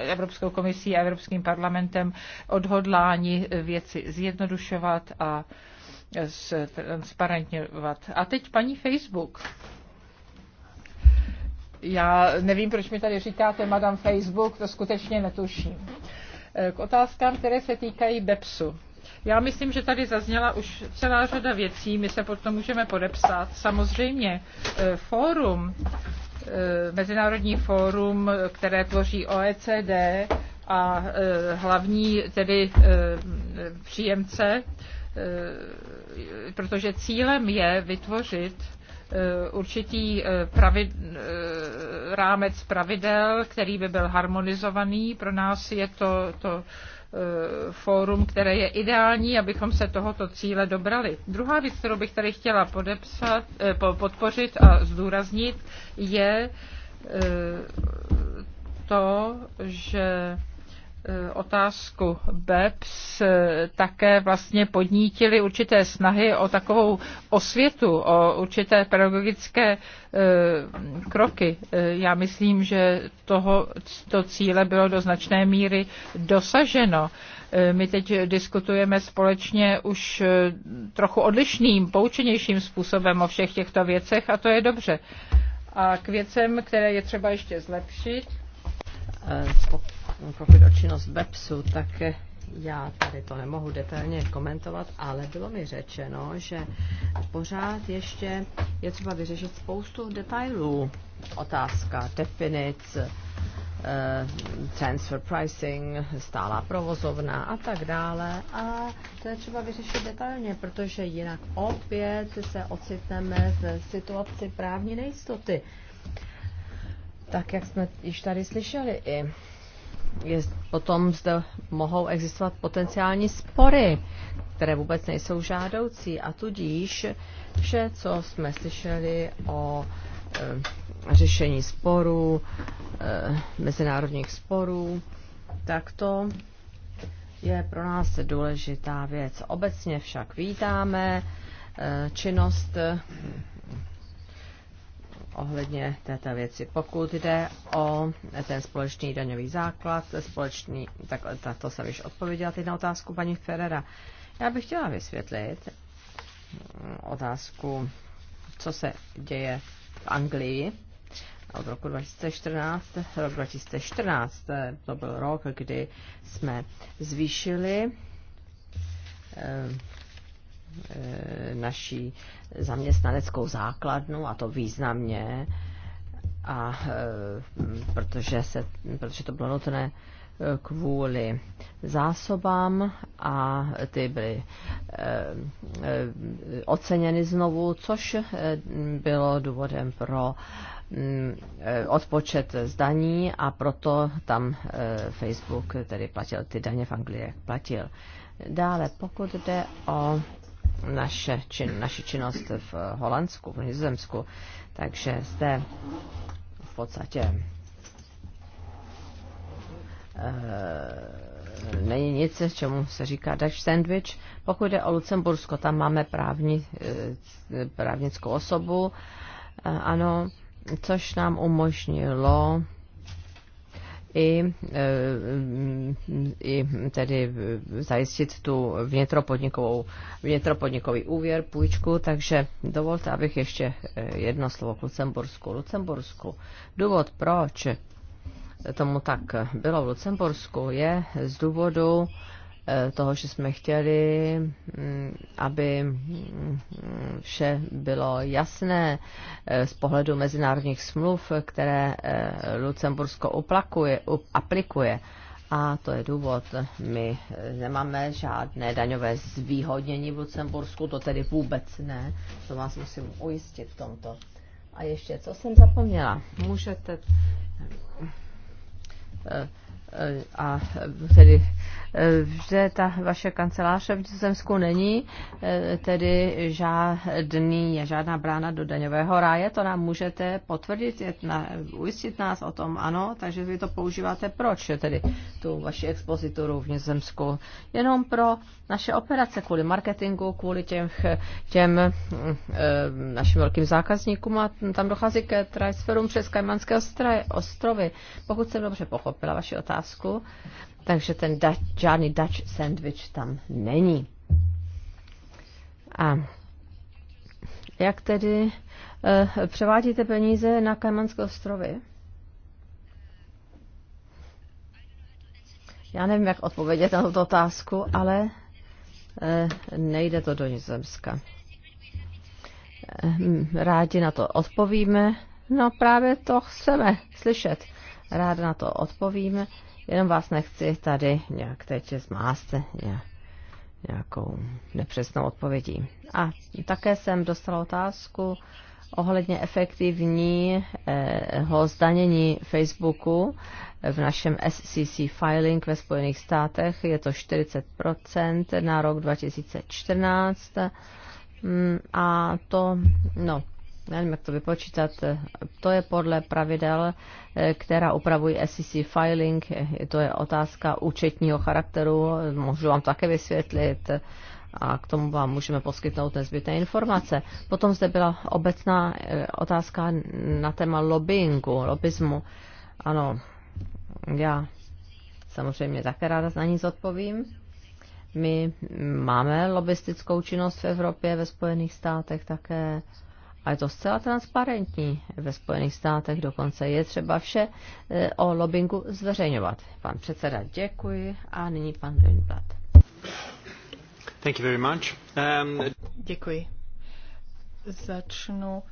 Evropskou komisí a Evropským parlamentem odhodláni eh, věci zjednodušovat a transparentňovat. A teď paní Facebook. Já nevím, proč mi tady říkáte Madame Facebook, to skutečně netuším. K otázkám, které se týkají BEPSu. Já myslím, že tady zazněla už celá řada věcí, my se pod to můžeme podepsat. Samozřejmě eh, fórum, eh, mezinárodní fórum, které tvoří OECD a eh, hlavní tedy příjemce, protože cílem je vytvořit určitý pravid, rámec pravidel, který by byl harmonizovaný. Pro nás je to, to Eh, fórum, které je ideální, abychom se tohoto cíle dobrali. Druhá věc, kterou bych tady chtěla podepsat, eh, podpořit a zdůraznit, je eh, to, že Eh, otázku BEPS eh, také vlastně podnítili určité snahy o takovou osvětu, o určité pedagogické eh, kroky. Já myslím, že toho, to cíle bylo do značné míry dosaženo. My teď diskutujeme společně už trochu odlišným, poučenějším způsobem o všech těchto věcech a to je dobře. A k věcem, které je třeba ještě zlepšit, pokud o činnost BEPSu, tak já tady to nemohu detailně komentovat, ale bylo mi řečeno, že pořád ještě je třeba vyřešit spoustu detailů. Otázka definic, eh, transfer pricing, stálá provozovna a tak dále. A to je třeba vyřešit detailně, protože jinak opět se ocitneme v situaci právní nejistoty. Tak jak jsme již tady slyšeli i je, potom zde mohou existovat potenciální spory, které vůbec nejsou žádoucí. A tudíž vše, co jsme slyšeli o e, řešení sporů, e, mezinárodních sporů, tak to je pro nás důležitá věc. Obecně však vítáme e, činnost ohledně této věci. Pokud jde o ten společný daňový základ, společný, tak to jsem již odpověděla teď na otázku paní Ferrera. Já bych chtěla vysvětlit otázku, co se děje v Anglii od roku 2014. Rok 2014 to byl rok, kdy jsme zvýšili eh, Eh, naší zaměstnaneckou základnu, a to významně, a eh, protože, se, protože to bylo nutné eh, kvůli zásobám a ty byly oceněny znovu, což bylo důvodem pro mm, odpočet zdaní a proto tam Facebook tedy platil ty daně v Anglii, jak platil. Dále, pokud jde o naše, čin, naši činnost v Holandsku, v Nizozemsku. Takže zde v podstatě eh, není nic, čemu se říká Dutch Sandwich. Pokud jde o Lucembursko, tam máme právní, eh, právnickou osobu, eh, ano, což nám umožnilo i, e, i tedy zajistit tu vnitropodnikovou, vnitropodnikový úvěr, půjčku, takže dovolte, abych ještě e, jedno slovo k Lucembursku. Lucembursku. Důvod, proč tomu tak bylo v Lucembursku, je z důvodu Eh, toho, že jsme chtěli, mm, aby mm, vše bylo jasné eh, z pohledu mezinárodních smluv, které eh, Lucembursko uplakuje, aplikuje. A to je důvod. My nemáme žádné daňové zvýhodnění v Lucembursku, to tedy vůbec ne. To vás musím ujistit v tomto. A ještě, co jsem zapomněla? Můžete a tedy e, že ta vaše kancelář v Nizozemsku není e, tedy žádný, žádná brána do daňového ráje, to nám můžete potvrdit, na, ujistit nás o tom, ano, takže vy to používáte proč, tedy tu vaši expozituru v Nizozemsku, jenom pro naše operace, kvůli marketingu, kvůli těm, těm e, našim velkým zákazníkům a tam dochází ke transferům přes Kajmanské ostrovy. Pokud jsem dobře pochopila vaši otázku, obrázku, takže ten Dutch, žádný Dutch sandwich tam není. A jak tedy uh, převádíte peníze na Kajmanské ostrovy? Já nevím, jak odpovědět na tuto otázku, ale uh, nejde to do Nizozemska. Uh, rádi na to odpovíme. No právě to chceme slyšet. Rád na to odpovíme. Uh, Jenom vás nechci tady nějak teď zmást nějakou nepřesnou odpovědí. A také jsem dostala otázku ohledně efektivního eh, zdanění Facebooku v našem SCC filing ve Spojených státech. Je to 40% na rok 2014 mm, a to, no, já nevím, jak to vypočítat, to je podle pravidel, eh, která upravují SEC filing, to je otázka účetního charakteru, můžu vám také vysvětlit a k tomu vám můžeme poskytnout nezbytné informace. Potom zde byla obecná eh, otázka na téma lobbyingu, lobismu. Ano, já samozřejmě také ráda na ní zodpovím. My máme lobistickou činnost v Evropě, ve Spojených státech také a je to zcela transparentní. Ve Spojených státech dokonce je třeba vše e, o lobbingu zveřejňovat. Pan předseda, děkuji. A nyní pan Greenblatt. Thank you very much. Um... Děkuji. Začnu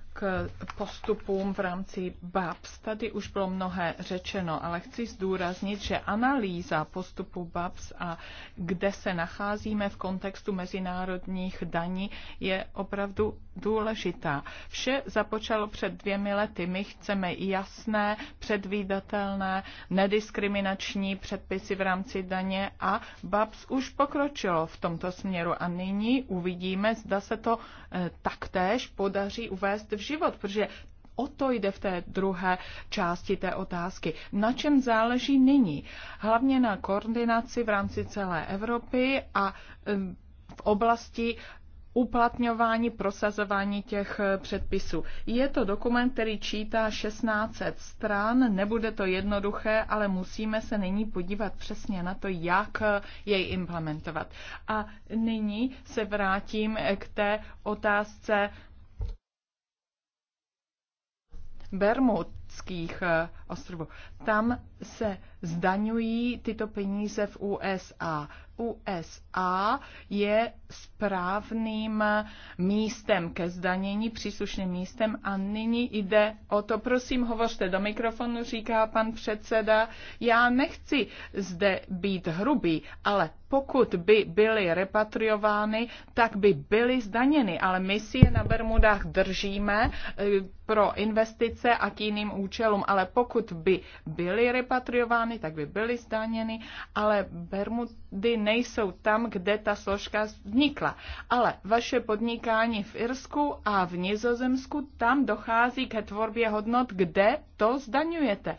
postupům v rámci BAPS. Tady už bylo mnohé řečeno, ale chci zdůraznit, že analýza postupu BAPS a kde se nacházíme v kontextu mezinárodních daní je opravdu důležitá. Vše započalo před dvěmi lety. My chceme jasné, předvídatelné, nediskriminační předpisy v rámci daně a BAPS už pokročilo v tomto směru a nyní uvidíme, zda se to eh, taktéž podaří uvést v život, protože o to jde v té druhé části té otázky. Na čem záleží nyní? Hlavně na koordinaci v rámci celé Evropy a v oblasti uplatňování, prosazování těch eh, předpisů. Je to dokument, který čítá 1600 stran, nebude to jednoduché, ale musíme se nyní podívat přesně na to, jak eh, jej implementovat. A nyní se vrátím eh, k té otázce Bermudských eh, ostrovů. Tam se zdaňují tyto peníze v USA. USA je správným místem ke zdanění, příslušným místem a nyní jde o to, prosím, hovořte do mikrofonu, říká pan předseda. Já nechci zde být hrubý, ale pokud by byly repatriovány, tak by byly zdaněny, ale my si je na Bermudách držíme e, pro investice a k jiným účelům, ale pokud by byly repatriovány, tak by byly zdaněny, ale Bermudy ne nejsou tam, kde ta složka vznikla. Ale vaše podnikání v Irsku a v Nizozemsku, tam dochází ke tvorbě hodnot, kde to zdaňujete.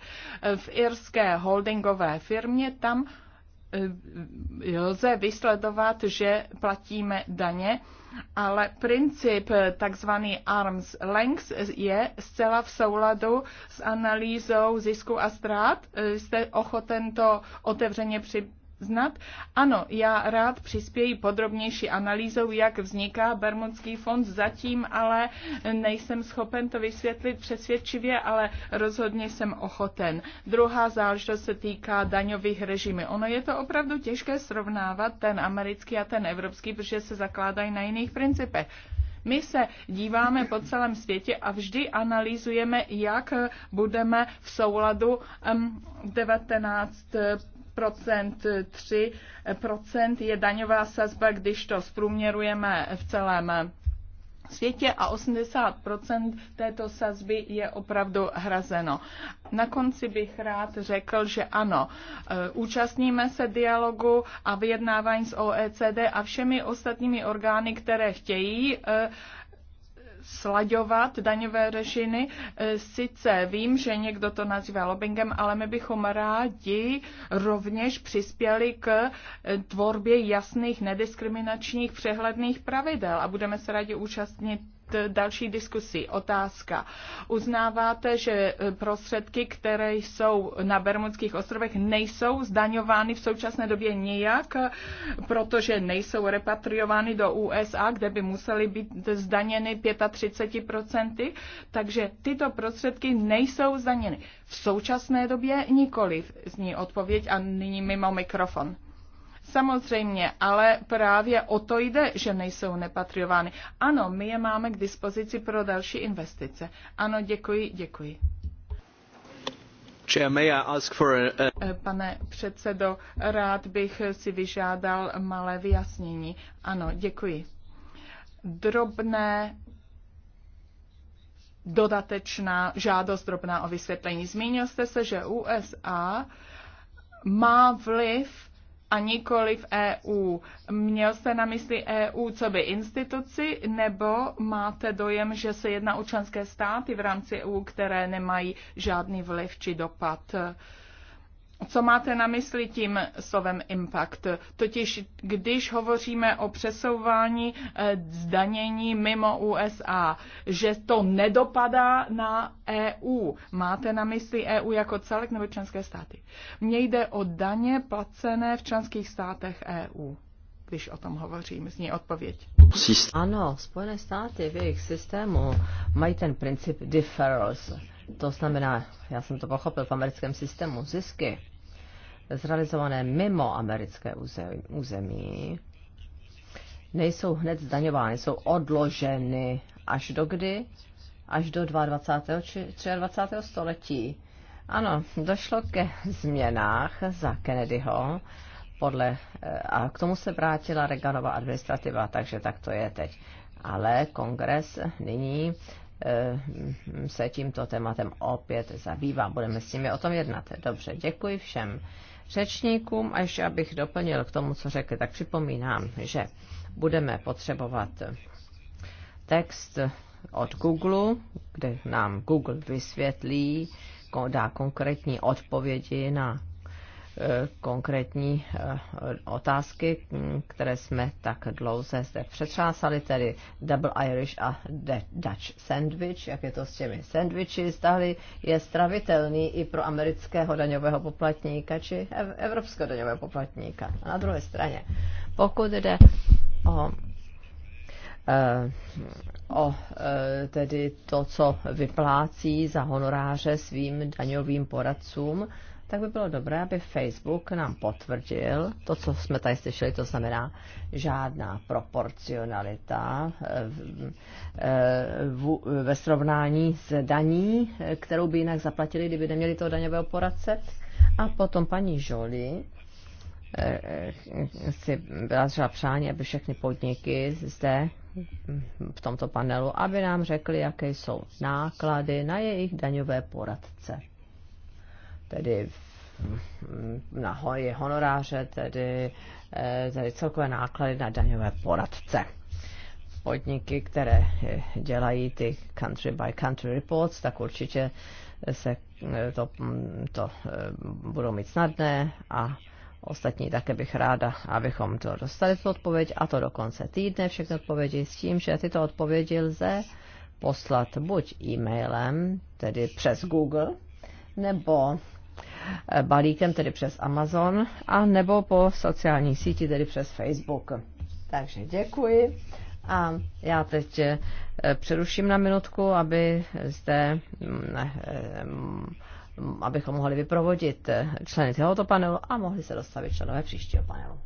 V irské holdingové firmě tam eh, lze vysledovat, že platíme daně, ale princip tzv. arms length je zcela v souladu s analýzou zisku a ztrát. Eh, jste ochoten to otevřeně připustit? znat. Ano, já rád přispěji podrobnější analýzou, jak vzniká Bermudský fond. Zatím ale nejsem schopen to vysvětlit přesvědčivě, ale rozhodně jsem ochoten. Druhá záležitost se týká daňových režimy. Ono je to opravdu těžké srovnávat ten americký a ten evropský, protože se zakládají na jiných principech. My se díváme po celém světě a vždy analyzujeme, jak budeme v souladu 19 3%, 3% je daňová sazba, když to zprůměrujeme v celém světě a 80% této sazby je opravdu hrazeno. Na konci bych rád řekl, že ano, eh, účastníme se dialogu a vyjednávání s OECD a všemi ostatními orgány, které chtějí eh, slaďovat daňové režiny. E, sice vím, že někdo to nazývá lobbyingem, ale my bychom rádi rovněž přispěli k e, tvorbě jasných, nediskriminačních, přehledných pravidel a budeme se rádi účastnit další diskusi, Otázka. Uznáváte, že prostředky, které jsou na Bermudských ostrovech, nejsou zdaňovány v současné době nijak, protože nejsou repatriovány do USA, kde by musely být zdaněny 35%, takže tyto prostředky nejsou zdaněny. V současné době nikoliv, zní odpověď a nyní mimo mikrofon. Samozřejmě, ale právě o to jde, že nejsou nepatriovány. Ano, my je máme k dispozici pro další investice. Ano, děkuji, děkuji. Eh, pane předsedo, rád bych si vyžádal malé vyjasnění. Ano, děkuji. Drobné dodatečná žádost drobná o vysvětlení. Zmínil jste se, že USA má vliv a nikoli v EU. Měl jste na mysli EU co by instituci, nebo máte dojem, že se jedná o členské státy v rámci EU, které nemají žádný vliv či dopad? Uh, co máte na mysli tím slovem impact? Totiž, když hovoříme o přesouvání eh, zdanění mimo USA, že to nedopadá na EU, máte na mysli EU jako celek nebo členské státy? Mně jde o daně placené v členských státech EU když o tom hovořím, zní odpověď. Ano, Spojené státy v jejich systému mají ten princip deferrals. To znamená, já jsem to pochopil v americkém systému, zisky zrealizované mimo americké území, nejsou hned zdaňovány, jsou odloženy až do kdy? Až do 22. či 23. století. Ano, došlo ke změnách za Kennedyho podle, eh, a k tomu se vrátila Reaganova administrativa, takže tak to je teď. Ale kongres nyní eh, se tímto tématem opět zabývá. Budeme s nimi o tom jednat. Dobře, děkuji všem řečníkům a ještě abych doplnil k tomu, co řekli, tak připomínám, že budeme potřebovat text od Google, kde nám Google vysvětlí, dá konkrétní odpovědi na Eh, konkrétní eh, otázky, mm, které jsme tak dlouze zde přetřásali, tedy Double Irish a Dutch Sandwich, jak je to s těmi sandwichy, zdali je stravitelný i pro amerického daňového poplatníka či evropského daňového poplatníka. A na druhé straně, pokud jde o eh, o tedy to, co vyplácí za honoráře svým daňovým poradcům, tak by bylo dobré, aby Facebook nám potvrdil to, co jsme tady slyšeli, to znamená žádná proporcionalita eh, eh, ve srovnání s daní, kterou by jinak zaplatili, kdyby neměli toho daňového poradce. A potom paní Žoli eh, si vyjádřila přání, aby všechny podniky zde v tomto panelu, aby nám řekli, jaké jsou náklady na jejich daňové poradce tedy na hoji honoráře, tedy, eh, tedy celkové náklady na daňové poradce. Podniky, které eh, dělají ty country by country reports, tak určitě se eh, to, mm, to budou mít snadné a ostatní také bych ráda, abychom to dostali tu odpověď a to do konce týdne všechny odpovědi s tím, že tyto odpovědi lze poslat buď e-mailem, tedy přes Google, nebo Eh, balíkem, tedy přes Amazon, a nebo po sociální síti, tedy přes Facebook. Takže děkuji. A já teď eh, přeruším na minutku, aby zde, ne, mm, eh, mm, abychom mohli vyprovodit členy tohoto panelu a mohli se dostavit členové příštího panelu.